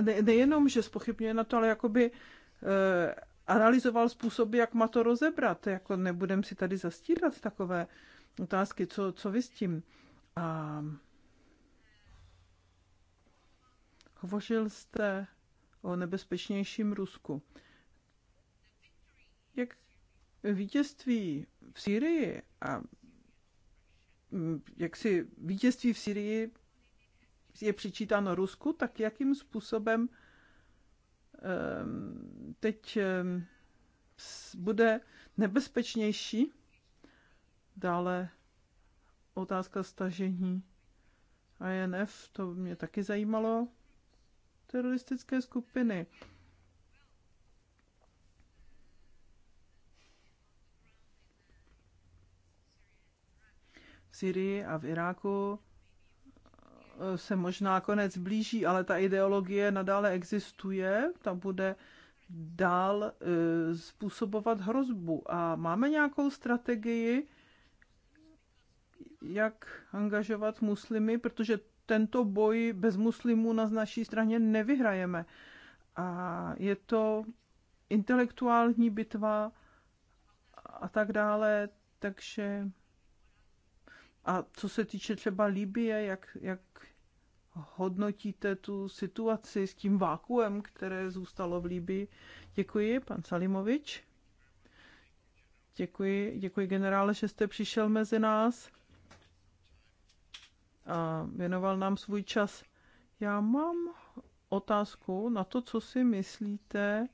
ne, nejenom, že spochybňuje na to, ale jakoby eh, analyzoval způsoby, jak má to rozebrat. Jako nebudem si tady zastírat takové otázky, co, co vy s tím. A hovořil jste o nebezpečnějším Rusku. Jak vítězství v Syrii a mm, jak si vítězství v Syrii je přičítáno Rusku, tak jakým způsobem Ehm, teď ehm, bude nebezpečnější. Dále otázka stažení INF, to mě taky zajímalo. Teroristické skupiny. V Syrii a v Iráku se možná konec blíží, ale ta ideologie nadále existuje, ta bude dál e, způsobovat hrozbu. A máme nějakou strategii, jak angažovat muslimy, protože tento boj bez muslimů na naší straně nevyhrajeme. A je to intelektuální bitva a tak dále, takže a co se týče třeba Libie, jak, jak hodnotíte tu situaci s tím vákuem, které zůstalo v Líbii. Děkuji, pan Salimovič. Děkuji, děkuji generále, že jste přišel mezi nás a věnoval nám svůj čas. Já mám otázku na to, co si myslíte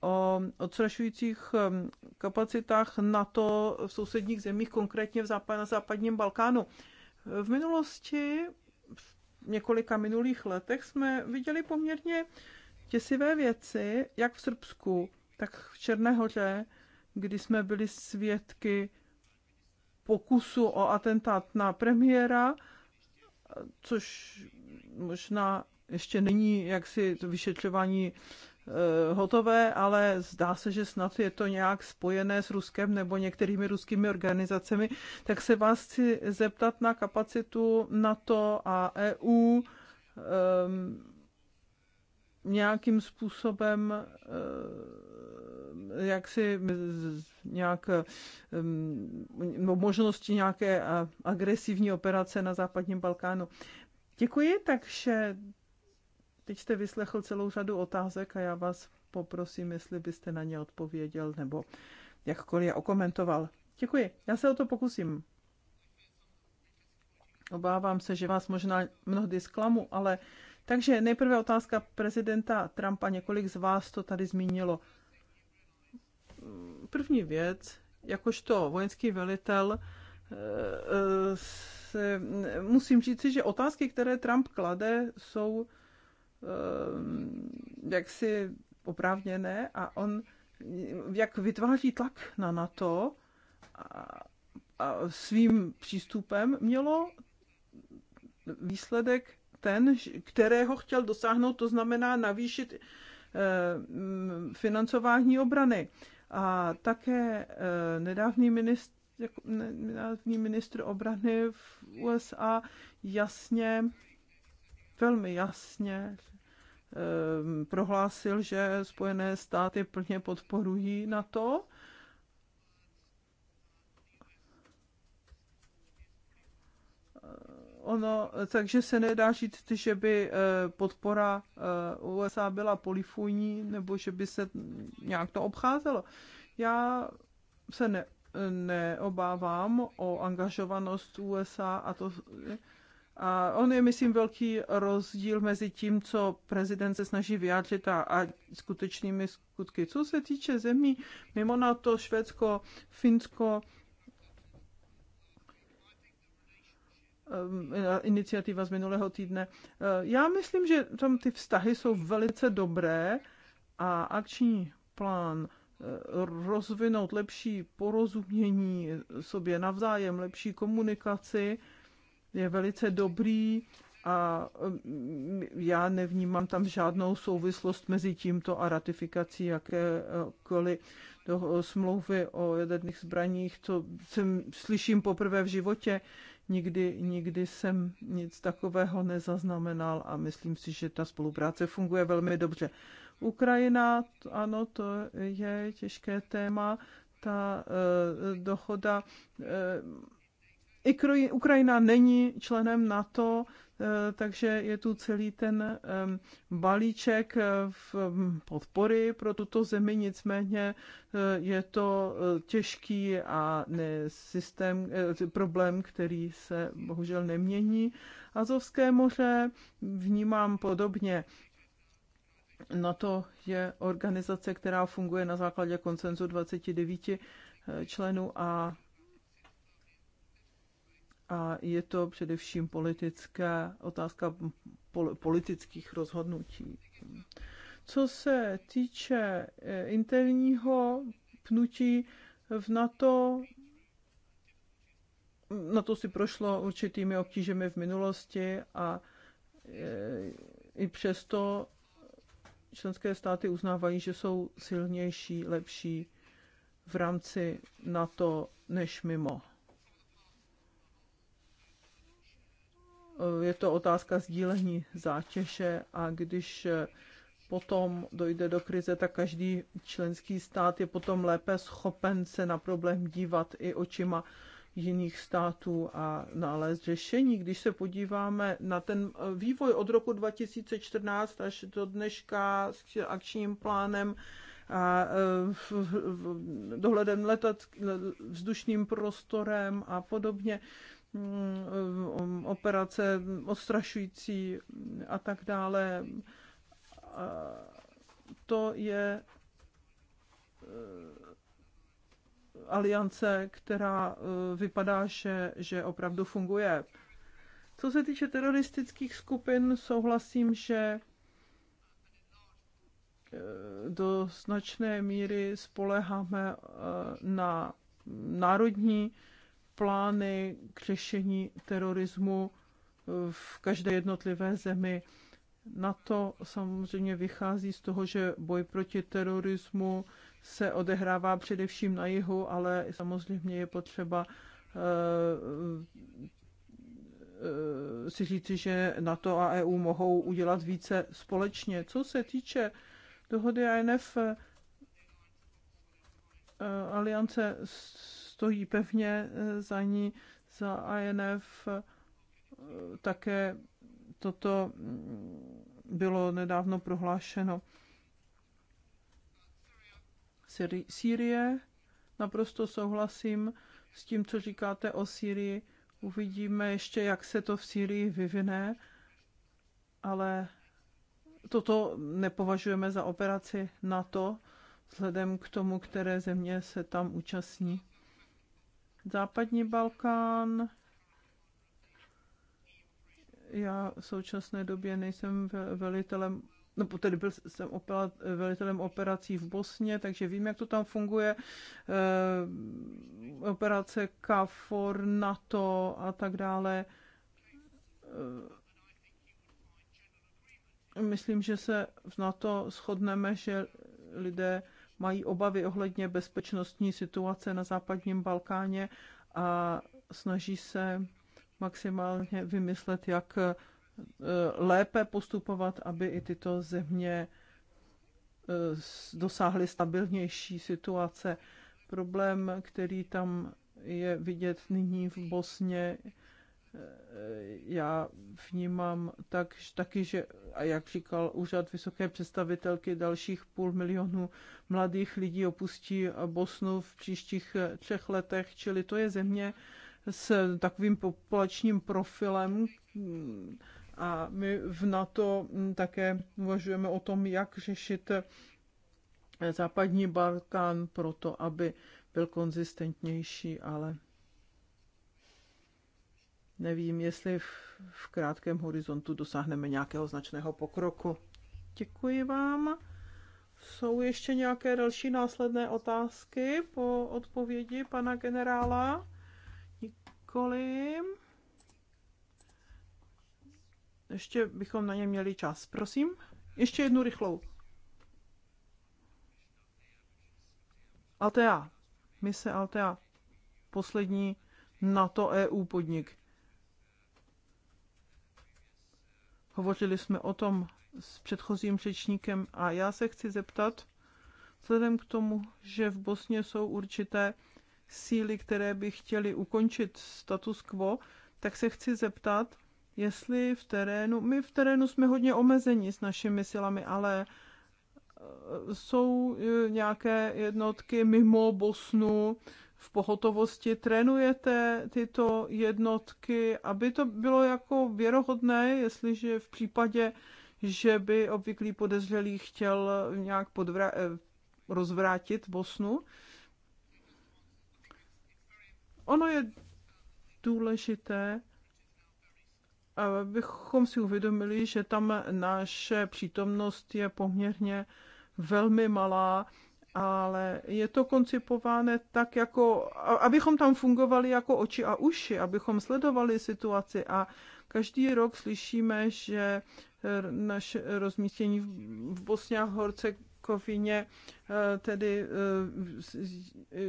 o odstrašujících um, kapacitách NATO v sousedních zemích, konkrétně v západ, na západním Balkánu. V minulosti několika minulých letech jsme viděli poměrně těsivé věci, jak v Srbsku, tak v Černé kdy jsme byli svědky pokusu o atentát na premiéra, což možná ještě není jaksi to vyšetřování Eh, hotové, ale zdá se, že snad je to nějak spojené s Ruskem nebo některými ruskými organizacemi, tak se vás chci zeptat na kapacitu NATO a EU um, ehm, nějakým způsobem ehm, jak si nějak um, možnosti nějaké agresivní operace na západním Balkánu. Děkuji, takže Teď jste vyslechl celou řadu otázek a já vás poprosím, jestli byste na ně odpověděl nebo jakkoliv je okomentoval. Děkuji, já se o to pokusím. Obávám se, že vás možná mnohdy zklamu, ale takže nejprve otázka prezidenta Trumpa. Několik z vás to tady zmínilo. První věc, jakožto vojenský velitel, eh, eh, se, musím říci, že otázky, které Trump klade, jsou Ehm, jaksi oprávněné a on jak vytváří tlak na NATO a, a svým přístupem mělo výsledek ten, kterého chtěl dosáhnout, to znamená navýšit ehm, financování obrany. A také ehm, nedávný ministr, jako nedávný ministr obrany v USA jasně velmi jasně ehm, prohlásil, že Spojené státy plně podporují na to. Eh, ono, takže se nedá říct, že by eh, podpora eh, USA byla polifujní, nebo že by se nějak to obcházelo. Já se ne, neobávám o angažovanost USA a to a on je, myslím, velký rozdíl mezi tím, co prezident se snaží vyjádřit a, a skutečnými skutky. Co se týče zemí, mimo na to Švédsko, Finsko, ehm, iniciativa z minulého týdne. Eh, já myslím, že tam ty vztahy jsou velice dobré a akční plán eh, rozvinout lepší porozumění sobě navzájem, lepší komunikaci, je velice dobrý a mm, mm, já nevnímám tam žádnou souvislost mezi tímto a ratifikací jakékoliv do eh, smlouvy o jaderných zbraních, co jsem, slyším poprvé v životě. Nikdy, nikdy jsem nic takového nezaznamenal a myslím si, že ta spolupráce funguje velmi dobře. Ukrajina, ano, to je těžké téma. Ta eh, dohoda eh, Ukrajina není členem NATO, eh, takže je tu celý ten balíček eh, podpory pro tuto zemi, nicméně eh, je to těžký a ne systém, problém, který se bohužel nemění. Azovské moře vnímám podobně. NATO je organizace, která funguje na základě koncenzu 29 členů a a je to především politická otázka politických rozhodnutí. Co se týče e, interního pnutí v NATO, na to si prošlo určitými obtížemi v minulosti a e, i přesto členské státy uznávají, že jsou silnější, lepší v rámci NATO než mimo. Eh, je to otázka sdílení zátěže a když eh, potom dojde do krize, tak každý členský stát je potom lépe schopen se na problém dívat i očima jiných států a nalézt řešení. Když se podíváme na ten eh, vývoj od roku 2014 až do dneška s akčním plánem a dohledem letat, vzdušným prostorem a podobně, Mm, um, operace ostrašující a tak dále. To je eh, aliance, která eh, vypadá, že, že opravdu funguje. Co se týče teroristických skupin, souhlasím, že eh, do značné míry spoleháme na národní plány k řešení terorismu eh, v každé jednotlivé zemi. Na to samozřejmě vychází z toho, že boj proti terorismu se odehrává především na jihu, ale samozřejmě je potřeba eh, eh, si říci, že NATO a EU mohou udělat více společně. Co se týče dohody ANF, aliance s stojí pevně eh, za ní, za ANF. Eh, také toto mm, bylo nedávno prohlášeno. Sýrie, naprosto souhlasím s tím, co říkáte o Sýrii. Uvidíme ještě, jak se to v Sýrii vyvine, ale toto nepovažujeme za operaci NATO, vzhledem k tomu, které země se tam účastní. Západní Balkán. Já v současné době nejsem velitelem no tedy byl jsem opera, velitelem operací v Bosně, takže vím, jak to tam funguje. E, operace KFOR, NATO a tak dále. E, myslím, že se v NATO shodneme, že lidé mají obavy ohledně bezpečnostní situace na západním Balkáně a snaží se maximálně vymyslet, jak e, lépe postupovat, aby i tyto země e, dosáhly stabilnější situace. Problém, který tam je vidět nyní v Bosně, já vnímám tak, taky, že, a jak říkal úřad vysoké představitelky, dalších půl milionu mladých lidí opustí Bosnu v příštích eh, třech letech, čili to je země s takovým populačním profilem a my v NATO hm, také uvažujeme o tom, jak řešit eh, západní Balkán proto, aby byl konzistentnější, ale nevím, jestli v, v krátkém horizontu dosáhneme nějakého značného pokroku. Děkuji vám. Jsou ještě nějaké další následné otázky po odpovědi pana generála? Nikoli. Ještě bychom na ně měli čas. Prosím, ještě jednu rychlou. Altea. Mise Altea. Poslední NATO EU podnik. Hovořili jsme o tom s předchozím řečníkem a já se chci zeptat, vzhledem k tomu, že v Bosně jsou určité síly, které by chtěly ukončit status quo, tak se chci zeptat, jestli v terénu, my v terénu jsme hodně omezeni s našimi silami, ale e, jsou e, nějaké jednotky mimo Bosnu, v pohotovosti trénujete tyto jednotky, aby to bylo jako věrohodné, jestliže v případě, že by obvyklý podezřelý chtěl nějak podvra- eh, rozvrátit Bosnu. Ono je důležité, abychom si uvědomili, že tam naše přítomnost je poměrně velmi malá ale je to koncipováno tak, jako, abychom tam fungovali jako oči a uši, abychom sledovali situaci a každý rok slyšíme, že naše rozmístění v Bosně a Horcegovině e, tedy e, e,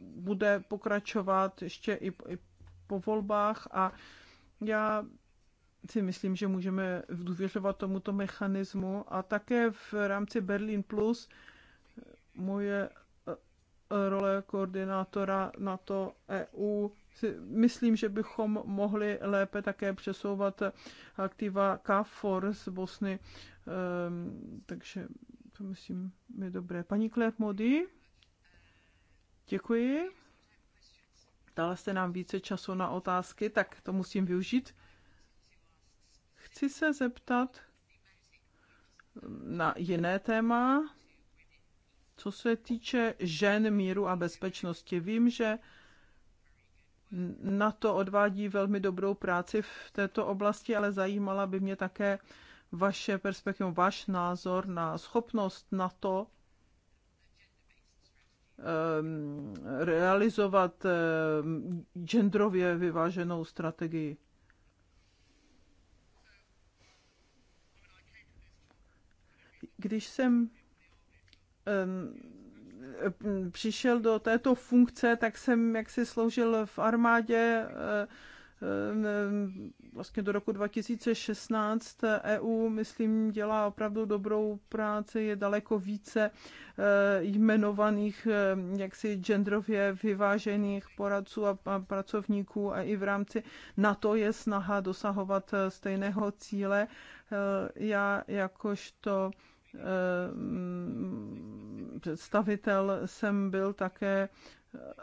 bude pokračovat ještě i po volbách a já si myslím, že můžeme důvěřovat tomuto mechanismu a také v rámci Berlin Plus moje eh, role koordinátora na to EU myslím, že bychom mohli lépe také přesouvat aktiva KFOR z Bosny. Ehm, takže to myslím je dobré. Paní Claire Modi, děkuji. Dala jste nám více času na otázky, tak to musím využít. Chci se zeptat na jiné téma co se týče žen, míru a bezpečnosti, vím, že na to odvádí velmi dobrou práci v této oblasti, ale zajímala by mě také vaše perspektiva, váš názor na schopnost na to ehm, realizovat ehm, genderově vyváženou strategii. Když jsem E, přišel do této funkce, tak jsem jaksi sloužil v armádě e, vlastně do roku 2016 EU, myslím, dělá opravdu dobrou práci, je daleko více e, jmenovaných jaksi genderově vyvážených poradců a pracovníků a i v rámci NATO je snaha dosahovat stejného cíle. Já jakožto Ehm, představitel jsem byl také eh,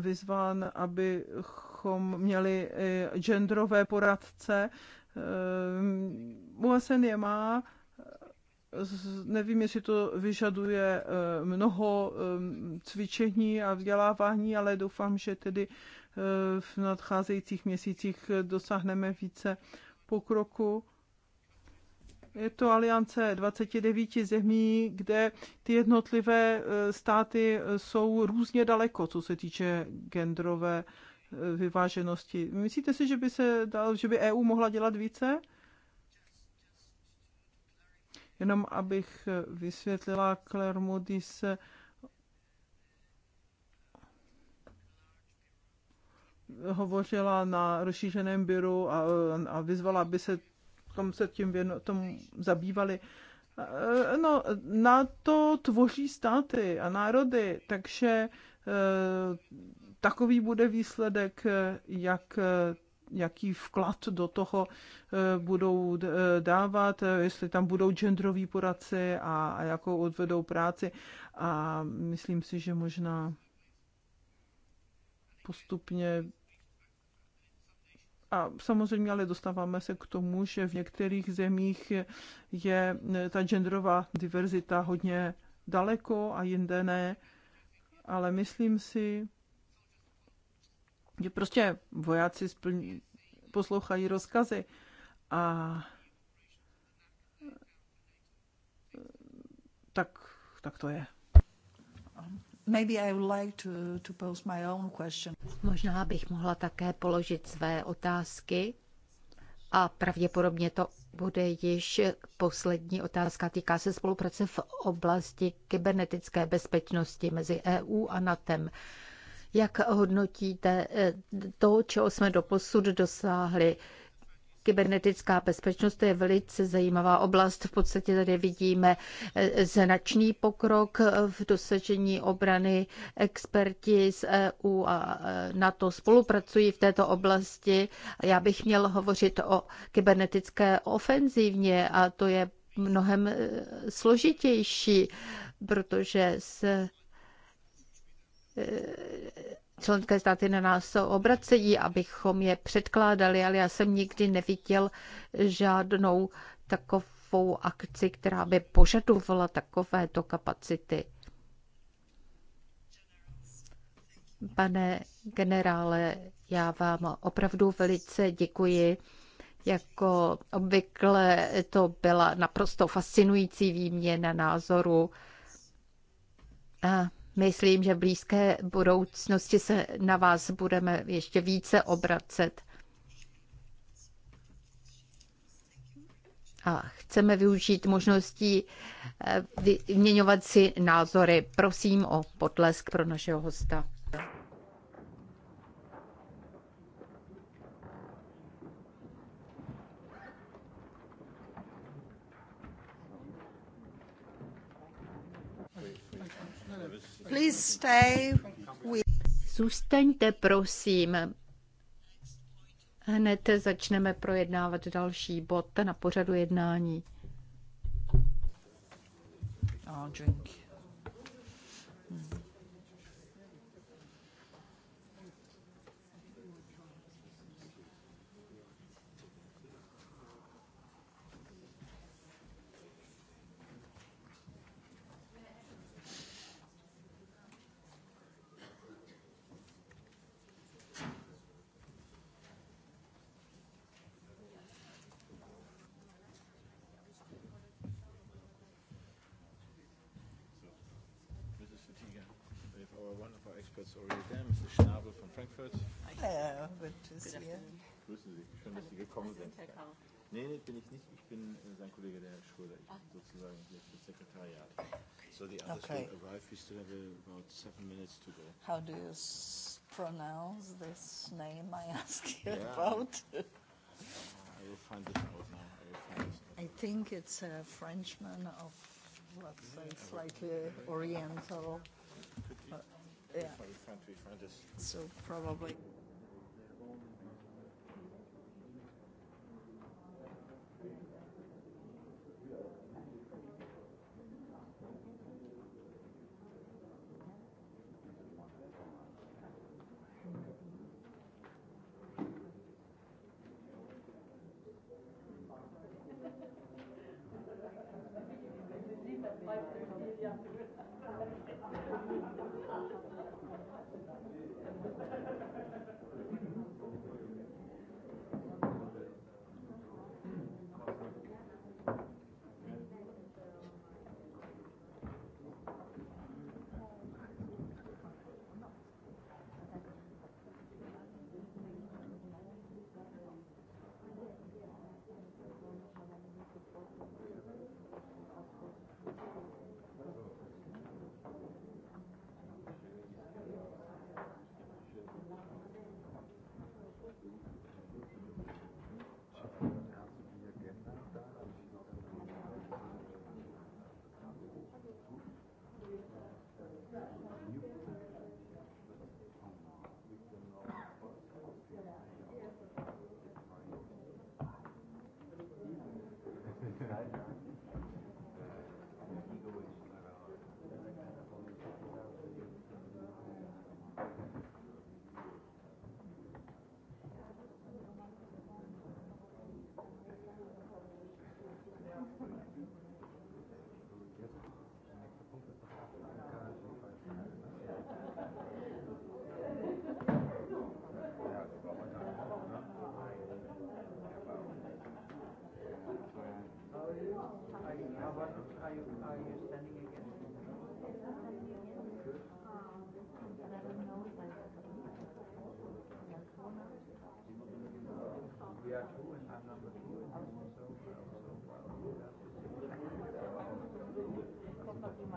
vyzván, abychom měli genderové poradce. Ehm, USN je má, nevím, jestli to vyžaduje eh, mnoho ehm, cvičení a vzdělávání, ale doufám, že tedy eh, v nadcházejících měsících dosáhneme více pokroku je to aliance 29 zemí, kde ty jednotlivé eh, státy eh, jsou různě daleko, co se týče genderové eh, vyváženosti. Myslíte si, že by, se dal, že by EU mohla dělat více? Jenom abych vysvětlila Claire Modis, hovořila na rozšířeném byru a, a vyzvala, aby se kam se tím věno, tomu zabývali. Eh, no, na to tvoří státy a národy, takže eh, takový bude výsledek, jak jaký vklad do toho eh, budou dávat, jestli tam budou genderoví poradci a, a jakou odvedou práci. A myslím si, že možná postupně a samozřejmě ale dostáváme se k tomu, že v některých zemích je, ta genderová diverzita hodně daleko a jinde ne. Ale myslím si, že prostě vojáci splní, poslouchají rozkazy a tak, tak to je. Možná bych mohla také položit své otázky. A pravděpodobně to bude již poslední otázka. Týká se spolupráce v oblasti kybernetické bezpečnosti mezi EU a NATEM. Jak hodnotíte eh, to, čeho jsme doposud dosáhli? Kybernetická bezpečnost to je velice zajímavá oblast. V podstatě tady vidíme eh, značný pokrok v dosažení obrany. Experti z EU a eh, NATO spolupracují v této oblasti. Já bych měl hovořit o kybernetické ofenzivně a to je mnohem eh, složitější, protože se členské státy na nás obracejí, abychom je předkládali, ale já jsem nikdy neviděl žádnou takovou akci, která by požadovala takovéto kapacity. Pane generále, já vám opravdu velice děkuji. Jako obvykle to byla naprosto fascinující výměna názoru. A Myslím, že v blízké budoucnosti se na vás budeme ještě více obracet. a chceme využít možností eh, vyměňovat si názory. Prosím o potlesk pro našeho hosta. Please stay Zůstaňte, prosím. Hned začneme projednávat další bod na pořadu jednání. Oh, drink. Sorry again, Mrs. Schnabel von Frankfurt. Hello, good to see you. Grüßen Sie, schön, dass Sie gekommen sind. Nee, nee, bin ich nicht. Ich bin äh, sein Kollege, der Herr Schröder. Ich bin ah. sozusagen hier für das Sekretariat. So the others okay. Er will arrive. We still have about seven minutes to go. How do you s pronounce this name I ask you yeah. about? [LAUGHS] I will find this out now. I, will find this out. I think it's a Frenchman of, let's say, slightly oriental. Yeah yeah. 25 countries. Just... So probably.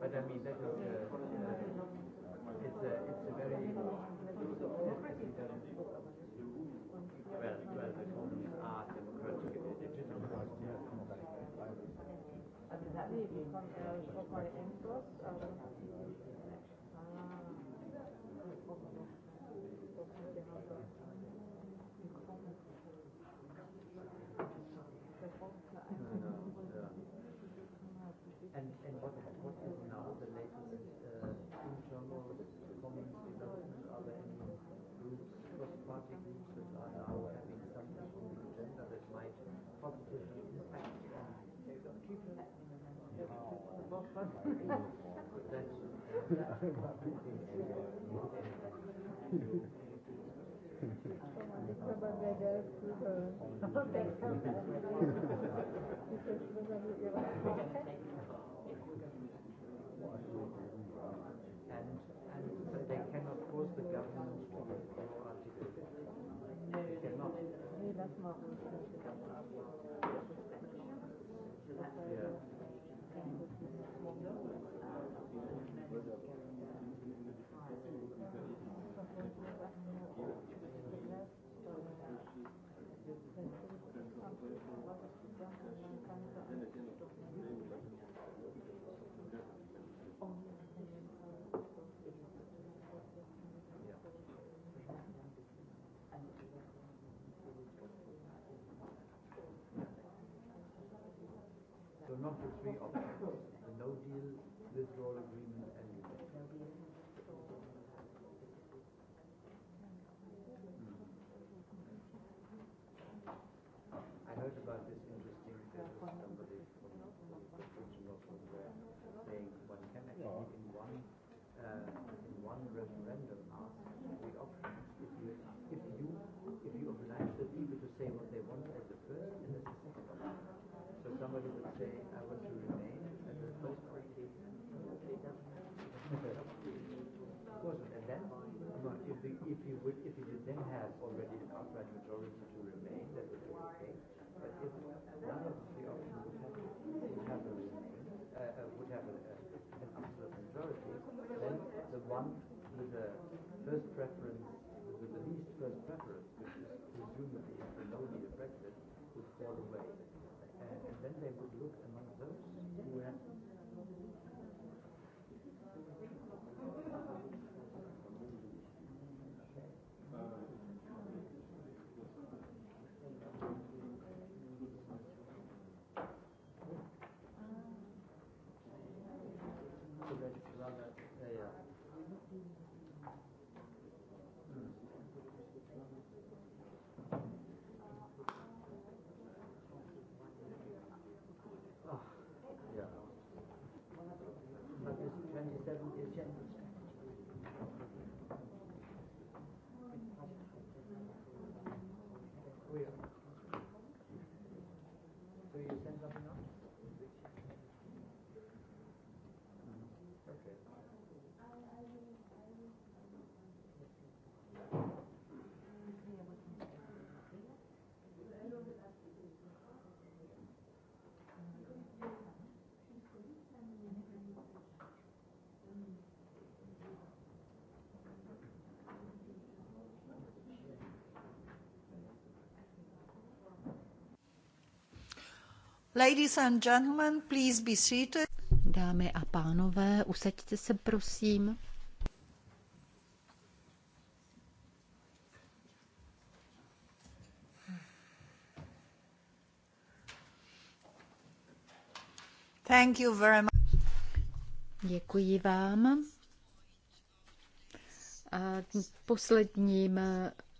pada minta and, and they cannot force the government to ็นเต็ม Ladies and gentlemen, please be seated. Dámy a pánové, usaďte se prosím. Thank you very much. Děkuji vám. A posledním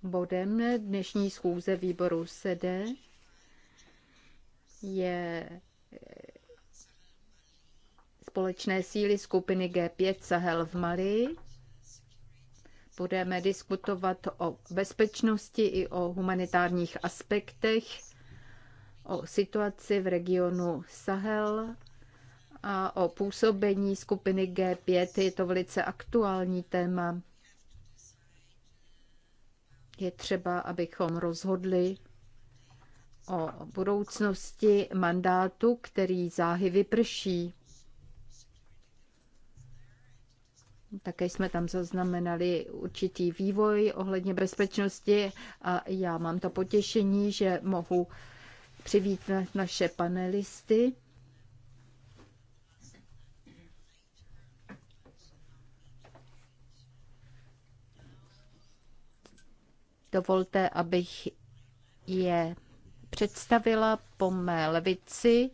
bodem dnešní schůze výboru SEDE je eh, společné síly skupiny G5 Sahel v Mali. Budeme diskutovat o bezpečnosti i o humanitárních aspektech, o situaci v regionu Sahel a o působení skupiny G5. Je to velice aktuální téma. Je třeba, abychom rozhodli, o budoucnosti mandátu, který záhy vyprší. Také jsme tam zaznamenali určitý vývoj ohledně bezpečnosti a já mám to potěšení, že mohu přivítat naše panelisty. Dovolte, abych je představila po mé levici.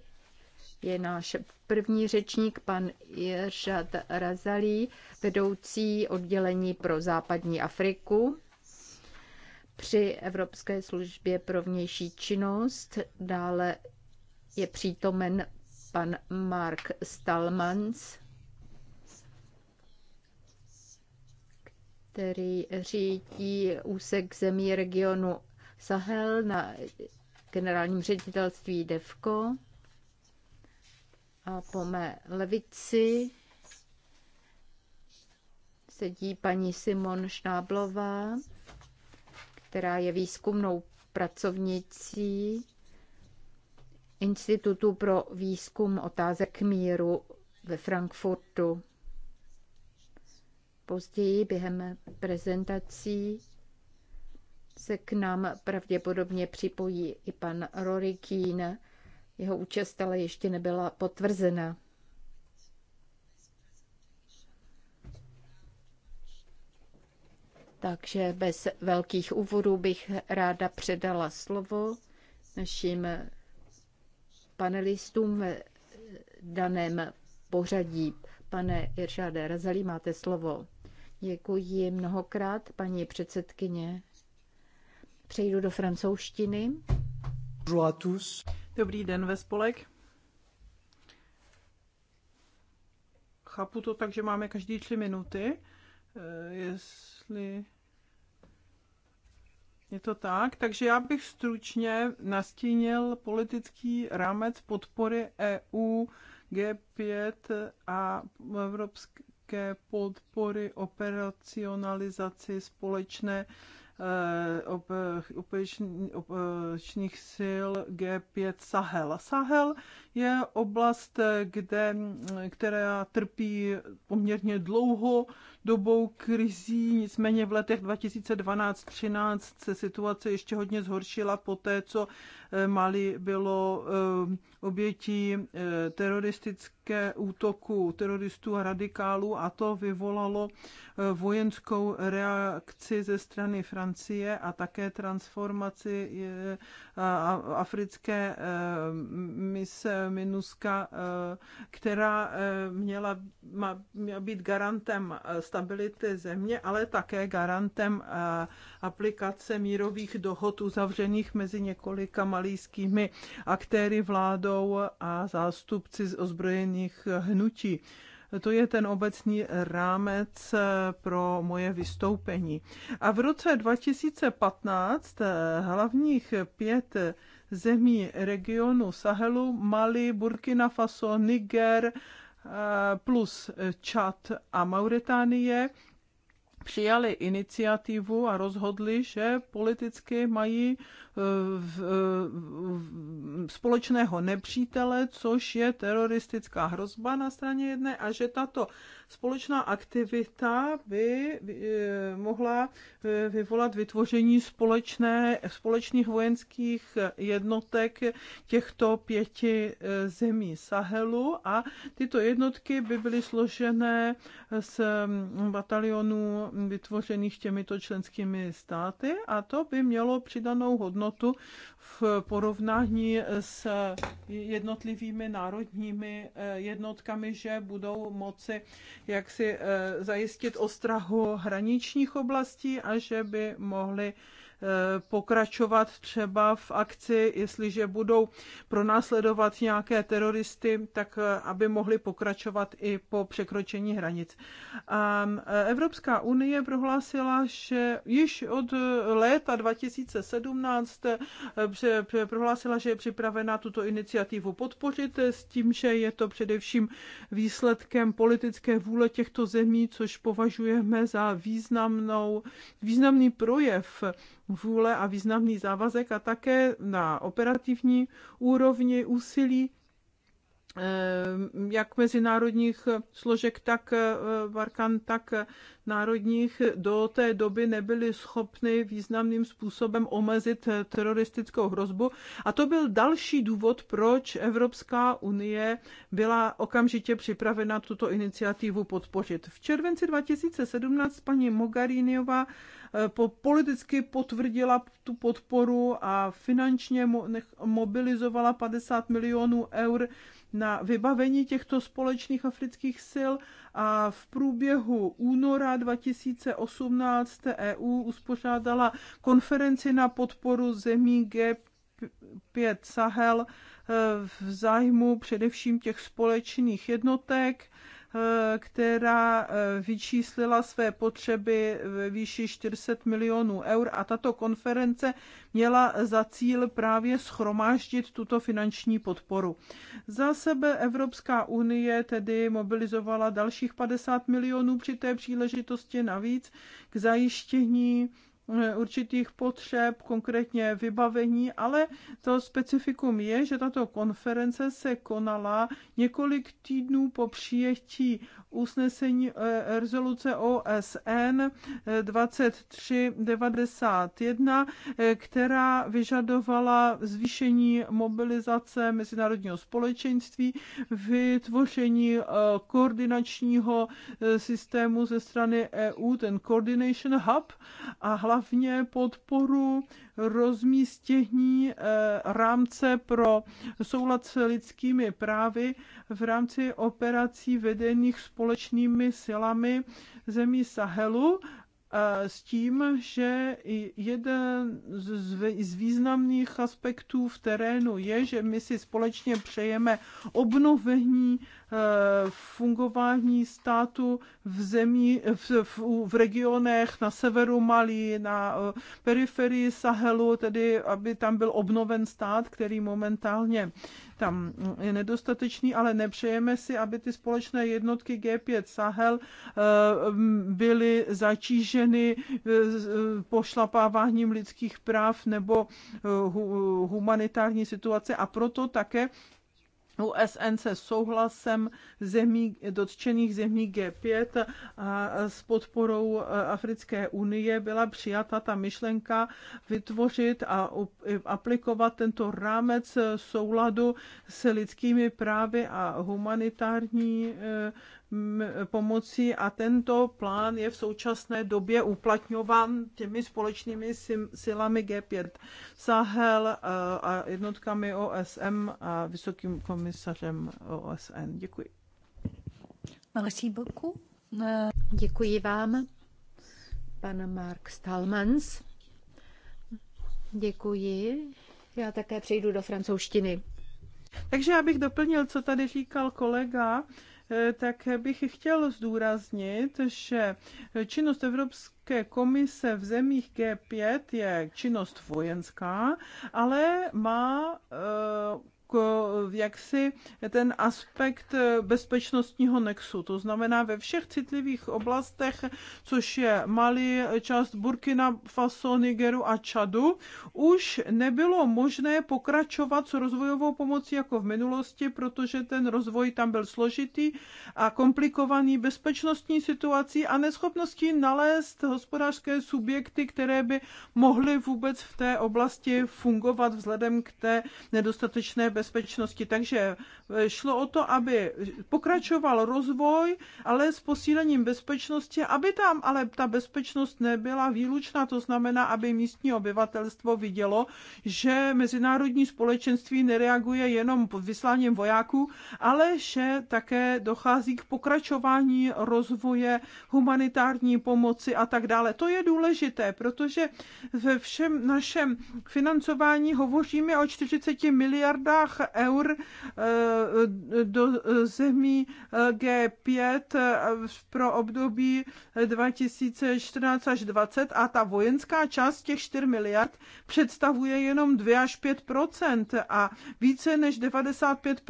Je náš první řečník, pan Jeržat Razalí, vedoucí oddělení pro západní Afriku při Evropské službě pro vnější činnost. Dále je přítomen pan Mark Stalmans, který řídí úsek zemí regionu Sahel na generálním ředitelství DEVKO. A po mé levici sedí paní Simon Šnáblová, která je výzkumnou pracovnicí Institutu pro výzkum otázek míru ve Frankfurtu. Později během prezentací se k nám pravděpodobně připojí i pan Rory Keane. Jeho účast ale ještě nebyla potvrzena. Takže bez velkých úvodů bych ráda předala slovo našim panelistům v daném pořadí. Pane Iršáde Razali, máte slovo. Děkuji mnohokrát, paní předsedkyně. Přejdu do francouzštiny. Bonjour à tous. Dobrý den ve spolek. Chápu to tak, že máme každý tři minuty. Eh, jestli je to tak, takže já bych stručně nastínil politický rámec podpory EU G5 a evropské podpory operacionalizaci společné Eh, eh, operačních sil G5 Sahel. Sahel je oblast, kde, která trpí poměrně dlouho dobou krizí, nicméně v letech 2012-13 se situace ještě hodně zhoršila po té, co eh, Mali bylo eh, obětí eh, teroristické útoku teroristů a radikálů a to vyvolalo vojenskou reakci ze strany Francie a také transformaci africké mise MINUSKA, eh, která eh, měla, má, měla být garantem eh, stability země, ale také garantem aplikace mírových dohod uzavřených mezi několika malýskými aktéry, vládou a zástupci z ozbrojených hnutí. To je ten obecný rámec pro moje vystoupení. A v roce 2015 hlavních pět zemí regionu Sahelu, Mali, Burkina Faso, Niger eh, plus Čad a Mauritánie přijali iniciativu a rozhodli, že politicky mají eh, eh, společného nepřítele, což je teroristická hrozba na straně jedné a že tato společná aktivita by eh, mohla eh, vyvolat vytvoření společné, společných vojenských jednotek těchto pěti eh, zemí Sahelu a tyto jednotky by byly složené z mm, batalionů vytvořených těmito členskými státy a to by mělo přidanou hodnotu v porovnání s jednotlivými národními eh, jednotkami, že budou moci jaksi eh, zajistit ostrahu hraničních oblastí a že by mohli Eh, pokračovat třeba v akci, jestliže budou pronásledovat nějaké teroristy, tak eh, aby mohli pokračovat i po překročení hranic. A eh, Evropská unie prohlásila, že již od léta 2017 prohlásila, že je připravena tuto iniciativu podpořit s tím, že je to především výsledkem politické vůle těchto zemí, což považujeme za významnou, významný projev vůle a významný závazek a také na operativní úrovni úsilí Eh, jak mezinárodních složek, tak Varkan, eh, tak národních do té doby nebyly schopny významným způsobem omezit eh, teroristickou hrozbu. A to byl další důvod, proč Evropská unie byla okamžitě připravena tuto iniciativu podpořit. V červenci 2017 paní Mogariniová po, politicky potvrdila tu podporu a finančně mobilizovala 50 milionů eur na vybavení těchto společných afrických sil a v průběhu února 2018 EU uspořádala konferenci na podporu zemí G5 Sahel eh, v zájmu především těch společných jednotek Eh, která eh, vyčíslila své potřeby ve výši 400 milionů eur a tato konference měla za cíl právě schromáždit tuto finanční podporu. Za sebe Evropská unie tedy mobilizovala dalších 50 milionů při té příležitosti navíc k zajištění Eh, určitých potřeb, konkrétně vybavení, ale to specifikum je, že tato konference se konala několik týdnů po přijetí usnesení eh, rezoluce OSN 2391, eh, která vyžadovala zvýšení mobilizace mezinárodního společenství, vytvoření koordinačního systému ze strany EU, ten Coordination Hub a hlavně hlavně podporu rozmístění eh, rámce pro soulad s lidskými právy v rámci operací vedených společnými silami zemí Sahelu eh, s tím, že jeden z významných aspektů v terénu je, že my si společně přejeme obnovení Eh, fungování státu v zemí, v, v, v regionech na severu Mali, na eh, periferii Sahelu, tedy aby tam byl obnoven stát, který momentálně tam je nedostatečný, ale nepřejeme si, aby ty společné jednotky G5 Sahel eh, byly začíženy pošlapáváním lidských práv nebo humanitární situace a proto také USN se souhlasem zemí, dotčených zemí G5 a s podporou e, Africké unie byla přijata ta myšlenka vytvořit a aplikovat tento rámec e, souladu s lidskými právy a humanitární e, pomoci a tento plán je v současné době uplatňován těmi společnými silami G5 Sahel eh, a jednotkami OSM a vysokým komisařem OSN. Děkuji. Merci beaucoup. Děkuji vám, pan Mark Stalmans. Děkuji. Já také přejdu do francouzštiny. Takže já bych doplnil, co tady říkal kolega. Eh, tak bych chtěl zdůraznit, že činnost Evropské komise v zemích G5 je činnost vojenská, ale má eh, jaksi ten aspekt eh, bezpečnostního nexu. To znamená ve všech citlivých oblastech, což je Mali, část Burkina Faso, Nigeru a Čadu, už nebylo možné pokračovat s rozvojovou pomocí jako v minulosti, protože ten rozvoj tam byl složitý a komplikovaný bezpečnostní situací a neschopností nalézt hospodářské subjekty, které by mohly vůbec v té oblasti fungovat vzhledem k té nedostatečné bezpečnosti. Takže eh, šlo o to, aby pokračoval rozvoj, ale s posílením bezpečnosti, aby tam ale ta bezpečnost nebyla výlučná, to znamená, aby místní obyvatelstvo vidělo, že mezinárodní společenství nereaguje jenom pod vysláním vojáků, ale že také dochází k pokračování rozvoje humanitární pomoci a tak dále. To je důležité, protože ve všem našem financování hovoříme o 40 miliardách miliardách eur eh, do zemí eh, G5 eh, pro období 2014 až 2020 a ta vojenská část těch 4 miliard představuje jenom 2 až 5 a více než 95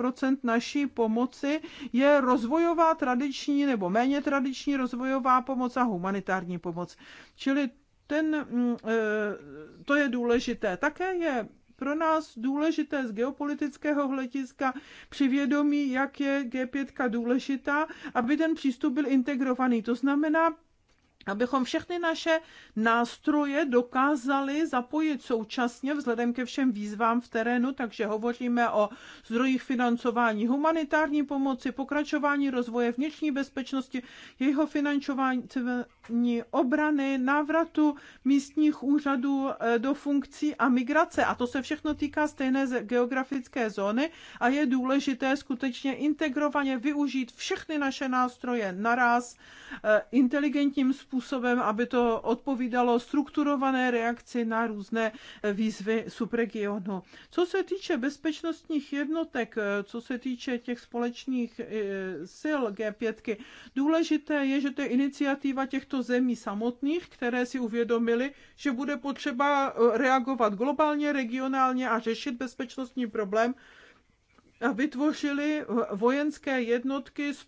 naší pomoci je rozvojová tradiční nebo méně tradiční rozvojová pomoc a humanitární pomoc. Čili ten, mm, to je důležité. Také je pro nás důležité z geopolitického hlediska při vědomí, jak je G5 důležitá, aby ten přístup byl integrovaný. To znamená, abychom všechny naše nástroje dokázali zapojit současně vzhledem ke všem výzvám v terénu, takže hovoříme o zdrojích financování humanitární pomoci, pokračování rozvoje vnitřní bezpečnosti, jeho financování obrany, návratu místních úřadů eh, do funkcí a migrace. A to se všechno týká stejné geografické zóny a je důležité skutečně integrovaně využít všechny naše nástroje naraz eh, inteligentním způsobem způsobem, aby to odpovídalo strukturované reakci na různé výzvy subregionu. Co se týče bezpečnostních jednotek, co se týče těch společných eh, sil G5, důležité je, že to je iniciativa těchto zemí samotných, které si uvědomili, že bude potřeba eh, reagovat globálně, regionálně a řešit bezpečnostní problém a vytvořili eh, vojenské jednotky s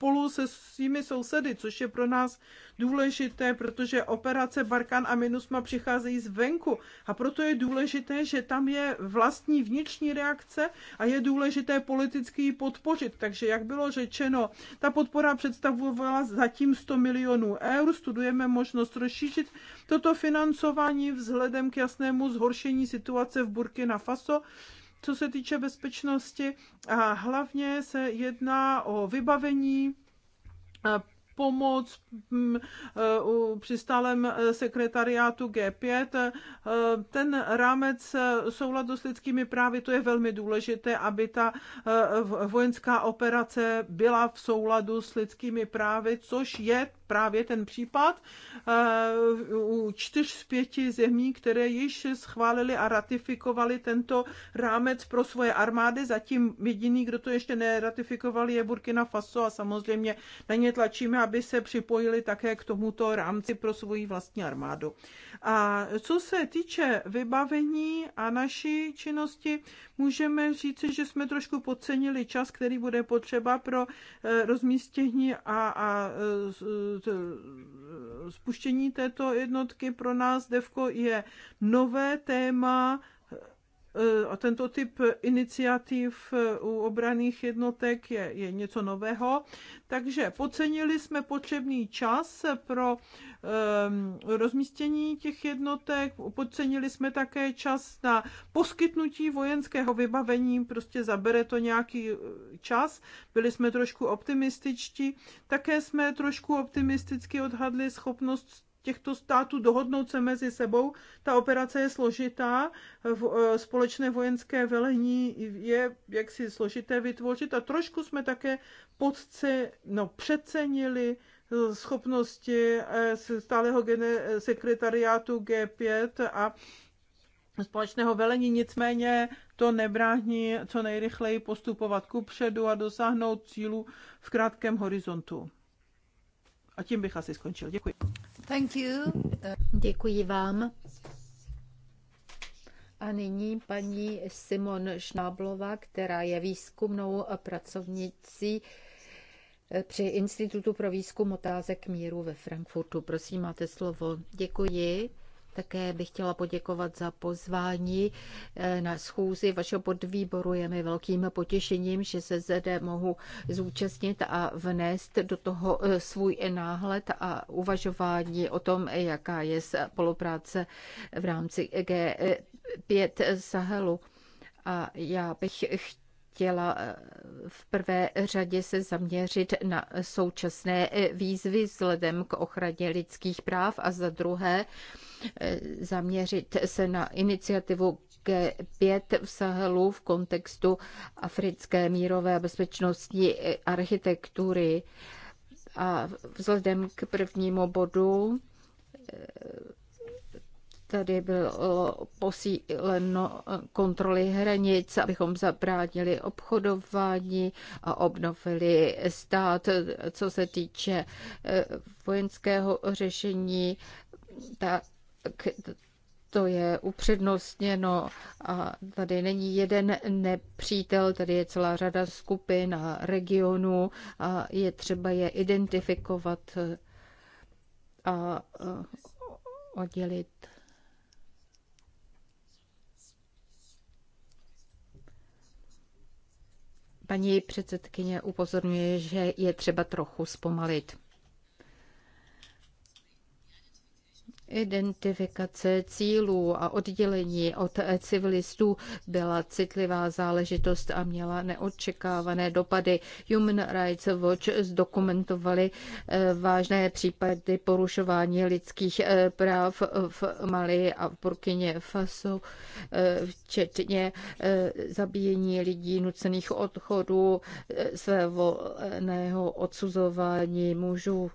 spolu se svými sousedy, což je pro nás důležité, protože operace Barkan a MINUSMA přicházejí zvenku a proto je důležité, že tam je vlastní vnitřní reakce a je důležité politicky ji podpořit. Takže jak bylo řečeno, ta podpora představovala zatím 100 milionů eur, studujeme možnost rozšířit toto financování vzhledem k jasnému zhoršení situace v Burkina Faso, co se týče bezpečnosti a hlavně se jedná o vybavení pomoc mm, e, při stálem e, sekretariátu G5. E, ten rámec souladu s lidskými právy, to je velmi důležité, aby ta vojenská operace byla v souladu s lidskými právy, což je právě ten případ eh, u čtyř z pěti zemí, které již schválili a ratifikovali tento rámec pro svoje armády. Zatím jediný, kdo to ještě neratifikovali, je Burkina Faso a samozřejmě na ně tlačíme, aby se připojili také k tomuto rámci pro svoji vlastní armádu. A co se týče vybavení a naší činnosti, můžeme říci, že jsme trošku podcenili čas, který bude potřeba pro eh, rozmístění a, a eh, Eh, spuštění této jednotky pro nás DEVKO je nové téma, E, a tento typ iniciativ e, u obraných jednotek je, je něco nového. Takže pocenili jsme potřebný čas pro um, rozmístění těch jednotek, pocenili jsme také čas na poskytnutí vojenského vybavení, prostě zabere to nějaký e, čas, byli jsme trošku optimističtí, také jsme trošku optimisticky odhadli schopnost těchto států dohodnout se mezi sebou. Ta operace je složitá, eh, společné vojenské velení je jaksi složité vytvořit a trošku jsme také podce, no, přecenili schopnosti eh, stáleho sekretariátu G5 a společného velení, nicméně to nebrání co nejrychleji postupovat předu a dosáhnout cílu v krátkém horizontu. A tím bych asi skončil. Děkuji. Děkuji vám. A nyní paní Simon Šnáblová, která je výzkumnou pracovnicí při Institutu pro výzkum otázek míru ve Frankfurtu. Prosím, máte slovo. Děkuji. Také bych chtěla poděkovat za pozvání eh, na schůzi vašeho podvýboru. Je mi velkým potěšením, že se zde mohu zúčastnit a vnést do toho eh, svůj náhled a uvažování o tom, jaká je spolupráce v rámci G5 Sahelu. A já bych chtěla eh, v prvé řadě se zaměřit na současné výzvy vzhledem k ochraně lidských práv a za druhé Eh, zaměřit se na iniciativu G5 v Sahelu v kontextu africké mírové a bezpečnostní architektury. A vzhledem k prvnímu bodu eh, tady bylo posíleno kontroly hranic, abychom zabránili obchodování a obnovili stát. Co se týče eh, vojenského řešení, tak to je upřednostněno a tady není jeden nepřítel, tady je celá řada skupin a regionů a je třeba je identifikovat a eh, oddělit. Paní předsedkyně upozorňuje, že je třeba trochu zpomalit. Identifikace cílů a oddělení od civilistů byla citlivá záležitost a měla neočekávané dopady. Human Rights Watch zdokumentovali eh, vážné případy porušování lidských eh, práv v Mali a v Burkině Faso, eh, včetně zabíjení lidí, nucených odchodů, svého odsuzování mužů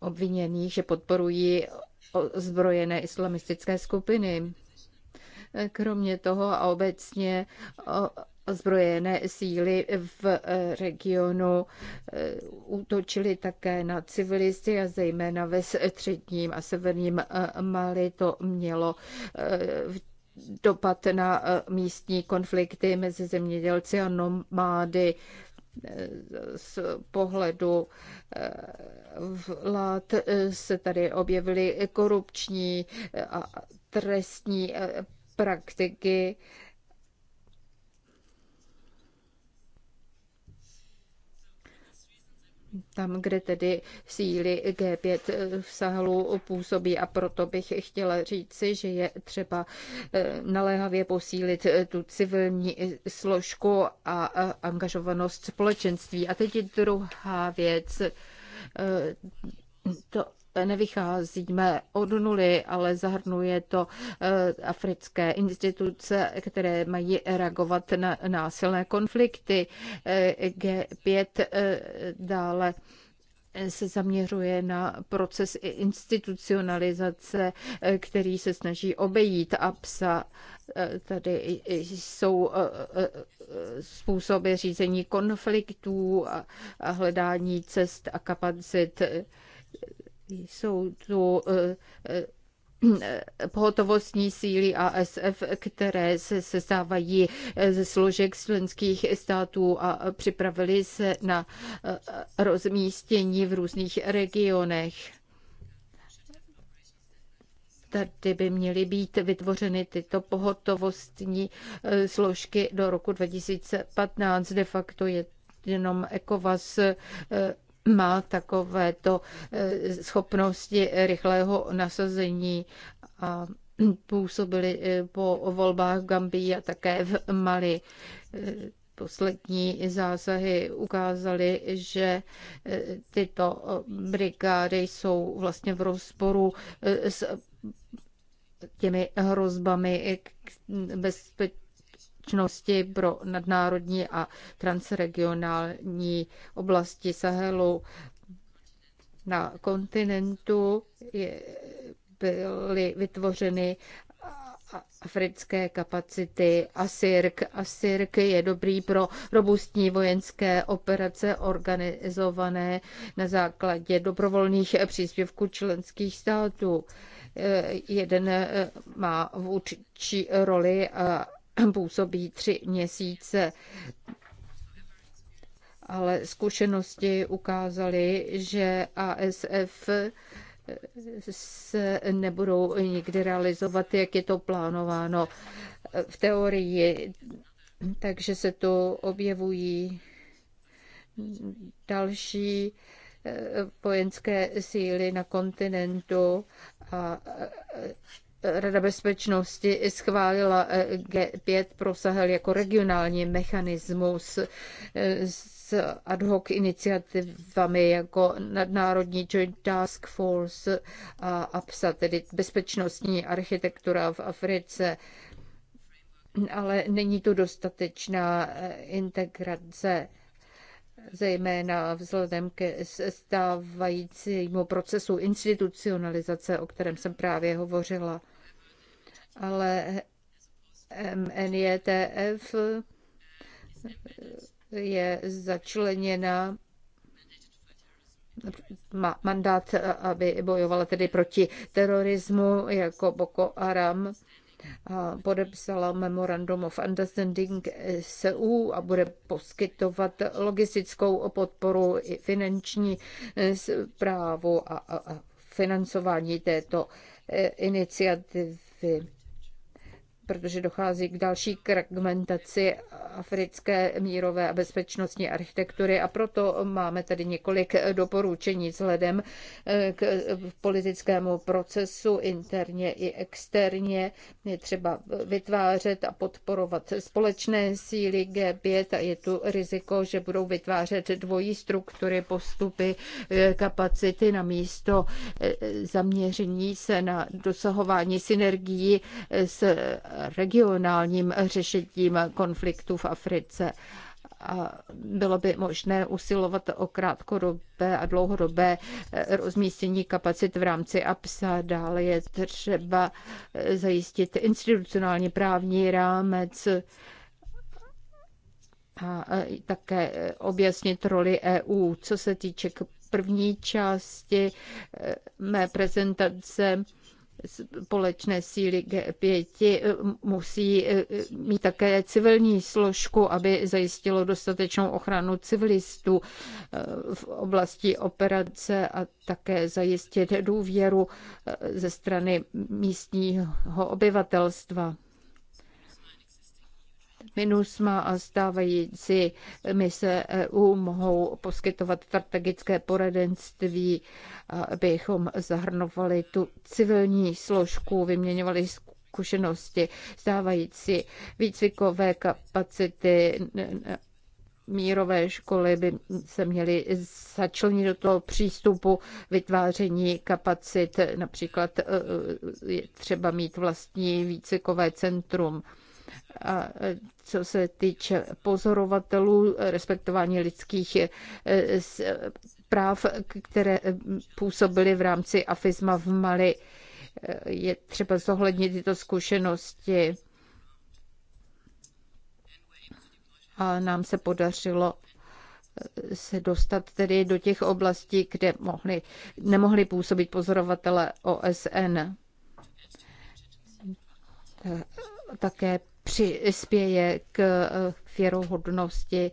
obviněných, že podporují zbrojené islamistické skupiny. Kromě toho a obecně ozbrojené síly v eh, regionu eh, útočily také na civilisty a zejména ve středním a severním eh, Mali to mělo dopad na místní konflikty mezi zemědělci a nomády z pohledu eh, vlád se tady objevily korupční a trestní eh, praktiky tam, kde tedy síly G5 v Sahelu působí a proto bych chtěla říci, že je třeba eh, naléhavě posílit eh, tu civilní složku a angažovanost společenství. A teď je druhá věc. Eh, to nevycházíme od nuly, ale zahrnuje to eh, africké instituce, které mají reagovat na násilné konflikty. Eh, G5 eh, dále se zaměřuje na proces institucionalizace, který se snaží obejít APSA. Tady jsou způsoby řízení konfliktů a hledání cest a kapacit jsou tu eh, eh, pohotovostní síly ASF, které se sestávají eh, ze složek členských států a připravili se na rozmístění v různých regionech. Tady by měly být vytvořeny tyto pohotovostní složky do roku 2015. De facto je jenom ECOVAS má takovéto eh, schopnosti rychlého nasazení a působili eh, po volbách v Gambii a také v Mali. Eh, poslední zásahy ukázaly, že tyto brigády jsou vlastně v rozporu s těmi hrozbami bezpečnosti společnosti pro nadnárodní a transregionální oblasti Sahelu na kontinentu byly vytvořeny africké kapacity ASIRK. ASIRK je dobrý pro robustní vojenské operace organizované na základě dobrovolných příspěvků členských států. Eh, jeden eh, má vůči roli a působí tři měsíce ale zkušenosti ukázaly, že ASF se nebudou nikdy realizovat, jak je to plánováno v teorii. Takže se tu objevují další eh, vojenské síly na kontinentu a eh, Rada bezpečnosti schválila eh, G5 pro Sahel jako regionální mechanismus eh, s ad hoc iniciativami jako nadnárodní Joint Task Force a APSA, tedy bezpečnostní architektura v Africe. Ale není to dostatečná eh, integrace zejména vzhledem ke stávajícímu procesu institucionalizace, o kterém jsem právě hovořila. Ale MNJTF je začleněna má mandát, aby bojovala tedy proti terorismu jako Boko Haram podepsala Memorandum of Understanding SU a bude poskytovat logistickou podporu i finanční zprávu e, a financování této e, iniciativy protože dochází k další fragmentaci africké mírové a bezpečnostní architektury a proto máme tady několik doporučení vzhledem eh, k eh, politickému procesu interně i externě. Je třeba vytvářet a podporovat společné síly G5 a je tu riziko, že budou vytvářet dvojí struktury, postupy, eh, kapacity na místo zaměření se na dosahování synergií s regionálním řešením konfliktů v Africe. A bylo by možné usilovat o krátkodobé a dlouhodobé eh, rozmístění kapacit v rámci APSA. Dále je třeba eh, zajistit institucionální právní rámec a eh, také objasnit roli EU. Co se týče první části mé prezentace, společné síly G5 eh, musí eh, mít také civilní složku, aby zajistilo dostatečnou ochranu civilistů eh, v oblasti operace a také zajistit důvěru ze strany místního obyvatelstva. MINUSMA a stávající mise EU mohou poskytovat strategické poradenství, abychom zahrnovali tu civilní složku, vyměňovali zkušenosti, stávající výcvikové kapacity, mírové školy by se měly začlenit do toho přístupu vytváření kapacit, například eh, třeba mít vlastní výcvikové centrum. A e, co se týče pozorovatelů, respektování lidských e, e, práv, které působily v rámci afisma v Mali, je třeba zohlednit tyto zkušenosti. A nám se podařilo se dostat tedy do těch oblastí, kde mohli, nemohli působit pozorovatele OSN. Také přispěje k eh, věrohodnosti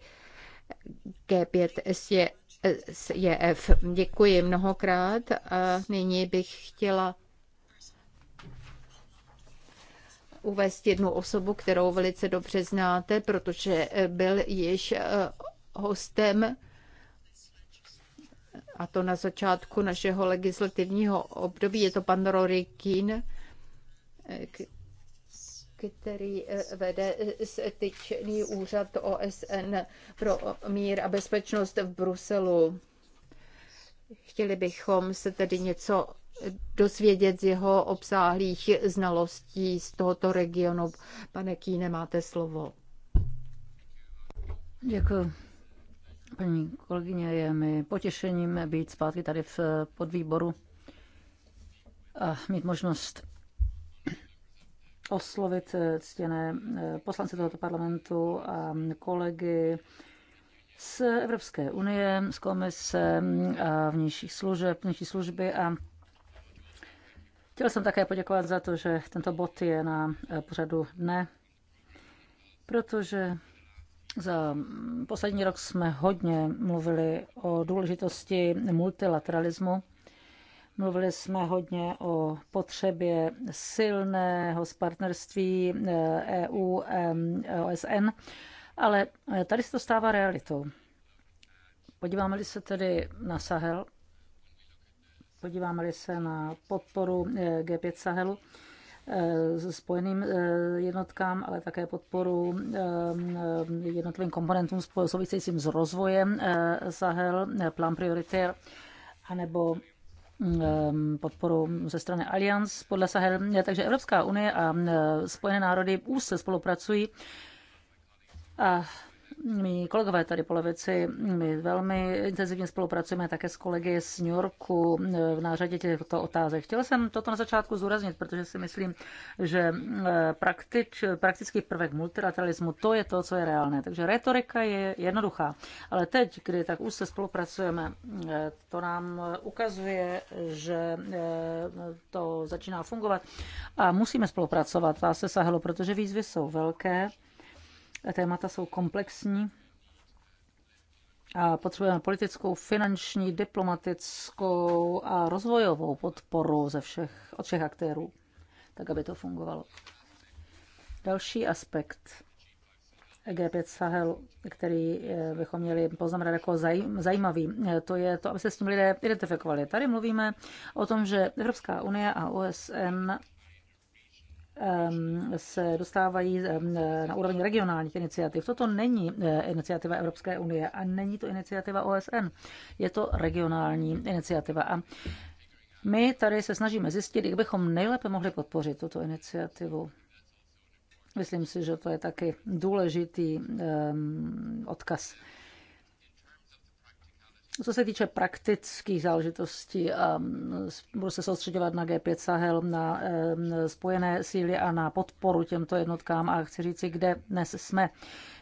G5 SJF. Děkuji mnohokrát a nyní bych chtěla uvést jednu osobu, kterou velice dobře znáte, protože byl již eh, hostem a to na začátku našeho legislativního období. Je to pan Rory Keane, eh, který eh, vede eh, styčný úřad OSN pro mír a bezpečnost v Bruselu. Chtěli bychom se tedy něco dozvědět z jeho obsáhlých znalostí z tohoto regionu. Pane Kýne, máte slovo. Děkuji. Paní kolegyně, je mi potěšením být zpátky tady v podvýboru a mít možnost oslovit eh, ctěné eh, poslance tohoto parlamentu a kolegy z Evropské unie, z komise mm, a vnějších služeb, vnější služby a chtěl jsem také poděkovat za to, že tento bod je na eh, pořadu dne, protože za poslední rok jsme hodně mluvili o důležitosti multilateralismu Mluvili jsme hodně o potřebě silného partnerství EU eh, e OSN, ale eh, tady se to stává realitou. Podíváme-li se tedy na Sahel, podíváme-li se na podporu eh, G5 Sahelu, spojeným jednotkám, ale také podporu jednotlivým komponentům souvisejícím s rozvojem Sahel, plán Prioritér, anebo Ehm, podporu ze strany Allianz podle Sahel. Takže Evropská unie a e, Spojené národy úzce spolupracují a Mý kolegové tady po levici, my velmi intenzivně spolupracujeme také s kolegy z New Yorku eh, na řadě těchto otázek. Chtěl jsem toto na začátku zúraznit, protože si myslím, že eh, praktič, praktický prvek multilateralismu, to je to, co je reálné. Takže retorika je jednoduchá. Ale teď, kdy tak už se spolupracujeme, eh, to nám ukazuje, že to začíná fungovat a musíme spolupracovat, vás se sahlo, protože výzvy jsou velké Témata jsou komplexní a potřebujeme politickou, finanční, diplomatickou a rozvojovou podporu ze všech, od všech aktérů, tak aby to fungovalo. Další aspekt G5 Sahel, který eh, bychom měli poznamenat jako zajímavý, eh, to je to, aby se s tím lidé identifikovali. Tady mluvíme o tom, že Evropská unie a OSN se dostávají na úroveň regionálních iniciativ. Toto není e, iniciativa Evropské unie a není to iniciativa OSN. Je to regionální iniciativa. A my tady se snažíme zjistit, jak bychom nejlépe mohli podpořit tuto iniciativu. Myslím si, že to je taky důležitý odkaz. Co se týče praktických záležitostí, budu se soustředovat na G5 Sahel, na e, spojené síly a na podporu těmto jednotkám a chci říci, kde dnes jsme.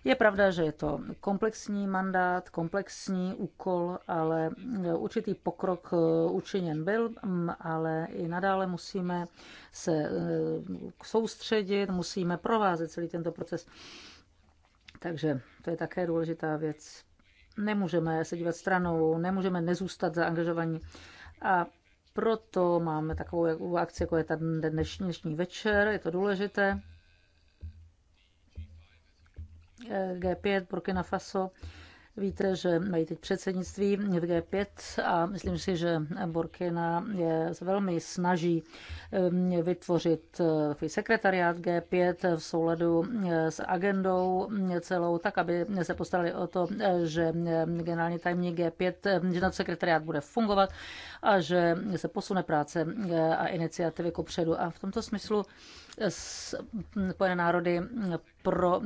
Je pravda, že je to komplexní mandát, komplexní úkol, ale e, určitý pokrok e, učiněn byl, ale i nadále musíme se soustředit, musíme provázet celý tento proces. Takže to je také důležitá věc Nemůžeme se dívat stranou, nemůžeme nezůstat zaangažovaní. A proto máme takovou akci, jako je ta dnešní, dnešní večer, je to důležité. Eh, G5, Burkina Faso, Víte, že mají teď předsednictví v G5 a myslím si, že Burkina je velmi snaží um, vytvořit uh, takový sekretariát G5 v souladu uh, s agendou celou, tak, aby se postarali o to, uh, že generální tajemní G5, že na sekretariát bude fungovat a že se posune práce a iniciativy kopředu. A v tomto smyslu Spojené národy pro,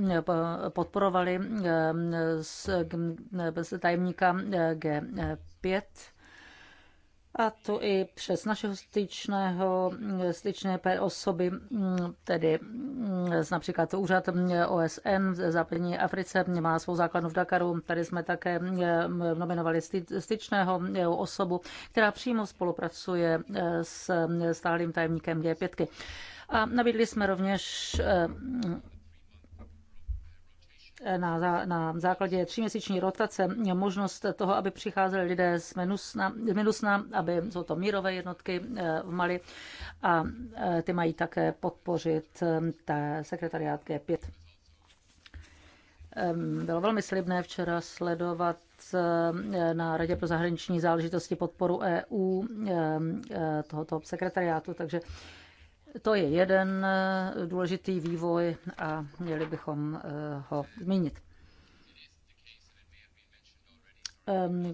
podporovali z eh, tajemníka eh, G5 a to i přes našeho styčného, eh, styčné osoby, mm, tedy mm, například úřad OSN v západní Africe, má svou základnu v Dakaru. Tady jsme také nominovali styčného osobu, která přímo spolupracuje s stálým tajemníkem G5. A nabídli jsme rovněž eh, na, na základě tříměsíční rotace možnost toho, aby přicházeli lidé z Minusna, z Minusna aby jsou to mírové jednotky eh, v Mali a eh, ty mají také podpořit té sekretariát G5. Bylo velmi slibné včera sledovat na Radě pro zahraniční záležitosti podporu EU tohoto sekretariátu, takže to je jeden eh, důležitý vývoj a měli bychom eh, ho zmínit.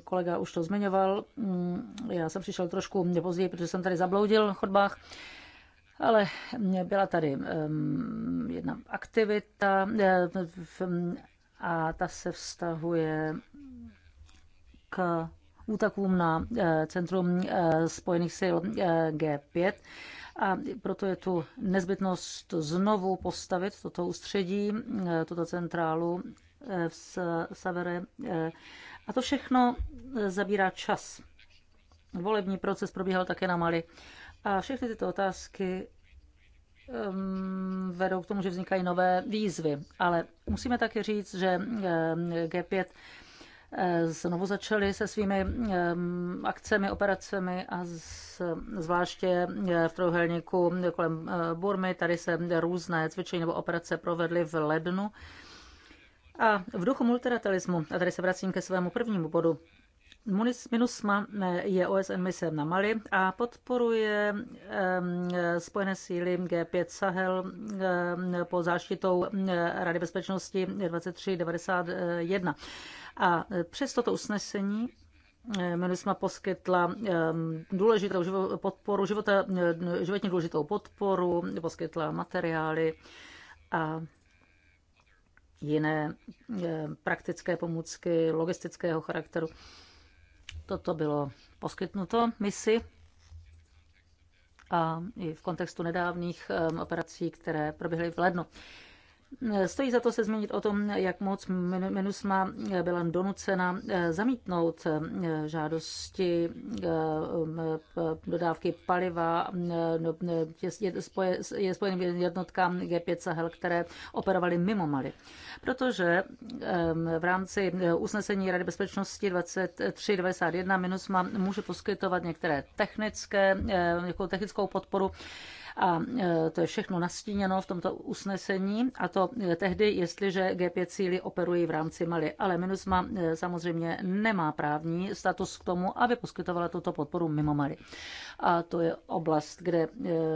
Kolega už to zmiňoval, mm, já jsem přišel trošku později, protože jsem tady zabloudil na chodbách, ale byla tady jedna aktivita eh, mm, a ta se vztahuje k útakům na Centrum spojených sil G5. A proto je tu nezbytnost znovu postavit toto ústředí, eh, tuto centrálu eh, v Savere. Eh, a to všechno zabírá čas. Volební proces probíhal také na Mali. A všechny tyto otázky ehm, vedou k tomu, že vznikají nové výzvy. Ale musíme také říct, že G5 Eh, znovu začali se svými eh, akcemi, operacemi a z, zvláště eh, v trojuhelníku kolem Burmy. Tady se různé cvičení nebo operace provedly v lednu. A v duchu multilateralismu, a tady se vracím ke svému prvnímu bodu, MINUSMA je OSN mise na Mali a podporuje spojené síly G5 Sahel po záštitou eh, Rady bezpečnosti 2391. A přes toto usnesení eh, MINUSMA poskytla důležitou živo, podporu, života, životně důležitou podporu, poskytla materiály a jiné eh, praktické pomůcky logistického charakteru. Toto bylo poskytnuto misi a i v kontextu nedávných um, operací, které proběhly v lednu. Stojí za to se zmínit o tom, jak moc MINUSMA eh, byla donucena eh, zamítnout eh, žádosti dodávky paliva no, je spojeným jednotkám G5 Sahel, které operovaly mimo Mali. Protože v rámci usnesení Rady bezpečnosti 2391 MINUSMA může poskytovat některé technické, nějakou technickou podporu a e, to je všechno nastíněno v tomto usnesení a to e, tehdy, jestliže G5 cíly operují v rámci Mali. Ale MINUSMA e, samozřejmě nemá právní status k tomu, aby poskytovala tuto podporu mimo Mali. A to je oblast, kde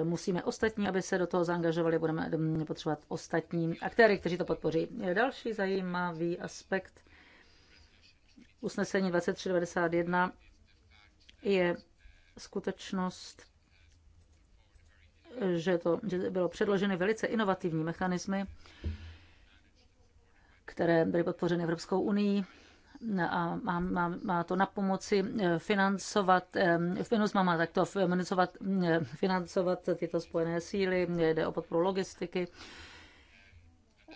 musíme ostatní, aby se do toho zaangažovali, budeme potřebovat ostatní aktéry, kteří to podpoří. Další zajímavý aspekt usnesení 2391 je skutečnost, že, to, že bylo předloženy velice inovativní mechanismy, které byly podpořeny Evropskou unii no a má, má, má to na pomoci eh, financovat, FINUSMA eh, má takto financovat, eh, financovat tyto spojené síly, jde o podporu logistiky.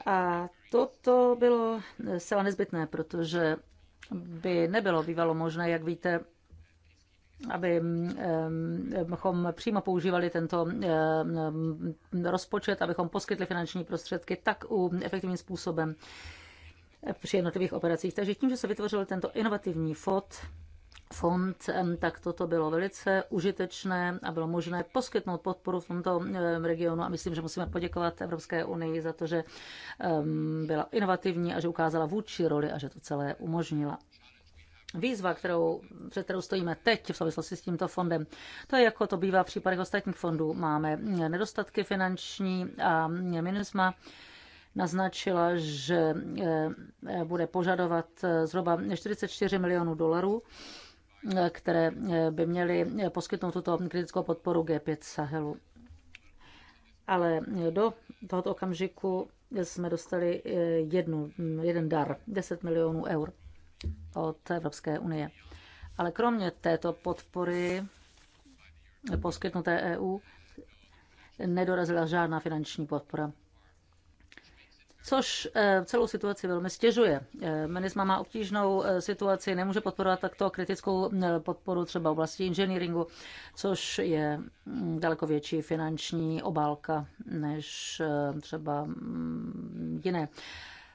A toto bylo zcela nezbytné, protože by nebylo bývalo možné, jak víte, Eh, abychom přímo používali tento eh, rozpočet, abychom poskytli finanční prostředky tak efektivním způsobem při jednotlivých operacích. Takže tím, že se vytvořil tento inovativní fond, fond, eh, tak toto bylo velice užitečné a bylo možné poskytnout podporu v tomto regionu a myslím, že musíme poděkovat Evropské unii za to, že byla inovativní a že ukázala vůči roli a že to celé umožnila. Výzva, kterou, před kterou stojíme teď v souvislosti s tímto fondem, to je jako to bývá v případech ostatních fondů. Máme nedostatky finanční a MINUSMA naznačila, že eh, bude požadovat eh, zhruba 44 milionů dolarů, eh, které by měly poskytnout tuto kritickou podporu G5 Sahelu. Ale do tohoto okamžiku jsme dostali jednu, jeden dar, 10 milionů eur od Evropské unie. Ale kromě této podpory poskytnuté EU nedorazila žádná finanční podpora. Což eh, celou situaci velmi stěžuje. Eh, menisma má obtížnou eh, situaci, nemůže podporovat takto kritickou podporu třeba v oblasti inženýringu, což je mm, daleko větší finanční obálka než třeba mm, jiné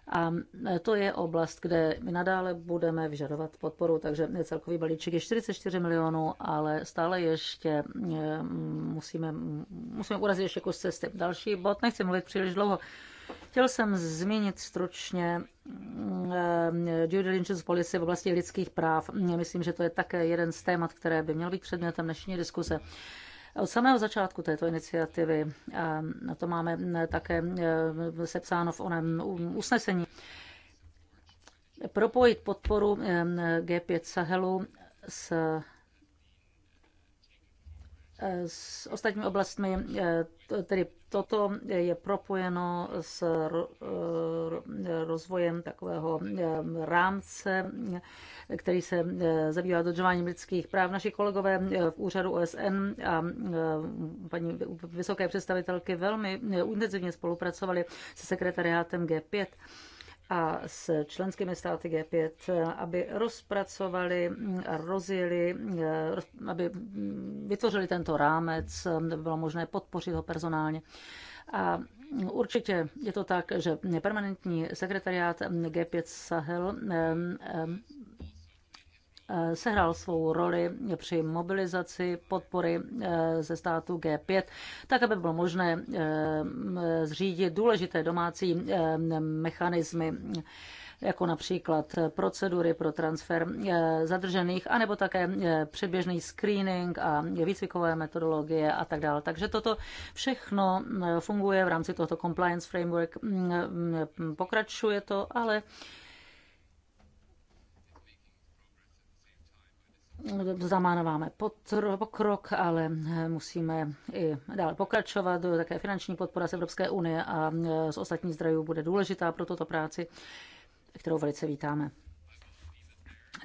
a e, to je oblast, kde my nadále budeme vyžadovat podporu, takže celkový balíček je 44 milionů, ale stále ještě e, musíme, musíme urazit ještě kus cesty. Další bod, nechci mluvit příliš dlouho. Chtěl jsem zmínit stručně e, due diligence policy v oblasti lidských práv. Myslím, že to je také jeden z témat, které by měl být předmětem dnešní diskuse. Od samého začátku této iniciativy, a to máme e, také e, sepsáno v onem usnesení, propojit podporu e, G5 Sahelu s s ostatními oblastmi, eh, tedy toto je propojeno s eh, rozvojem takového eh, rámce, který se zabývá dodržováním lidských práv. Naši kolegové v úřadu OSN a paní vysoké představitelky velmi intenzivně spolupracovali se sekretariátem G5 a s členskými státy G5, aby rozpracovali, rozjeli, aby vytvořili tento rámec, aby bylo možné podpořit ho personálně. A určitě je to tak, že permanentní sekretariát G5 Sahel sehrál svou roli při mobilizaci podpory eh, ze státu G5, tak aby bylo možné eh, zřídit důležité domácí eh, mechanismy jako například procedury pro transfer zadržených, anebo také předběžný screening a výcvikové metodologie a tak dále. Takže toto všechno funguje v rámci tohoto compliance framework, mm, mm, pokračuje to, ale zamánováme pokrok, ale eh, musíme i dále pokračovat. Také finanční podpora z Evropské unie a eh, z ostatních zdrojů bude důležitá pro tuto práci, kterou velice vítáme.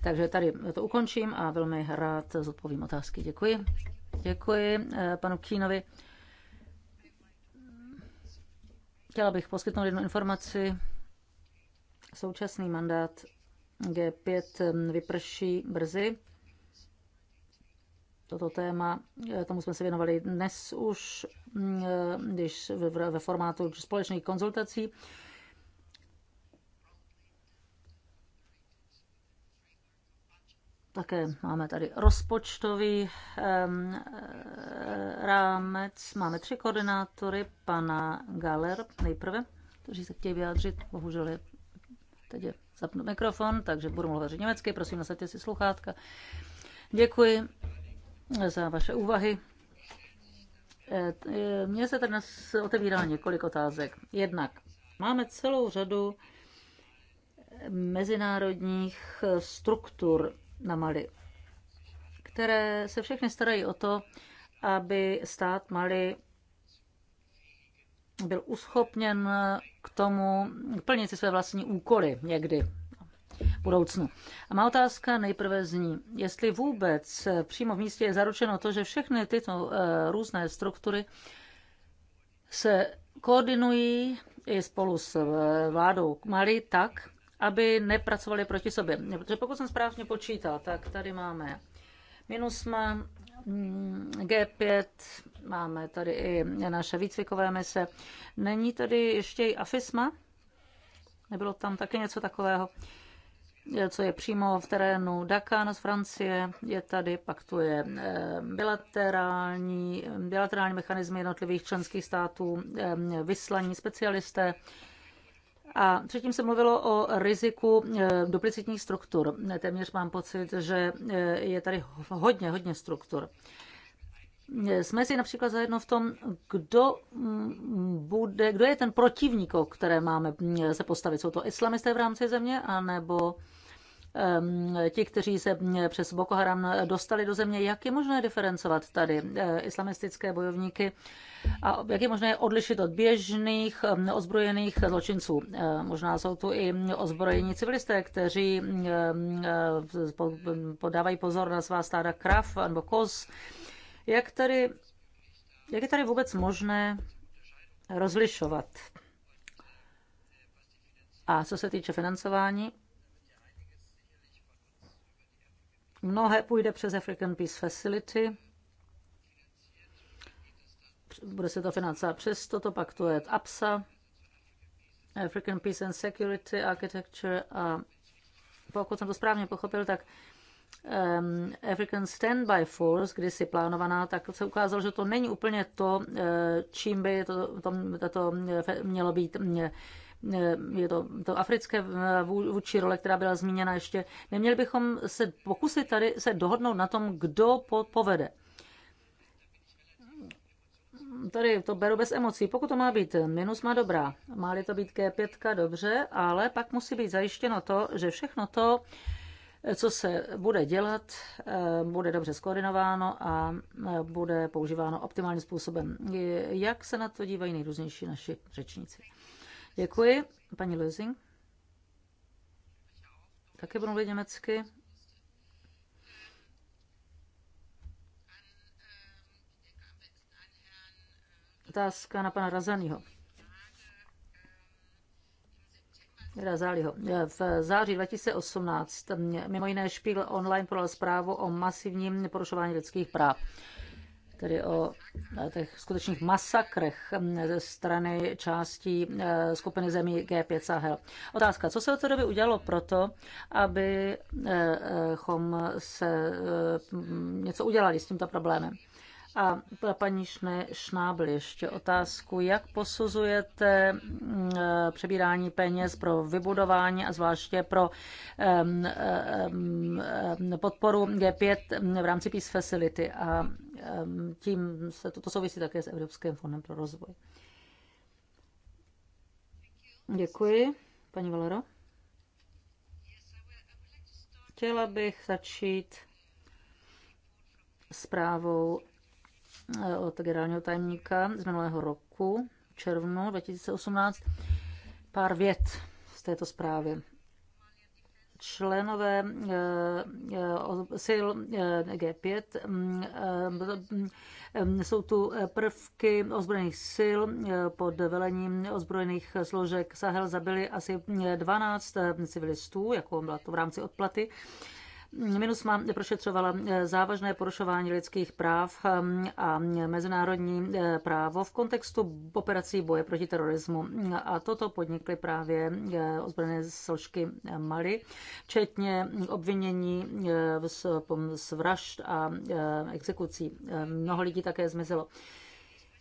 Takže tady to ukončím a velmi rád zodpovím otázky. Děkuji. Děkuji eh, panu Kínovi. Chtěla bych poskytnout jednu informaci. Současný mandát G5 vyprší brzy toto téma. Eh, tomu jsme se věnovali dnes už, mm, eh, když ve formátu společných konzultací. Také máme tady rozpočtový um, rámec. Máme tři koordinátory, pana Galer nejprve, kteří se chtějí vyjádřit. Bohužel je teď zapnu mikrofon, takže budu mluvit německy. Prosím, nasadte si sluchátka. Děkuji za vaše úvahy. E, e, mně se dnes otevírá několik otázek. Jednak máme celou řadu mezinárodních struktur na Mali, které se všechny starají o to, aby stát Mali byl uschopněn k tomu plnit si své vlastní úkoly někdy budoucnu. A má otázka nejprve zní, jestli vůbec eh, přímo v místě je zaručeno to, že všechny tyto eh, různé struktury se koordinují i spolu s eh, vládou Mali tak, aby nepracovali proti sobě. Protože pokud jsem správně počítal, tak tady máme MINUSMA, mm, G5, máme tady i naše výcvikové mise. Není tady ještě i AFISMA? Nebylo tam také něco takového? co je přímo v terénu Dakar z Francie, je tady, pak tu je eh, bilaterální, bilaterální mechanizmy jednotlivých členských států, eh, vyslaní specialisté, a předtím se mluvilo o riziku eh, duplicitních struktur. Téměř mám pocit, že je tady hodně, hodně struktur jsme si například zajedno v tom, kdo, mm, bude, kdo je ten protivník, o které máme mm, se postavit. Jsou to islamisté v rámci země, anebo ti, kteří se mm, přes Boko Haram dostali do země, jak je možné diferencovat tady eh, islamistické bojovníky a jak je možné odlišit od běžných ozbrojených zločinců. Eh, možná jsou tu i ozbrojení civilisté, kteří eh, podávají pozor na svá stáda krav nebo koz, jak tady, jak je tady vůbec možné rozlišovat? A co se týče financování, mnohé půjde přes African Peace Facility, bude se to financovat přes toto, pak to je APSA, African Peace and Security Architecture a pokud jsem to správně pochopil, tak um, African Standby Force, kdysi plánovaná, tak se ukázalo, že to není úplně to, eh, čím by to, to, to, to mělo být. Eh, je to, to africké eh, vůči role, která byla zmíněna ještě. Neměli bychom se pokusit tady se dohodnout na tom, kdo po, povede tady to beru bez emocí. Pokud to má být minus, má dobrá. Má-li to být G5, dobře, ale pak musí být zajištěno to, že všechno to, co se bude dělat, eh, bude dobře skoordinováno a eh, bude používáno optimálním způsobem. Jak se na to dívají nejrůznější naši řečníci? Děkuji. Paní Lösing. Také budu mluvit německy. Otázka na pana Razanýho. teda v září 2018 mimo jiné Špíl online podal zprávu o masivním porušování lidských práv tedy o eh, těch skutečných masakrech ze strany částí eh, skupiny zemí G5 Sahel. Otázka, co se od té doby udělalo proto, abychom eh, se něco udělali s tímto problémem? A paní Šnábl ještě otázku, jak posuzujete mm, eh, přebírání peněz pro vybudování a zvláště pro podporu G5 mm, v rámci Peace Facility a tím se toto souvisí také s Evropským fondem pro rozvoj. Děkuji. Paní Valero? Chtěla bych začít zprávou Eh, od generálního tajemníka z minulého roku, v červnu 2018, pár vět z této zprávy. Členové eh, eh, sil G5 mm, mm, jsou tu prvky ozbrojených sil pod velením ozbrojených složek Sahel zabili asi 12 civilistů, jako byla to v rámci odplaty. MINUSMA prošetřovala eh, závažné porušování lidských práv eh, a mezinárodní eh, právo v kontextu operací boje proti terorismu. A toto podnikly právě ozbrojené složky Mali, včetně obvinění z vražd a exekucí. Mnoho lidí také zmizelo.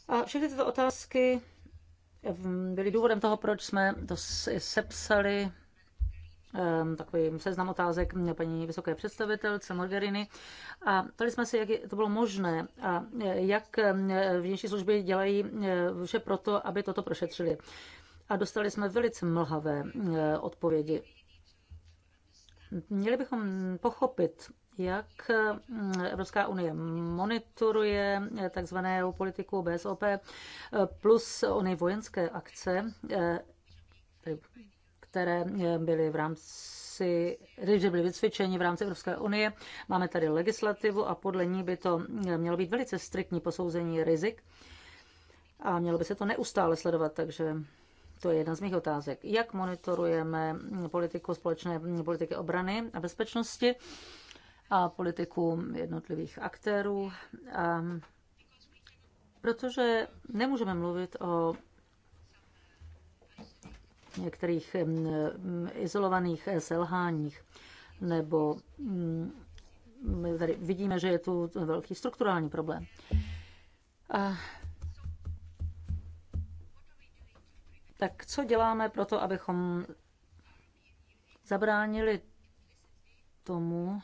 A všechny tyto otázky byly důvodem toho, proč jsme to sepsali Ehm, takový seznam otázek paní vysoké představitelce Mogherini. A tady jsme si, jak to bylo možné a e, jak e, vnější služby dělají e, vše proto, aby toto prošetřili. A dostali jsme velice mlhavé odpovědi. Měli bychom pochopit, jak Evropská unie monitoruje takzvané politiku BSOP plus ony vojenské akce, které eh, byly v rámci že byly vycvičeni v rámci Evropské unie. Máme tady legislativu a podle ní by to eh, mělo být velice striktní posouzení rizik a mělo by se to neustále sledovat, takže to je jedna z mých otázek. Jak monitorujeme politiku společné politiky obrany a bezpečnosti a politiku jednotlivých aktérů? A ehm, protože nemůžeme mluvit o některých izolovaných eh, selháních nebo mm, my tady vidíme, že je tu velký strukturální problém. A tak co děláme pro to, abychom zabránili tomu,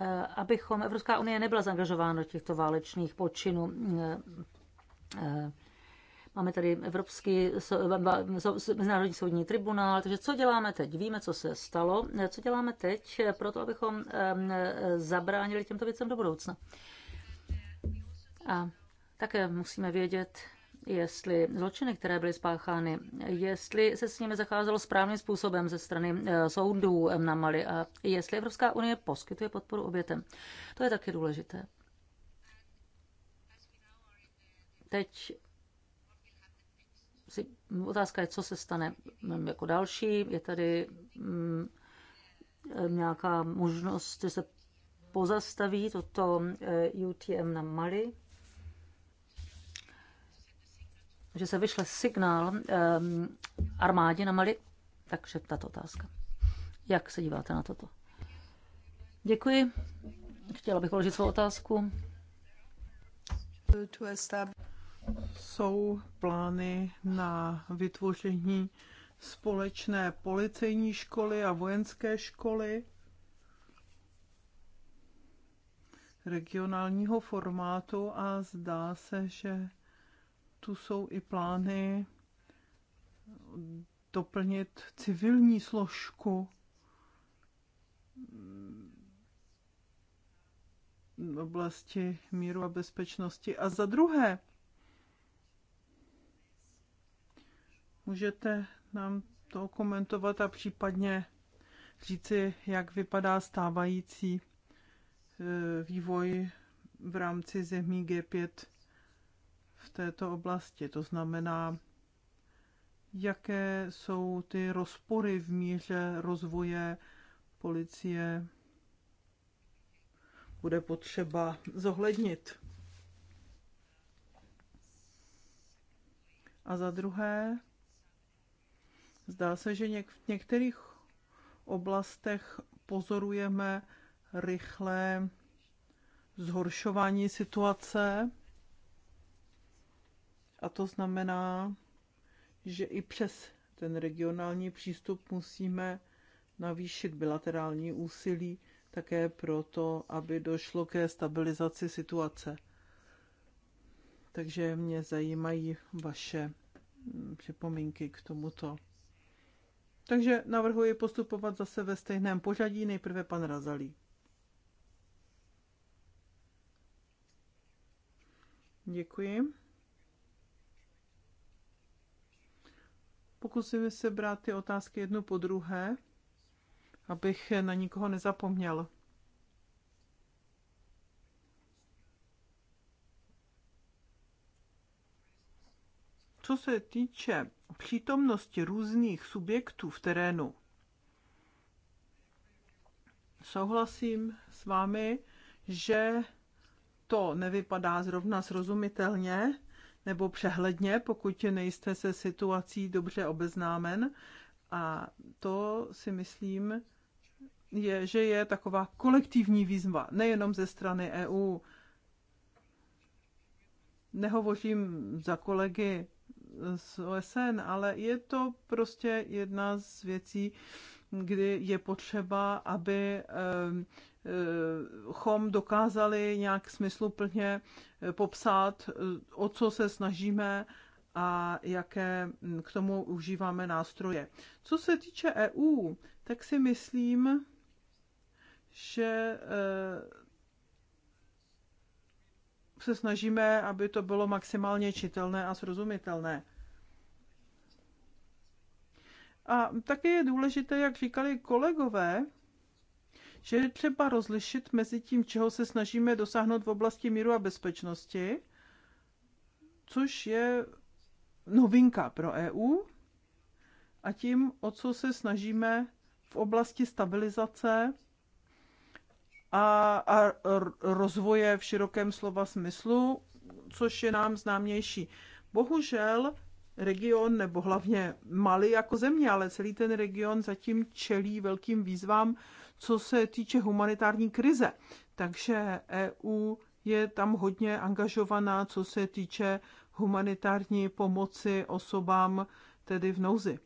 eh, abychom Evropská unie nebyla zaangažována do těchto válečných počinů. Eh, Máme tady Evropský mezinárodní soudní tribunál, takže co děláme teď? Víme, co se stalo. Co děláme teď pro to, abychom zabránili těmto věcem do budoucna? A také musíme vědět, jestli zločiny, které byly spáchány, jestli se s nimi zacházelo správným způsobem ze strany e, soudů na Mali a jestli Evropská unie poskytuje podporu obětem. To je taky důležité. Teď otázka je, co se stane mm, jako další. Je tady mm, e, nějaká možnost, že se pozastaví toto e, UTM na Mali, že se vyšle signál e, armádě na Mali. Takže tato otázka. Jak se díváte na toto? Děkuji. Chtěla bych položit svou otázku jsou plány na vytvoření společné policejní školy a vojenské školy regionálního formátu a zdá se, že tu jsou i plány doplnit civilní složku v oblasti míru a bezpečnosti. A za druhé, Můžete nám to komentovat a případně říci, jak vypadá stávající e, vývoj v rámci zemí G5 v této oblasti. To znamená, jaké jsou ty rozpory v míře rozvoje policie bude potřeba zohlednit. A za druhé, Zdá se, že něk- v některých oblastech pozorujeme rychlé zhoršování situace. A to znamená, že i přes ten regionální přístup musíme navýšit bilaterální úsilí také proto, aby došlo ke stabilizaci situace. Takže mě zajímají vaše mm, připomínky k tomuto. Takže navrhuji postupovat zase ve stejném pořadí. Nejprve pan Razalí. Děkuji. Pokusím se brát ty otázky jednu po druhé, abych na nikoho nezapomněl. co se týče přítomnosti různých subjektů v terénu, souhlasím s vámi, že to nevypadá zrovna srozumitelně nebo přehledně, pokud nejste se situací dobře obeznámen. A to si myslím, je, že je taková kolektivní výzva, nejenom ze strany EU. Nehovořím za kolegy z OSN, ale je to prostě jedna z věcí, kdy je potřeba, aby eh, chom dokázali nějak smysluplně eh, popsat, eh, o co se snažíme a jaké hm, k tomu užíváme nástroje. Co se týče EU, tak si myslím, že se snažíme, aby to bylo maximálně čitelné a srozumitelné. A také je důležité, jak říkali kolegové, že je třeba rozlišit mezi tím, čeho se snažíme dosáhnout v oblasti míru a bezpečnosti, což je novinka pro EU, a tím, o co se snažíme v oblasti stabilizace a, a rozvoje v širokém slova smyslu, což je nám známější. Bohužel region, nebo hlavně Mali jako země, ale celý ten region zatím čelí velkým výzvám, co se týče humanitární krize. Takže EU je tam hodně angažovaná, co se týče humanitární pomoci osobám tedy v nouzi.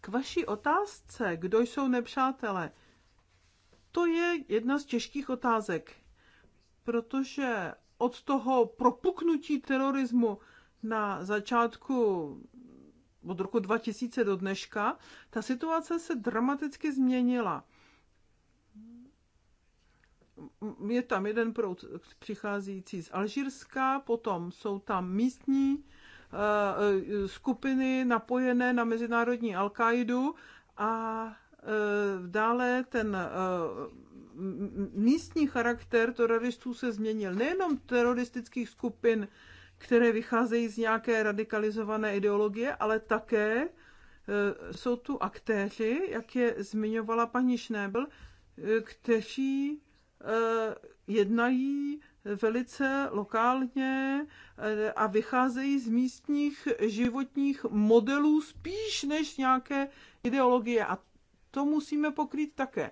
K vaší otázce, kdo jsou nepřátelé? To je jedna z těžkých otázek, protože od toho propuknutí terorismu na začátku od roku 2000 do dneška, ta situace se dramaticky změnila. Je tam jeden proud přicházející z Alžírska, potom jsou tam místní eh, eh, skupiny napojené na mezinárodní al a Eh, dále ten eh, místní charakter teroristů se změnil. Nejenom teroristických skupin, které vycházejí z nějaké radikalizované ideologie, ale také eh, jsou tu aktéři, jak je zmiňovala paní Schnebel, kteří jednají velice lokálně a vycházejí z místních životních modelů spíš než nějaké ideologie. A to musíme pokrýt také.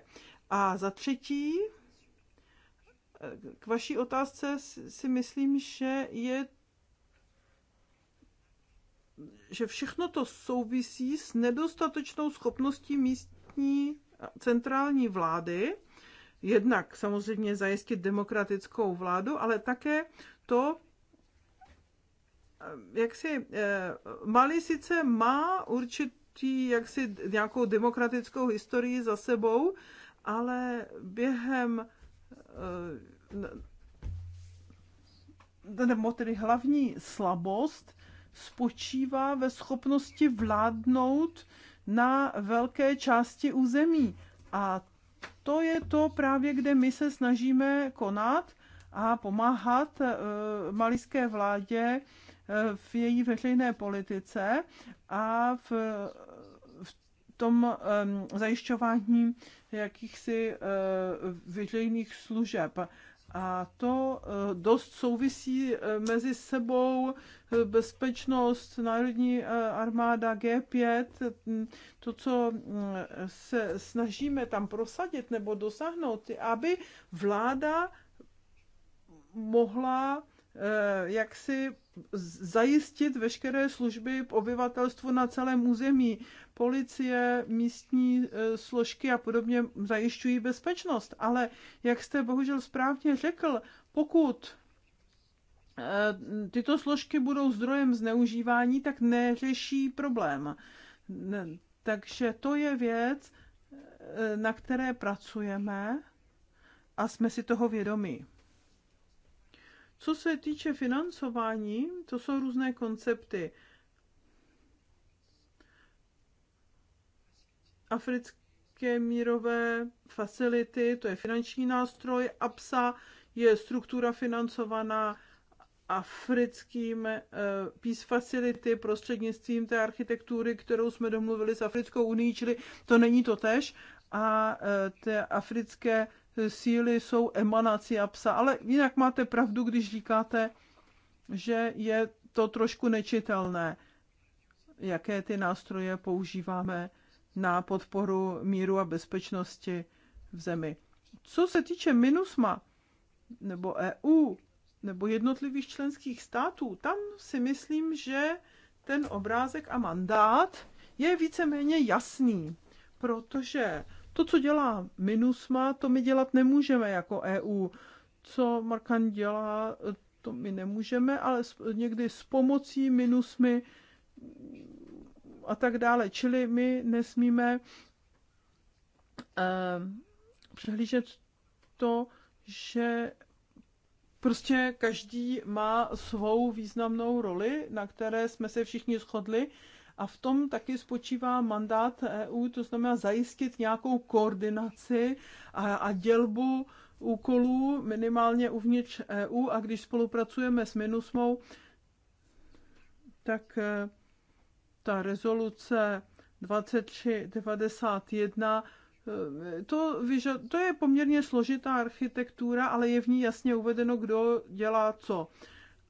A za třetí, k vaší otázce si myslím, že je že všechno to souvisí s nedostatečnou schopností místní centrální vlády, jednak samozřejmě zajistit demokratickou vládu, ale také to, eh, jak si eh, Mali sice má určit tý jaksi nějakou demokratickou historii za sebou, ale během eh, nebo tedy hlavní slabost spočívá ve schopnosti vládnout na velké části území. A to je to právě, kde my se snažíme konat a pomáhat eh, malické vládě v její veřejné politice a v, v tom um, zajišťování jakýchsi uh, veřejných služeb. A to eh, dost souvisí eh, mezi sebou bezpečnost, národní armáda G5, hm, to, co se snažíme tam prosadit nebo dosáhnout, aby vláda mohla jaksi zajistit veškeré služby obyvatelstvu na celém území. Policie, místní e, složky a podobně zajišťují bezpečnost. Ale jak jste bohužel správně řekl, pokud e, tyto složky budou zdrojem zneužívání, tak neřeší problém. Takže to je věc, e, na které pracujeme a jsme si toho vědomí. Co se týče financování, to jsou různé koncepty. Africké mírové facility, to je finanční nástroj, APSA je struktura financovaná africkým eh, Peace Facility prostřednictvím té architektury, kterou jsme domluvili s Africkou unii, čili to není to tež. A eh, te africké síly jsou emanací a psa, ale jinak máte pravdu, když říkáte, že je to trošku nečitelné, jaké ty nástroje používáme na podporu míru a bezpečnosti v zemi. Co se týče MINUSMA nebo EU nebo jednotlivých členských států, tam si myslím, že ten obrázek a mandát je víceméně jasný, protože to, co dělá MINUSMA, to my dělat nemůžeme jako EU. Co Markan dělá, to my nemůžeme, ale někdy s pomocí MINUSMY a tak dále. Čili my nesmíme eh, přehlížet to, že prostě každý má svou významnou roli, na které jsme se všichni shodli a v tom taky spočívá mandát EU, to znamená zajistit nějakou koordinaci a, a dělbu úkolů minimálně uvnitř EU a když spolupracujeme s MINUSMou, tak e, ta rezoluce 2391 e, to, to je poměrně složitá architektura, ale je v ní jasně uvedeno, kdo dělá co.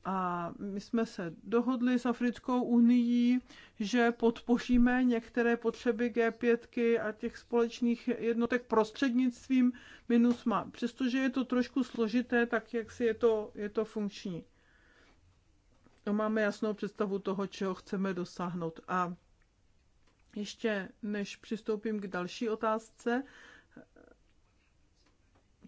A my jsme se dohodli s Africkou unii, že podpoříme některé potřeby G5 a těch společných jednotek prostřednictvím MINUSMA. Přestože je to trošku složité, tak jak si je to, je to funkční. No, máme jasnou představu toho, čeho chceme dosáhnout. A ještě než přistoupím k další otázce,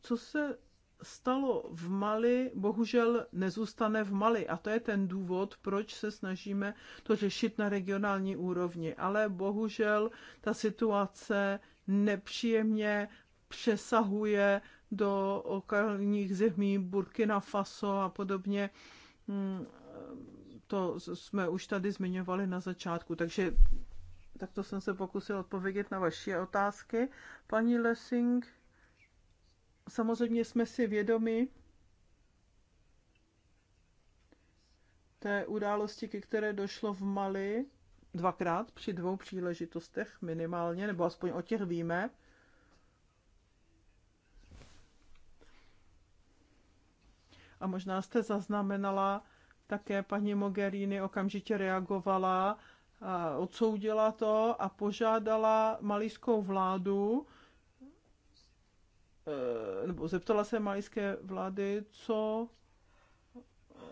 co se stalo v Mali, bohužel nezůstane v Mali. A to je ten důvod, proč se snažíme to řešit na regionální úrovni. Ale bohužel ta situace nepříjemně přesahuje do okolních zemí Burkina Faso a podobně. Hmm, to jsme už tady zmiňovali na začátku, takže takto jsem se pokusil odpovědět na vaše otázky. Paní Lessing, samozřejmě jsme si vědomi té události, ke které došlo v Mali dvakrát při dvou příležitostech minimálně, nebo aspoň o těch víme. A možná jste zaznamenala, také paní Mogherini okamžitě reagovala, a odsoudila to a požádala malijskou vládu, Eh, nebo zeptala se majské vlády, co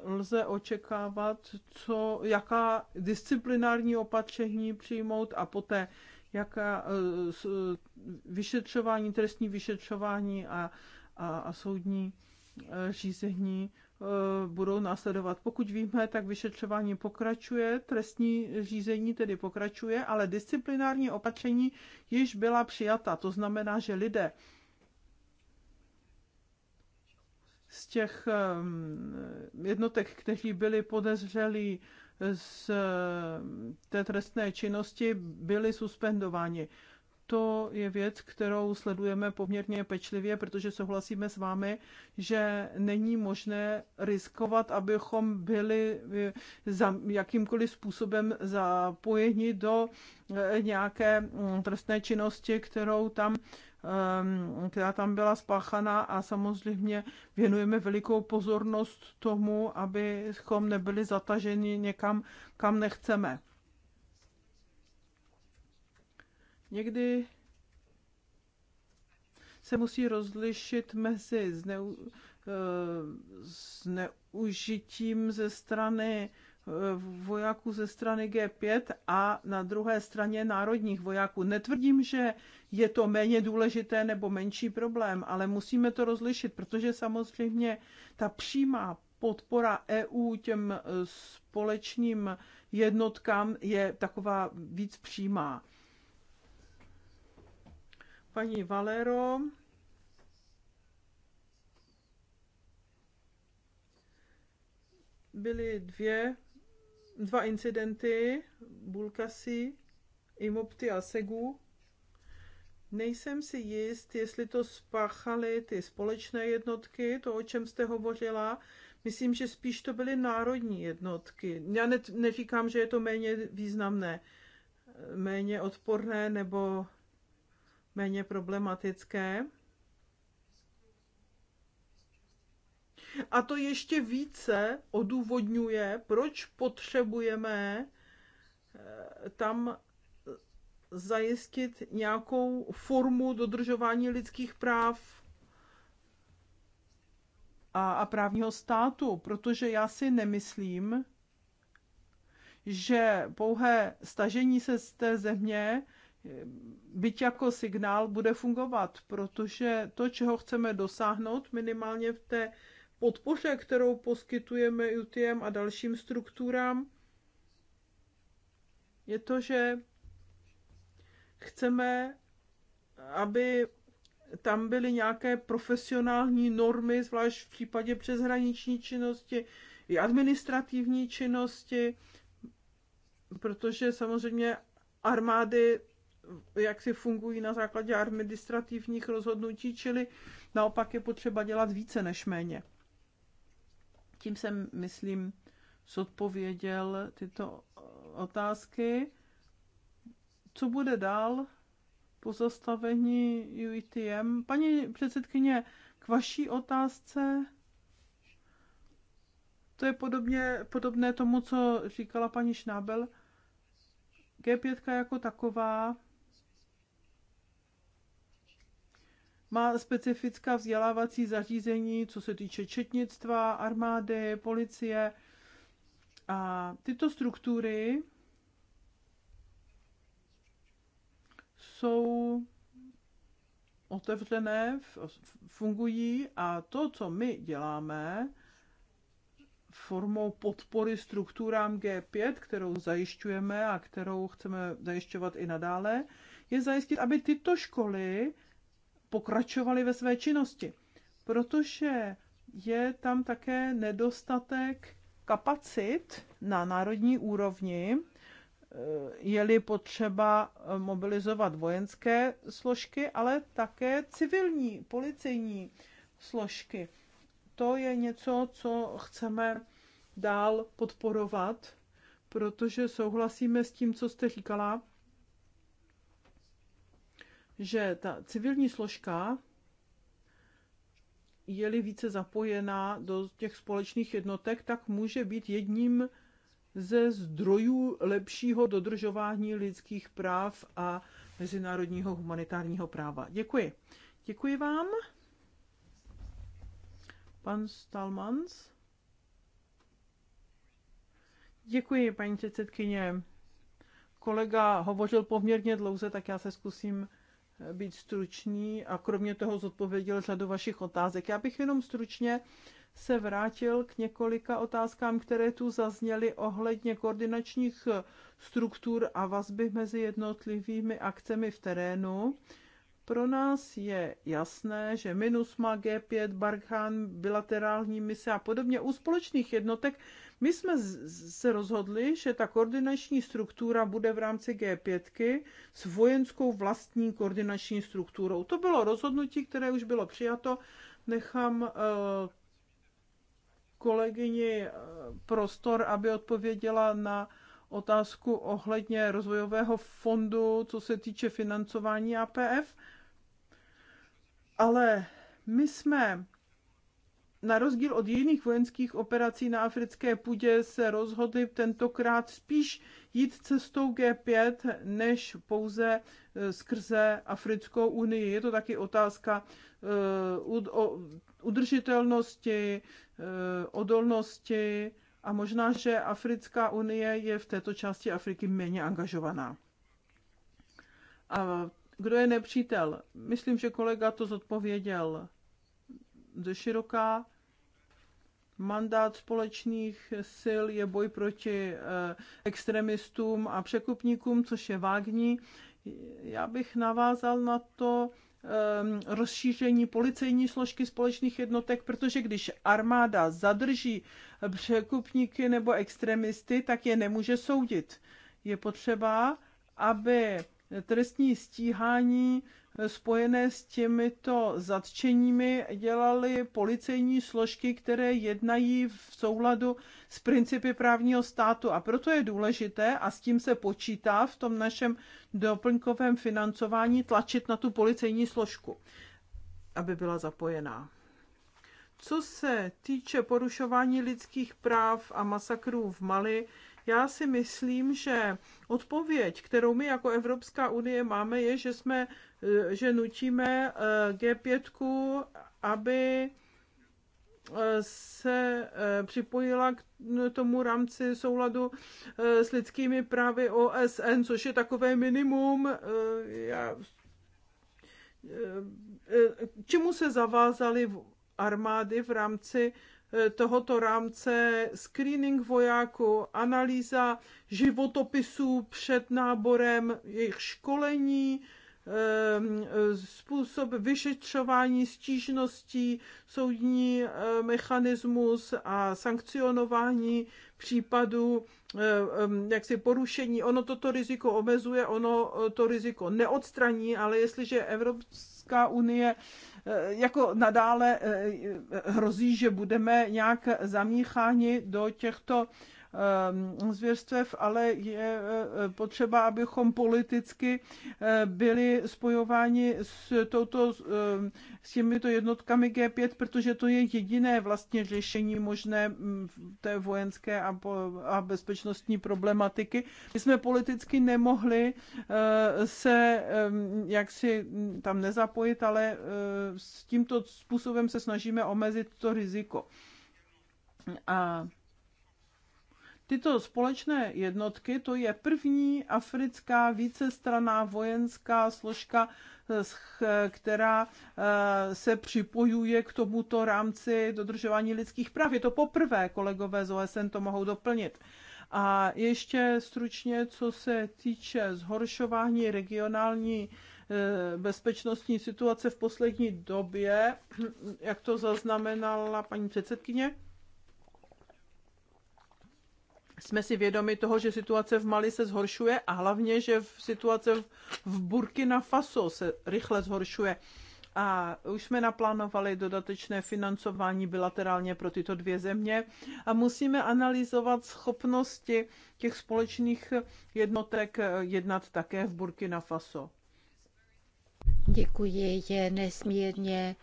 lze očekávat, co, jaká disciplinární opatření přijmout a poté jaká eh, vyšetřování, trestní vyšetřování a, a, a soudní eh, řízení budou následovat. Pokud víme, tak vyšetřování pokračuje, trestní řízení tedy pokračuje, ale disciplinární opatření již byla přijata. To znamená, že lidé, z těch ehm, jednotek, kteří byli podezřelí z eh, té trestné činnosti, byli suspendováni. To je věc, kterou sledujeme poměrně pečlivě, protože souhlasíme s vámi, že není možné riskovat, abychom byli eh, za jakýmkoliv způsobem zapojeni do eh, nějaké mm, trestné činnosti, kterou tam Ehm, která tam byla spáchaná a samozřejmě věnujeme velikou pozornost tomu, abychom nebyli zataženi někam, kam nechceme. Někdy se musí rozlišit mezi zneu, ehm, zneužitím ze strany Eh, vojáků ze strany G5 a na druhé straně národních vojáků. Netvrdím, že je to méně důležité nebo menší problém, ale musíme to rozlišit, protože samozřejmě ta přímá podpora EU těm eh, společným jednotkám je taková víc přímá. Paní Valero, byly dvě dva incidenty, Bulkasi, Imopty a Segu. Nejsem si jist, jestli to spáchaly ty společné jednotky, to, o čem jste hovořila. Myslím, že spíš to byly národní jednotky. Já ne- neříkám, že je to méně významné, méně odporné nebo méně problematické. A to ještě více odůvodňuje, proč potřebujeme eh, tam eh, zajistit nějakou formu dodržování lidských práv a, a právního státu, protože já si nemyslím, že pouhé stažení se z té země, eh, byť jako signál, bude fungovat, protože to, čeho chceme dosáhnout minimálně v té podpoře, kterou poskytujeme UTM a dalším strukturám, je to, že chceme, aby tam byly nějaké profesionální normy, zvlášť v případě přeshraniční činnosti i administrativní činnosti, protože samozřejmě armády jak si fungují na základě administrativních rozhodnutí, čili naopak je potřeba dělat více než méně tím jsem, myslím, zodpověděl tyto otázky. Co bude dál po zastavení UITM? E paní předsedkyně, k vaší otázce. To je podobně, podobné tomu, co říkala paní Šnábel. G5 jako taková má specifická vzdělávací zařízení, co se týče četnictva, armády, policie. A tyto struktury jsou otevřené, fungují a to, co my děláme, formou podpory strukturám G5, kterou zajišťujeme a kterou chceme zajišťovat i nadále, je zajistit, aby tyto školy pokračovali ve své činnosti, protože je tam také nedostatek kapacit na národní úrovni, eh, je-li potřeba eh, mobilizovat vojenské složky, ale také civilní, policejní složky. To je něco, co chceme dál podporovat, protože souhlasíme s tím, co jste říkala, že ta civilní složka je-li více zapojená do těch společných jednotek, tak může být jedním ze zdrojů lepšího dodržování lidských práv a mezinárodního humanitárního práva. Děkuji. Děkuji vám. Pan Stalmans. Děkuji, paní předsedkyně. Kolega hovořil poměrně dlouze, tak já se zkusím být stručný a kromě toho zodpověděl řadu vašich otázek. Já bych jenom stručně se vrátil k několika otázkám, které tu zazněly ohledně koordinačních struktur a vazby mezi jednotlivými akcemi v terénu. Pro nás je jasné, že MINUSMA, G5, Barkhan, bilaterální mise a podobně u společných jednotek, my jsme se rozhodli, že ta koordinační struktura bude v rámci G5 s vojenskou vlastní koordinační strukturou. To bylo rozhodnutí, které už bylo přijato. Nechám eh, kolegyni eh, prostor, aby odpověděla na otázku ohledně rozvojového fondu, co se týče financování APF. Ale my jsme na rozdíl od jiných vojenských operací na africké půdě se rozhodli tentokrát spíš jít cestou G5 než pouze e, skrze Africkou unii. Je to taky otázka e, udržitelnosti, e, odolnosti a možná, že Africká unie je v této části Afriky méně angažovaná. A kdo je nepřítel? Myslím, že kolega to zodpověděl ze široká. Mandát společných sil je boj proti eh, extremistům a překupníkům, což je vágní. Já bych navázal na to eh, rozšíření policejní složky společných jednotek, protože když armáda zadrží překupníky nebo extremisty, tak je nemůže soudit. Je potřeba, aby trestní stíhání spojené s těmito zatčeními dělaly policejní složky, které jednají v souladu s principy právního státu. A proto je důležité, a s tím se počítá v tom našem doplňkovém financování, tlačit na tu policejní složku, aby byla zapojená. Co se týče porušování lidských práv a masakrů v Mali, já si myslím, že odpověď, kterou my jako Evropská unie máme, je, že, jsme, eh, že nutíme eh, G5, aby eh, se připojila k tomu rámci souladu s lidskými právy OSN, což je takové minimum. Já, čemu se zavázali armády v rámci Eh, tohoto rámce, screening vojáků, analýza životopisů před náborem, jejich školení, ehm, způsob vyšetřování stížností, soudní eh, mechanismus a sankcionování případů eh, ehm, jaksi porušení. Ono toto riziko omezuje, ono to riziko neodstraní, ale jestliže Evropská unie Eh, jako nadále eh, hrozí, že budeme nějak zamícháni do těchto Ehm, zvěrstev, ale je eh, potřeba, abychom politicky eh, byli spojováni s, touto, ehm, s těmito jednotkami G5, protože to je jediné vlastně řešení možné mm, té vojenské a, a bezpečnostní problematiky. My jsme politicky nemohli eh, se ehm, jaksi mm, tam nezapojit, ale s tímto způsobem se snažíme omezit to riziko. A Tyto společné jednotky, to je první africká vícestraná vojenská složka, eh, která eh, se připojuje k tomuto rámci dodržování lidských práv. Je to poprvé, kolegové z OSN to mohou doplnit. A ještě stručně, co se týče zhoršování regionální eh, bezpečnostní situace v poslední době, [CLEARS THROAT] jak to zaznamenala paní předsedkyně, jsme si vědomi toho, že situace v Mali se zhoršuje a hlavně, že v situace v Burkina Faso se rychle zhoršuje. A už jsme naplánovali dodatečné financování bilaterálně pro tyto dvě země a musíme analyzovat schopnosti těch společných jednotek eh, jednat také v Burkina Faso. Děkuji, je nesmírně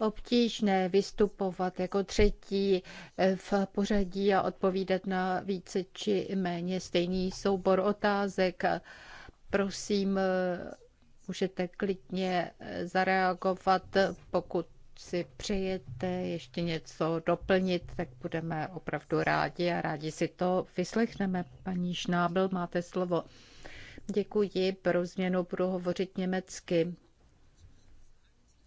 obtížné vystupovat jako třetí eh, v pořadí a odpovídat na více či méně stejný soubor otázek. Prosím, eh, můžete klidně eh, zareagovat, pokud si přejete ještě něco doplnit, tak budeme opravdu rádi a rádi si to vyslechneme. Paní Šnábel, máte slovo. Děkuji, pro změnu budu hovořit německy.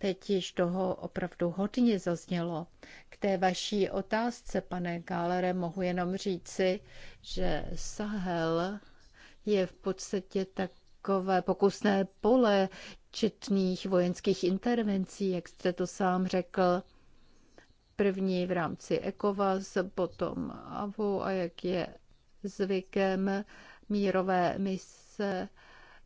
Teď již toho opravdu hodně zaznělo. K té vaší otázce, pane Gálere, mohu jenom říci, že Sahel je v podstatě takové pokusné pole četných vojenských intervencí, jak jste to sám řekl první v rámci ECOVAS, potom AVU a jak je zvykem mírové mise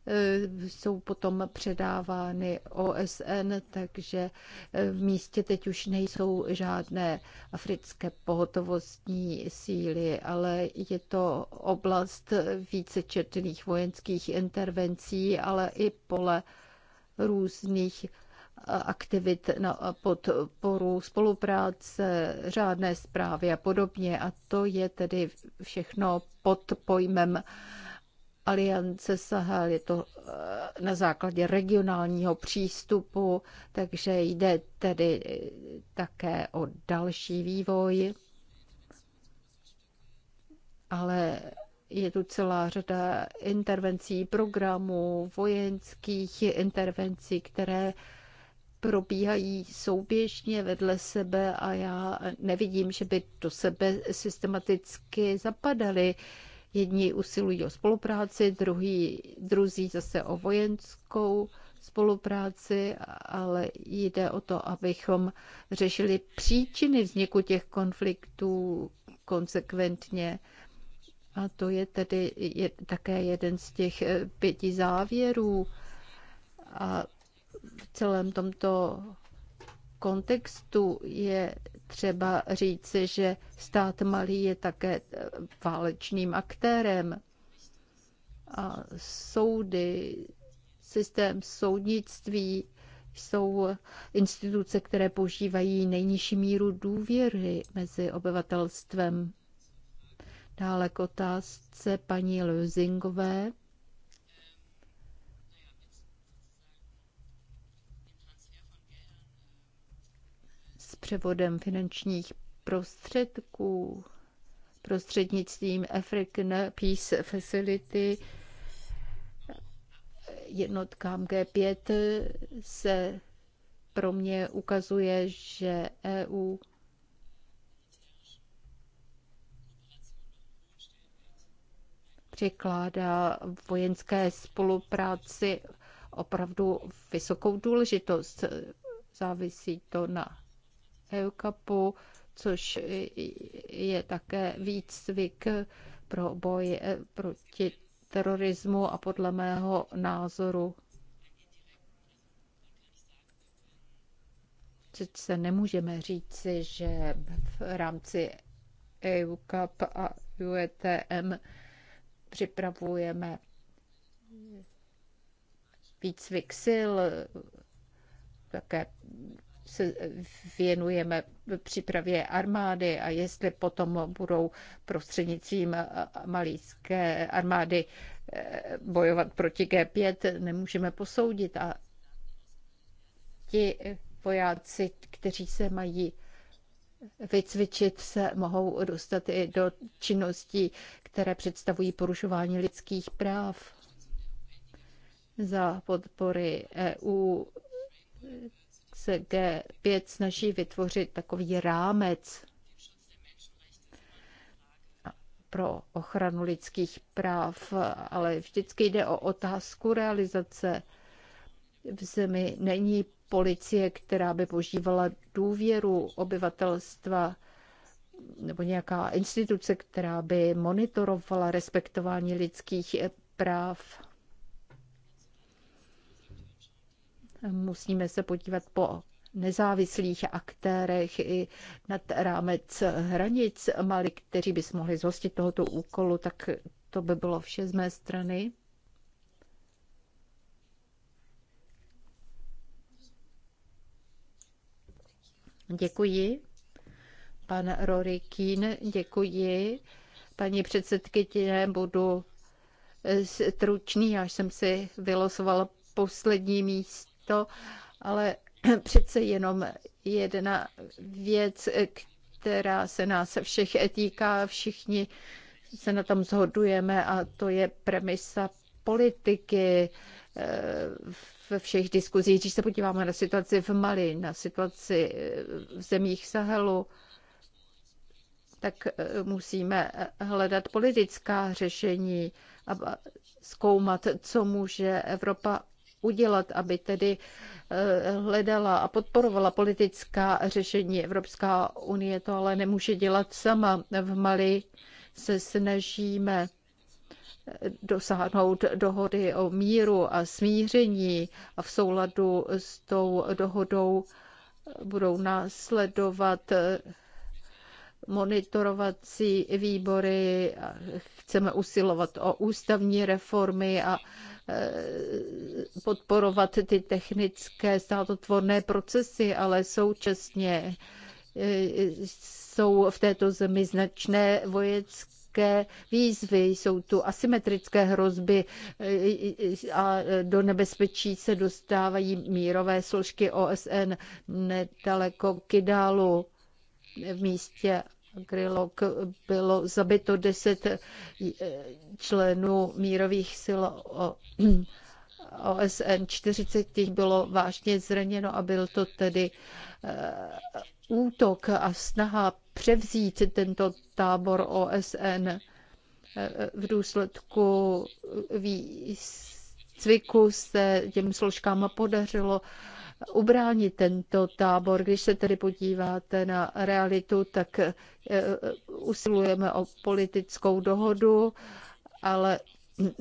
Eh, jsou potom předávány OSN, takže eh, v místě teď už nejsou žádné africké pohotovostní síly, ale je to oblast vícečetných vojenských intervencí, ale i pole různých eh, aktivit na podporu spolupráce, řádné zprávy a podobně. A to je tedy všechno pod pojmem Aliance Sahel, je to eh, na základě regionálního přístupu, takže jde tedy eh, také o další vývoj. Ale je tu celá řada intervencí, programů, vojenských intervencí, které probíhají souběžně vedle sebe a já nevidím, že by do sebe systematicky zapadaly. Jedni usilují o spolupráci, druhý, druzí zase o vojenskou spolupráci, ale jde o to, abychom řešili příčiny vzniku těch konfliktů konsekventně. A to je tedy je, také jeden z těch eh, pěti závěrů. A v celém tomto kontextu je třeba říci, že stát malý je také válečným aktérem. A soudy, systém soudnictví jsou instituce, které používají nejnižší míru důvěry mezi obyvatelstvem. Dále k otázce paní Lozingové. převodem finančních prostředků prostřednictvím African Peace Facility jednotkám G5 se pro mě ukazuje, že EU překládá vojenské spolupráci opravdu vysokou důležitost. Závisí to na EUCAPu, což je také výcvik pro boj eh, proti terorismu a podle mého názoru se nemůžeme říci, že v rámci EUCAP a UETM připravujeme výcvik sil, také se věnujeme přípravě armády a jestli potom budou prostřednictvím malíské armády eh, bojovat proti G5, nemůžeme posoudit. A ti vojáci, kteří se mají vycvičit, se mohou dostat i do činností, které představují porušování lidských práv. Za podpory EU se G5 snaží vytvořit takový rámec pro ochranu lidských práv, ale vždycky jde o otázku realizace. V zemi není policie, která by požívala důvěru obyvatelstva nebo nějaká instituce, která by monitorovala respektování lidských práv. Musíme se podívat po nezávislých aktérech i nad rámec hranic Mali, kteří by se mohli zhostit tohoto úkolu, tak to by bylo vše z mé strany. Děkuji. Pan Rory Kín, děkuji. Paní předsedkyně, budu stručný, já jsem si vylosoval poslední místo to, ale [CLEARS THROAT] přece jenom jedna věc, která se nás všech týká, všichni se na tom zhodujeme, a to je premisa politiky eh, ve všech diskuzích. Když se podíváme na situaci v Mali, na situaci eh, v zemích Sahelu, tak eh, musíme hledat politická řešení a zkoumat, co může Evropa udělat, aby tedy eh, hledala a podporovala politická řešení. Evropská unie to ale nemůže dělat sama. V Mali se snažíme eh, dosáhnout dohody o míru a smíření a v souladu s tou dohodou budou následovat eh, monitorovací výbory, chceme usilovat o ústavní reformy a eh, podporovat ty technické státotvorné procesy, ale současně eh, jsou v této zemi značné vojenské výzvy, jsou tu asymetrické hrozby eh, a do nebezpečí se dostávají mírové složky OSN nedaleko Kidalu v místě Grilok bylo zabito deset eh, členů mírových sil OSN, 40 těch bylo vážně zraněno a byl to tedy eh, útok a snaha převzít tento tábor OSN eh, v důsledku výcviku se těm složkám podařilo ubránit tento tábor. Když se tedy podíváte na realitu, tak eh, eh, usilujeme o politickou dohodu, ale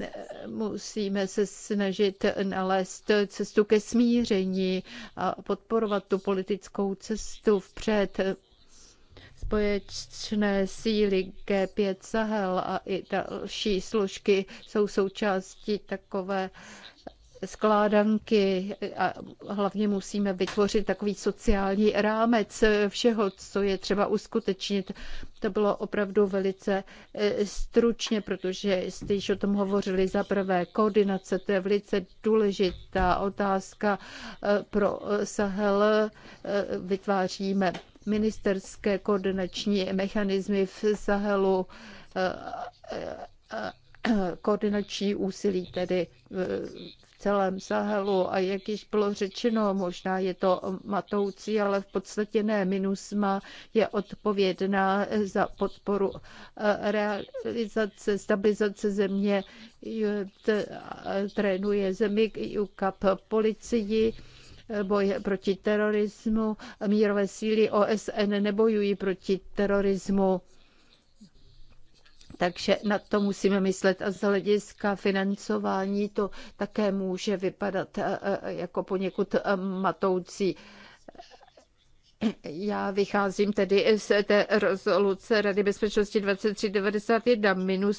eh, musíme se snažit nalézt cestu ke smíření a podporovat tu politickou cestu vpřed Spoječné síly G5 Sahel a i další složky jsou součástí takové skládanky a hlavně musíme vytvořit takový sociální rámec všeho, co je třeba uskutečnit. To bylo opravdu velice eh, stručně, protože jste již o tom hovořili za prvé. Koordinace, to je velice důležitá otázka eh, pro eh, Sahel. Vytváříme ministerské koordinační mechanismy v Sahelu koordinační úsilí tedy celém Sahelu a jak již bylo řečeno, možná je to matoucí, ale v podstatě ne. MINUSMA je odpovědná za podporu eh, realizace, stabilizace země, eh, trénuje zemi UKAP policii, eh, boje proti terorismu, mírové síly OSN nebojují proti terorismu takže na to musíme myslet a z hlediska financování to také může vypadat eh, eh, jako poněkud eh, matoucí. Já vycházím tedy z té rezoluce Rady bezpečnosti 2391.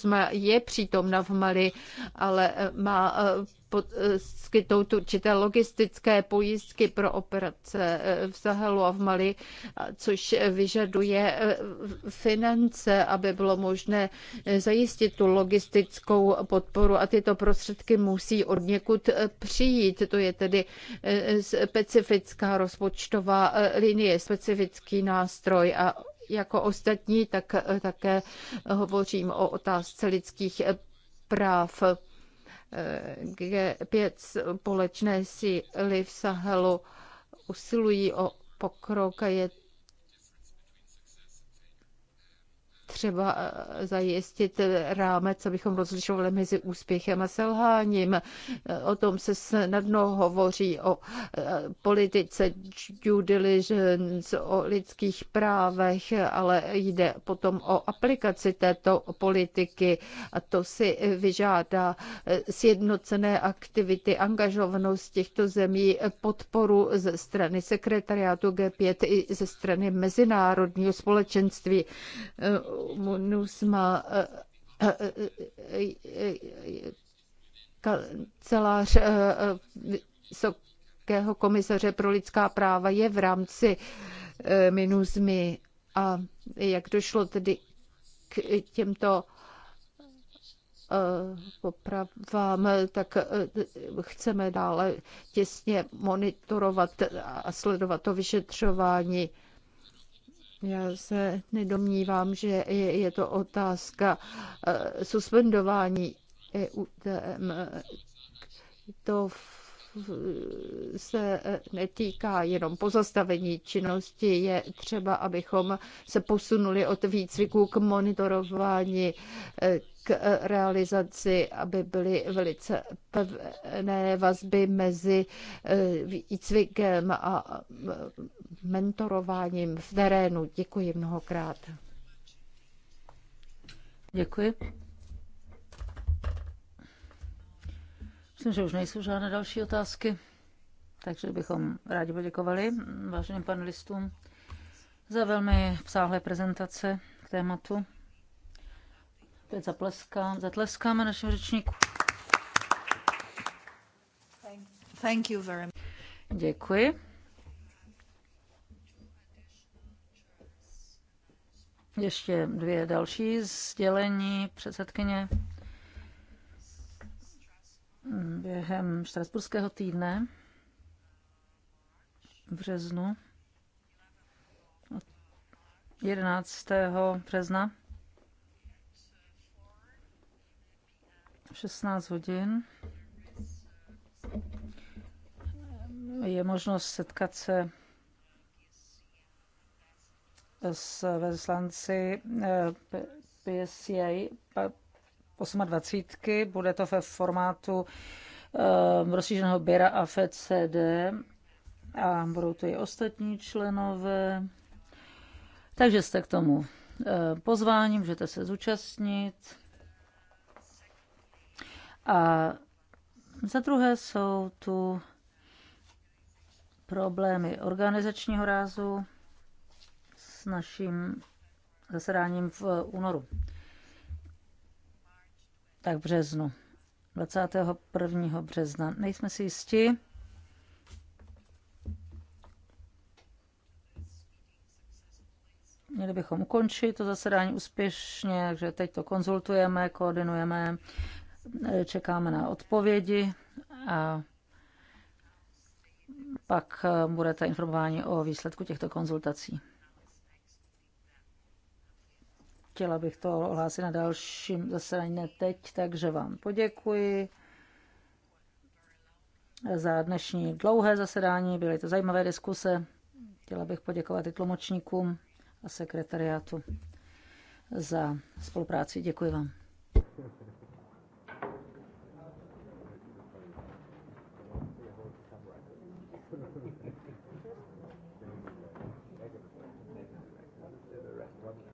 má je přítomna v Mali, ale má poskytnout eh, určité logistické pojistky pro operace eh, v Sahelu a v Mali, což vyžaduje eh, finance, aby bylo možné zajistit tu logistickou podporu a tyto prostředky musí od někud přijít. To je tedy specifická rozpočtová linie, specifický nástroj a jako ostatní, tak také hovořím o otázce lidských práv. G5 společné síly v Sahelu usilují o pokrok a je třeba eh, zajistit rámec, abychom rozlišovali mezi úspěchem a selháním. Eh, o tom se snadno hovoří o eh, politice due diligence, o lidských právech, ale jde potom o aplikaci této politiky a to si vyžádá sjednocené aktivity, angažovanost těchto zemí, podporu ze strany sekretariátu G5 i ze strany mezinárodního společenství MUNUSMA eh, eh, eh, kancelář Vysokého komisaře pro lidská práva je v rámci MINUSMY a jak došlo tedy k těmto popravám, tak chceme dále těsně monitorovat a sledovat to vyšetřování. Já se nedomnívám, že je to otázka eh, suspendování EU. To v se eh, netýká jenom pozastavení činnosti, je třeba, abychom se posunuli od výcviku k monitorování, eh, k eh, realizaci, aby byly velice pevné vazby mezi výcvikem a mentorováním v terénu. Děkuji mnohokrát. Děkuji. Myslím, že už nejsou žádné další otázky, takže bychom rádi poděkovali váženým panelistům za velmi psáhlé prezentace k tématu. Teď zapleskám, zatleskáme našim řečníkům. Thank you very much. Děkuji. Ještě dvě další sdělení předsedkyně během štrasburského týdne v březnu 11. března v 16 hodin je možnost setkat se s veslanci eh, PSA, 28. Bude to ve formátu eh, rozšířeného Běra a FCD a budou to i ostatní členové. Takže jste k tomu eh, pozváním, můžete se zúčastnit. A za druhé jsou tu problémy organizačního rázu s naším zasedáním v únoru tak v březnu. 21. března. Nejsme si jisti. Měli bychom ukončit to zasedání úspěšně, takže teď to konzultujeme, koordinujeme, čekáme na odpovědi a pak budete informováni o výsledku těchto konzultací chtěla bych to ohlásit na dalším zasedání, ne teď, takže vám poděkuji za dnešní dlouhé zasedání, byly to zajímavé diskuse. Chtěla bych poděkovat i tlumočníkům a sekretariátu za spolupráci. Děkuji vám.